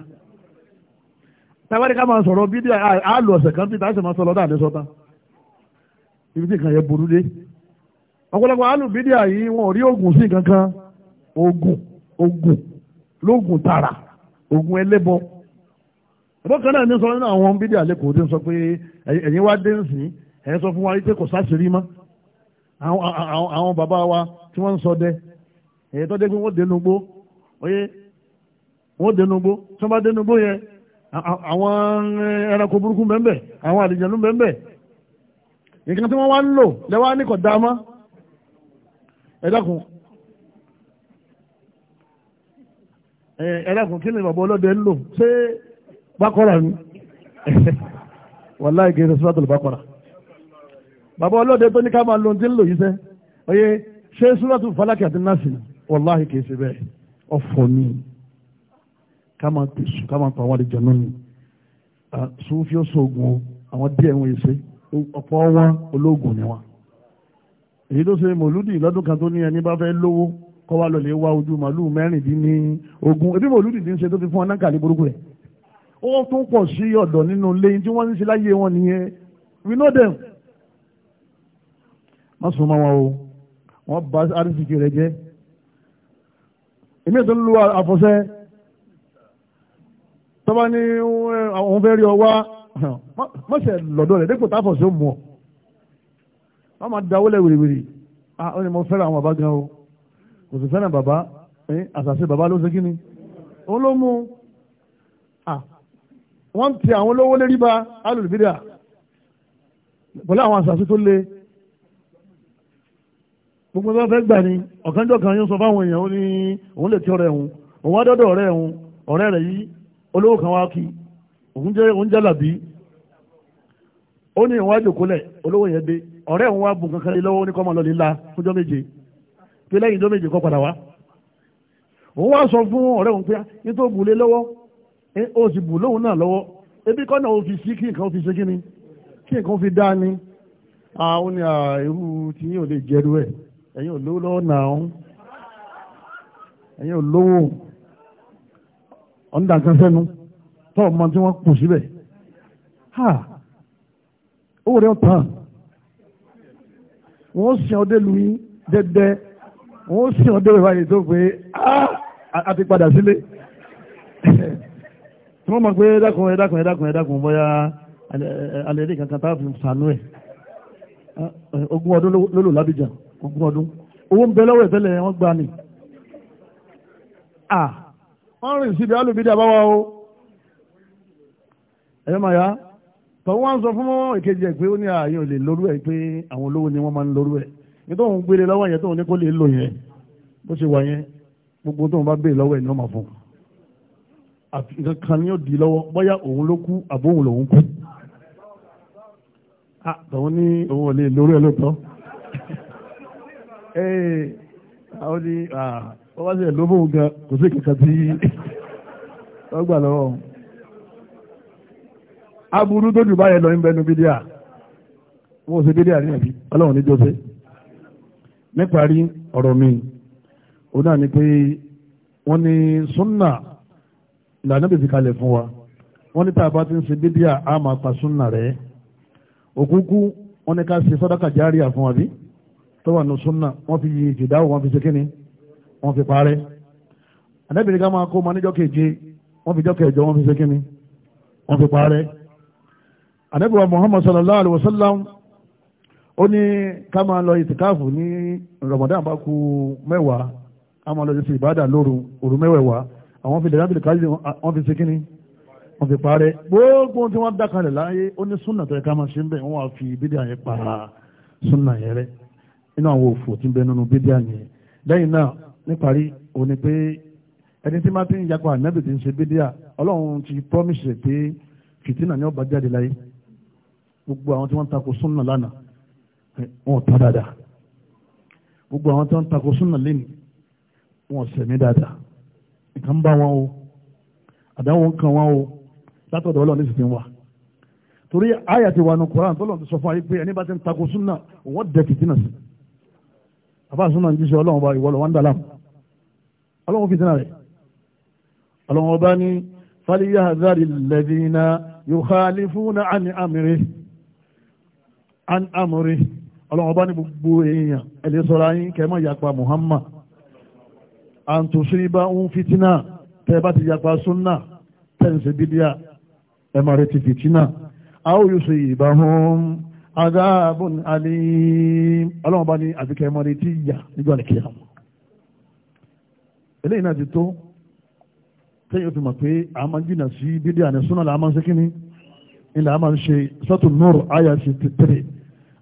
tábàdí máa sọ̀rọ̀ bídíà á lò ọ̀sẹ̀ kan tí táṣẹ̀ máa sọ lọ́dọ̀ ibi tí kan yẹ burú dé. ọ̀pọ̀lọpọ̀ bídíà yìí wọn kankan oògùn oògùn lóògùn tààrà oògùn ẹlẹ́bọ kan náà ní sọ nínú àwọn bídíà lẹ́kọ̀ọ́ sọ pé ẹ̀yin wá dé ẹ̀ sọ fún wa pé kò sáṣìírí mọ́ àwọn bàbá wa tí wọ́n ń sọ dẹ èyí tó dé pé wọ́n dénúgbó oyé wọ́n dénúgbó tí wọ́n bá dénúgbó yẹn àwọn ẹranko burúkú bẹ́ẹ̀ àwọn àlìjẹ̀nú bẹ́ẹ̀ nǹkan tí wọ́n wá ń lò lẹ́wọ́ á ní kọ̀ dáa mọ́ ẹ dákun ẹ dákun kí ni bàbá ọlọ́dẹ ń lò ṣé bákọ́ra ni wàláì kì í ṣe bàbá ọlọ́dẹ tó ní ká máa lo ohun tí ń lò yìí sẹ́ oyè ṣé súrọ́tù falaki àti nasi wàláhì kìí ṣe bẹ́ẹ̀ ọ̀fọ̀ ni ká máa tẹ̀sù ká máa pa àwọn àdìjọ náà ni sùúfì ó sóògùn o àwọn díẹ̀ ń ṣe ọ̀pọ̀ wọn olóògùn ni wọn. èyí tó ṣe mòlúdì lọ́dún kan tó ní ẹni bá fẹ́ lówó kọ́ wa lọ lè wá ojú màálùú mẹ́rìndínlógún ebi mòlúdì ti ń ṣe tó fi fún ọ náà burúkú rẹ̀ ó tún pọ̀ sí ọ̀dọ̀ nínú ilé tí wọ́n ń ṣe láyé wọn nìyẹn we know them má sùn mọ́ wọn o wọ́n bà àrísìkì rẹ̀ jẹ́ èmi ètò lu àfọ̀ṣẹ́ tọ́ba ní àwọn eh, fẹ́ rí ọ wá mọ̀ṣẹ̀ lọ́dọ̀ rẹ̀ dípò táfọ̀ṣẹ́ mú ọ wọ́n máa dáwọ́ lẹ̀ wìrìwìrì ah ó ní mo fẹ́ràn àwọn bàbá gan o kò sì fẹ́ràn bàbá eh, àṣàṣe bàbá ló ń ṣe kí òun ló mú ah wọ́n ti àwọn olówó lérí ba alùpùpù dà pẹ̀lú àwọn àṣàṣe tó le gbogbo bá fẹ́ gbà ní ọ̀kánjọ́ kan yóò sọ fáwọn èèyàn ó ní òun lè tí ọ̀rẹ́ òun òun wá dọ́dọ̀ ọ̀rẹ́ òun ọ̀rẹ́ rẹ̀ yìí olówó kan wá kí òun jẹ́ òun jẹ́ làbí ó ní ìwọ́n àjòkólẹ̀ olówó yẹn dé ọ̀rẹ́ òun wá bùn kankan lọ́wọ́ ní kọ́mọ lọ́lẹ́ la fúnjọ́ méje pé lẹ́yìn ìjọ́ méje kọ́ padà wá òun wá sọ fún ọ̀rẹ́ òun pé ní tó bù lé lọ́wọ́ ó sì bù lóhun náà lọ́wọ́ ebi kọ́nà ó fi sí kí nǹkan ó fi ṣe kí ni kí nǹkan fi dá ni àwọn ni irú tí yóò lè jẹ́rú ẹ̀ ẹ̀yin ò lówó lọ́wọ́ náà ẹ̀yin ò lówó ọ̀ndà kan sẹ́nu tọ́ ọmọ tí wọ́n kù síbẹ̀ ha owó rẹ̀ tán wọ́n sìn ọdẹ lu yín dẹ́dẹ́ wọ́n sìn ọdẹ rẹ̀ báyìí tó pé a ti padà sílé tí wọ́n mọ̀ pé dákun ẹ dákun ẹ dákun ẹ dákun bóyá alẹ́ rí kankan tá a fi sànú ẹ̀ ogún ọdún ló lò lábìjà ogún ọdún owó ń bẹ lọ́wọ́ ìfẹ́lẹ̀ wọ́n gbà ní. à wọ́n rìn síbi alùbídà bá wa o ẹ̀yọ́ màá yá tọ́wọ́ wọn sọ fún ìkejì ẹ̀ pé ó ní ààyè ò lè lórú ẹ̀ pé àwọn olówó ni wọ́n máa ń lórú ẹ̀ nítorí òun gbére lọ́wọ́ yẹn tóun ní kó lè lò yẹn bó ṣe wà yẹn gbogbo tóun bá béè lọ́wọ́ ẹ̀ ni wọ́n máa fún un nǹkan kan ni ó di lọ́wọ́ bóyá òun ló kú àbóhùn lòun kú. àtọ̀hún ní òun ò lè lórí ẹ̀ lóòótọ́ ee eh, àwọn ni wọ́n bá ṣe lóbó gan kò sí kankan tí wọ́n gbà lọ́wọ́ aburú tó jù báyẹn lọ ń bẹnu bídíà wọ́n ṣe bídíà ní ẹ̀bí ọlọ́run ní jọ́sẹ̀ níparí ọ̀rọ̀ mi ó náà ni pé wọ́n ní súnà ìlànà bèbí kalẹ̀ fún wa wọ́n ní tá a bá ti ń ṣe bídíà á máa pa súnà rẹ̀ òkúkú wọ́n ní ká ṣe sàdákà járíà fún wa bí tó wà ní súnà wọ́n fi yìí ìjìdáwò wọ́n fi ṣe kíni wọ́n fi parẹ́ àdẹ́bìnrin ká máa kó ma níjọ́ keje wọ́n fi jọ́ kẹjọ wọ́n fi ṣe kíni wọ́n fi parẹ́ àdẹ́bìnrin Muhammad sallallahu alayhi wa sallam ó ní ká máa lọ ìtìkáàfù ní Ramadan bá ku mẹ́wàá ká máa lọ sí ìbádà lóru òru mẹ́wẹ̀wàá àwọn fi dẹ̀rábìlì kájí wọ́n fi ṣe kíni wọ́n fi parẹ́ gbogbo tí wọ́n dákalẹ̀ láyé ó ní súnà tó ká máa ṣe ń bẹ̀ wọ́n wá fi bídíà yẹn para súnà yẹn rẹ̀ nínú àwọn òfò tí ń bẹ nínú bídíà nìyẹn lẹ́yìn náà níparí ó ní pé ẹni tí máa ti ń yakọ̀ ànábì tí ń ṣe bídíà ọlọ́run ti promise pé fìtínà ni ó bá jáde láyé gbogbo àwọn tí wọ́n ń takò súnà lánàá wọn ò tán dáadáa gbogbo àwọn tí wọ́n ń takò súnà lẹ́nu wọn ò sẹ̀mí dáadáa ìkan ń bá wọn o àdáwọ̀ ń kan wọn o látọ̀dọ̀ ọlọ́run ní sì ti torí àyà ti wà ti sọ fún ayé pé ẹni bá ti ń takò súnà wọ́n dẹ fìtínà sí i àbá súnà ń jíṣẹ́ ọlọ́run ọba ìwọlọ̀ wọn dàlám ọlọ́run fìtínà rẹ̀ ọlọ́run ọba ní falyahdhari alladhina yukhalifuna an amri an amri ọlọ́run ọba ní gbogbo èèyàn ẹ̀lẹ́ sọ́ra yín kẹ́mọ́ yapa Muhammad an tusiba ń fìtínà tẹ́ ti yapa súnà tẹ́ bídíà ẹ̀ máa retí fìtínà aw azabun alim ọlọ́run bá ní àfikẹ́ mọ́ni tí ìyà nígbà ní kíyà eléyìí náà ti tó tẹ́yìn fi mọ̀ pé a máa ń jìnà sí bídí àní súnà là á máa ń sékíní ilẹ̀ a máa ń ṣe sọ́tún nùrù àyà sí tẹ̀lé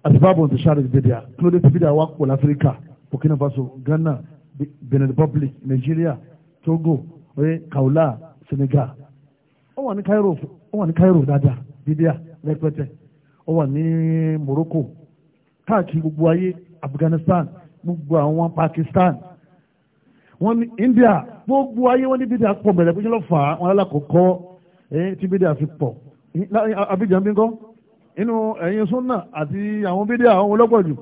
àti báàbò ti sáré bídí à kí ló dé ti bídí à wá pọ̀ láfíríkà Burkina Faso Ghana Benin Republic Nigeria Togo oye Kaula Senegal ó wà ní Cairo ó wà ní Cairo dáadáa bídí à rẹpẹtẹ ó wà ní Morocco káàkiri gbogbo ayé Afghanistan gbogbo àwọn Pakistan wọ́n ní India gbogbo ayé wọ́n ní bídà pọ̀ bẹ̀rẹ̀ pínlẹ̀ fà á wọn alákọ̀ọ́kọ́ tí bídà fi pọ̀ Abidjan bí ń kọ́ inú ẹ̀yin súnà àti àwọn bídà àwọn olópọ̀jù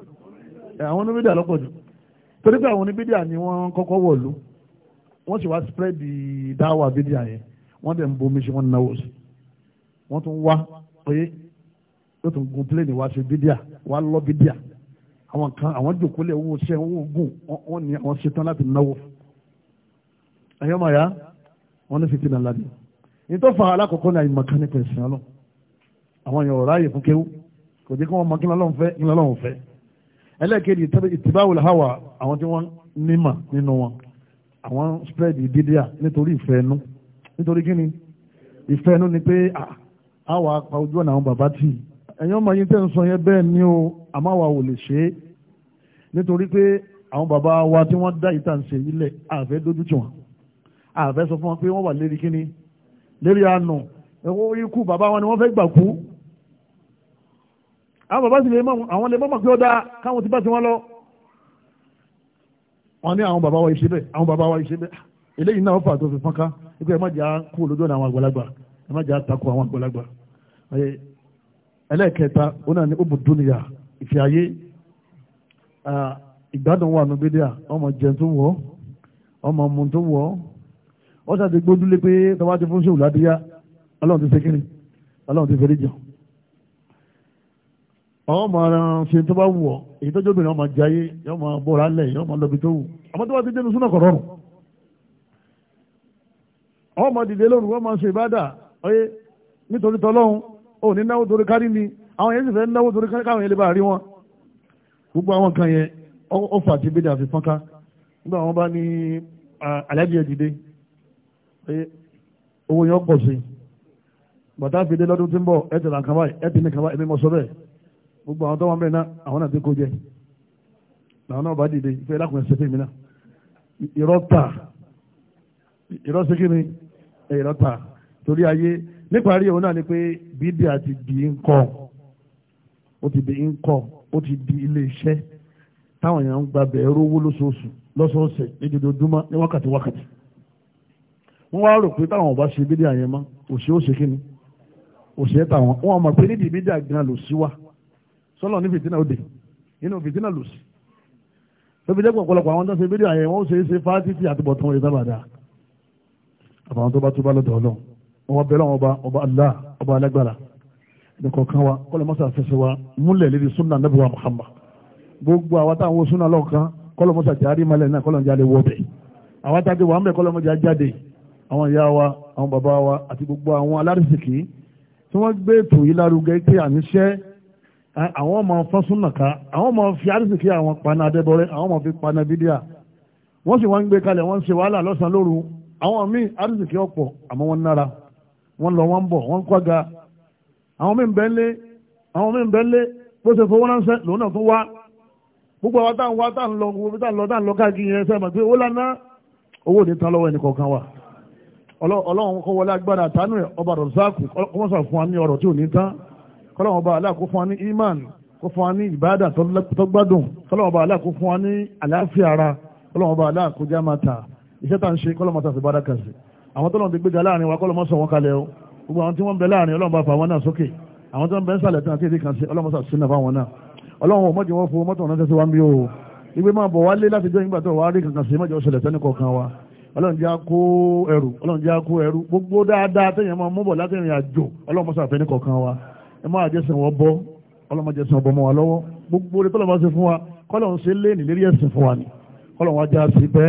àwọn oníbídà lọ́pọ̀jù torí pé àwọn oníbídà ni wọ́n kọ́kọ́ wọ̀lú wọ́n sì wá spread dáwà bídà yẹn wọ́n dẹ̀ ń bomi sí wọ́n náwó sí wọ́n tún wá pé yóò tún gun pléènì wá ṣe bídíà wá lọ bídíà àwọn kan àwọn jòkólẹ̀ owó ṣẹ́ owó gùn wọ́n ní àwọn ṣetán láti náwó ẹ̀yọ́ màá yá wọ́n ní fìtínà ládìí ní tó fa alákọ̀ọ́kọ́ ní àyìnbọ̀kan nípa ẹ̀sìn ọlọ́ àwọn èèyàn ọ̀rá yìí fún kéwú kò jẹ́ kí wọ́n mọ kí lọ́lọ́run fẹ́ kí lọ́lọ́run fẹ́ ẹlẹ́ẹ̀kejì ìtìbáwòlá hàwà àwọn tí wọ́n nímà nínú wọn àwọn spread ìdídíà nítorí ìfẹ́ ẹnu nítorí kí ni ìfẹ́ ẹnu ni pé àwa pa ojú ọ̀nà àwọn bàbá tì í ẹ̀yin ọmọ yín tẹ́ ń sọ yẹn bẹ́ẹ̀ ni o àmọ́ àwa ò lè ṣe é nítorí pé àwọn bàbá wa tí wọ́n dá ìta ń ṣe yìí lẹ̀ àfẹ́ dójú tì wọ́n àfẹ́ sọ fún wọn pé wọ́n wà lérí kíní lérí àánú ẹ̀wọ́ ikú bàbá wọn ni wọ́n fẹ́ gbà kú àwọn bàbá sì lè mọ àwọn lè mọ̀mọ̀ pé ó dáa káwọn ti bá ti wọ́n lọ wọ́n ní àwọn bàbá wa ìṣe bẹ́ẹ̀ àwọn bàbá wa ìṣe bẹ́ẹ̀ eléyìí náà fà fi fọ́nká ẹgbẹ́ ẹ má jà kú olójú ọ̀nà àwọn àgbàlagbà ẹ má jà takò àwọn àgbàlagbà ẹlẹ́ẹ̀kẹta òun náà ní ó bù dúnìyà ìfẹ́ ayé ìgbádùn wà nù bídíà ọmọ jẹun tó wọ̀ ọmọ mu tó wọ̀ ọ ṣàti gbójúlé pé tọ́wá ti fún ṣòwò ládìyà ọlọ́run ti ṣe kíni ọlọ́run ti fẹ́rẹ́ jẹun àwọn ọmọ ara ṣe tó bá wù ọ èyí tó jóbìnrin ọmọ jayé yóò máa bọ́ra lẹ̀ yóò máa lọ́bi tó wù àmọ́ tó bá ti dé nusúnà kọ̀ rọrùn ò ní náwó torí kárí mi àwọn yẹn sì fẹ́ náwó torí kárí káwọn yẹn lè bá rí wọn gbogbo àwọn kan yẹn ó fà ti bídà fi fọ́nká nígbà wọn bá ní aláàjì ẹ̀dìdé owó yẹn pọ̀ sí bàtà fìdí lọ́dún tí ń bọ̀ ẹ̀ tẹ̀lé àkàbáyé ẹ̀ tẹ̀lé àkàbáyé ẹ̀mí mọ̀ sọ gbogbo àwọn tó wà mẹ́rin náà àwọn náà ti kó jẹ làwọn náà bá dìde ìfẹ́ lákùnrin ṣe fún mi náà irọ́ ta ni irọ́ ta torí níparí òun náà ni pé ti di ńkọ́ ó ti di ńkọ́ ó ti di iléeṣẹ́ táwọn èèyàn ń gba bẹ̀rù owó lóṣooṣù lọ́sọ̀ọ̀sẹ̀ lójoojúmọ́ ní wákàtí wákàtí wọ́n wá rò pé táwọn ọba ṣe bídíà yẹn mọ́ òṣè ó kí ni òṣè táwọn mọ̀ pé nídìí gan sí wa sọ́lọ́ ní fìtínà òde inú fìtínà lò sí tóbi jẹ́ pọ̀pọ̀lọpọ̀ àwọn tó ṣe yẹn wọ́n wọn bẹ̀rẹ̀ àwọn ọba ọba Allah ọba alágbára nìkọ̀ọ̀kan wa kọ́lọ̀ mọ́sá fẹsẹ̀ wa múlẹ̀ lédi súnà nàbí wa Muhammad gbogbo àwọn táwọn súnà lọ́kàn kọ́lọ̀ mọ́sá jáde malẹ̀ náà kọ́lọ̀ jáde wọ́bẹ̀ àwọn táwọn wà ń bẹ̀ kọ́lọ̀ mọ́sá jáde àwọn ìyá wa àwọn bàbá wa àti gbogbo àwọn alárìsìkì tí wọ́n gbé ètò yìí lárugẹ pé àníṣẹ́ àwọn ọmọ fọ́n súnà ká àwọn ọmọ fi àrísìkì àwọn paná adébọrẹ àwọn ọmọ fi paná bídíà wọ́n sì wọ́n ń gbé kalẹ̀ wọ́n ń ṣe wàhálà lọ́sàn-án lóru àwọn míì àrísìkì ọ̀pọ̀ àmọ́ wọ́n nára wọ́n lọ wọ́n ń bọ̀ wọ́n ń kọ́ga àwọn míì ń bẹ́ lé àwọn míì ń bẹ́ lé bó ṣe fowó ránṣẹ́ lòun náà tún wá gbogbo àwọn táwọn wá táwọn lọ gbogbo táwọn lọ táwọn lọ káàkiri yẹn sẹ́yìn pé owó lánàá owó ní tán lọ́wọ́ ẹnìkọ̀ọ̀kan wa ọlọ́run kọ́ wọlé agbára àtànú ọba rọ̀sáàkù kọ́mọ́sà fún wa ní ọ̀rọ̀ tí ò ní tán kọ́lọ́run ọba aláà kó fún wa ní imán kó fún wa ní ìbáàdà tó gbádùn kọ́lọ́run ọba aláà kó fún wa ní àlàáfíà ara kọ́lọ́run ọba aláà kó já máa ta iṣẹ́ tá à ń ṣe kọ́lọ́run ọba aláà kó já máa ta àwọn tọ́lọ́n ti gbéga láàrin wa kọ́lọ́mọ́ sọ wọn kalẹ̀ o gbogbo àwọn tí wọ́n ń bẹ láàrin ọlọ́run bá fa wọn náà sókè àwọn tó ń bẹ ń sàlẹ̀ tán àti èdè kan sí ọlọ́run sínú fáwọn náà ọlọ́run ọmọdé wọn fún mọ́tò ránṣẹ́ sí wa ń bí o ìgbé máa bọ̀ wálé láti jọ ìgbà tó wà rí kankan sí mọ́jọ ṣẹlẹ̀ tẹ́nì kọ̀ọ̀kan wa ọlọ́run já kó ẹrù ọlọ́run já kó ẹrù gbogbo dáadáa tẹ̀yìn máa múbọ̀ láti rìn àjò ọlọ́run mọ́sà fẹ́ni kọ̀ọ̀kan wa ẹ máa jẹ́sìn wọ́n bọ́ ọlọ́run máa jẹ́sìn ọ̀bọ̀ mọ́ wa lọ́wọ́ gbogbo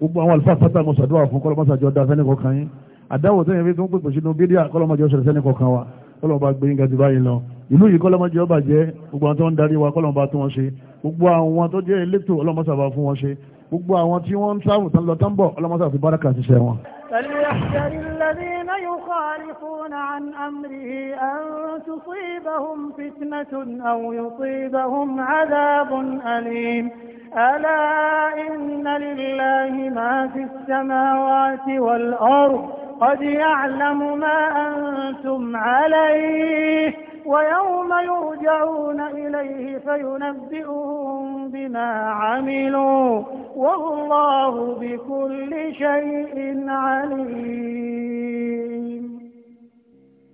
gbogbo àwọn àlùfáà pátá mo ṣàdúrà fún kọ́lọ́mọ́sàjọ́ da fẹ́ni kọ̀ọ̀kan yín àdáwò tẹ́yìn fi tó ń pèpè sínú bídíà kọ́lọ́mọ́jọ́ ṣẹlẹ̀ fẹ́ni kọ̀ọ̀kan wa kọ́lọ́mọba gbé yínga ti báyìí lọ ìlú yìí kọ́lọ́mọ́jọ́ bàjẹ́ gbogbo àwọn tó ń darí wa kọ́lọ́mọba tó wọn ṣe gbogbo àwọn tó jẹ́ elétò ọlọ́mọsàbà fún wọn ṣe gbogbo àwọn tí wọ́n ń sáwùtán lọ tán bọ̀ ọlọ́mọsàbà fi bárakà ṣiṣẹ́ wọn فليحذر الذين يخالفون عن أمره أن تصيبهم فتنة أو يصيبهم عذاب أليم ألا إن لله ما في السماوات والأرض قد يعلم ما أنتم عليه ويوم يرجعون إليه فينبئهم بما عملوا والله بكل شيء عليم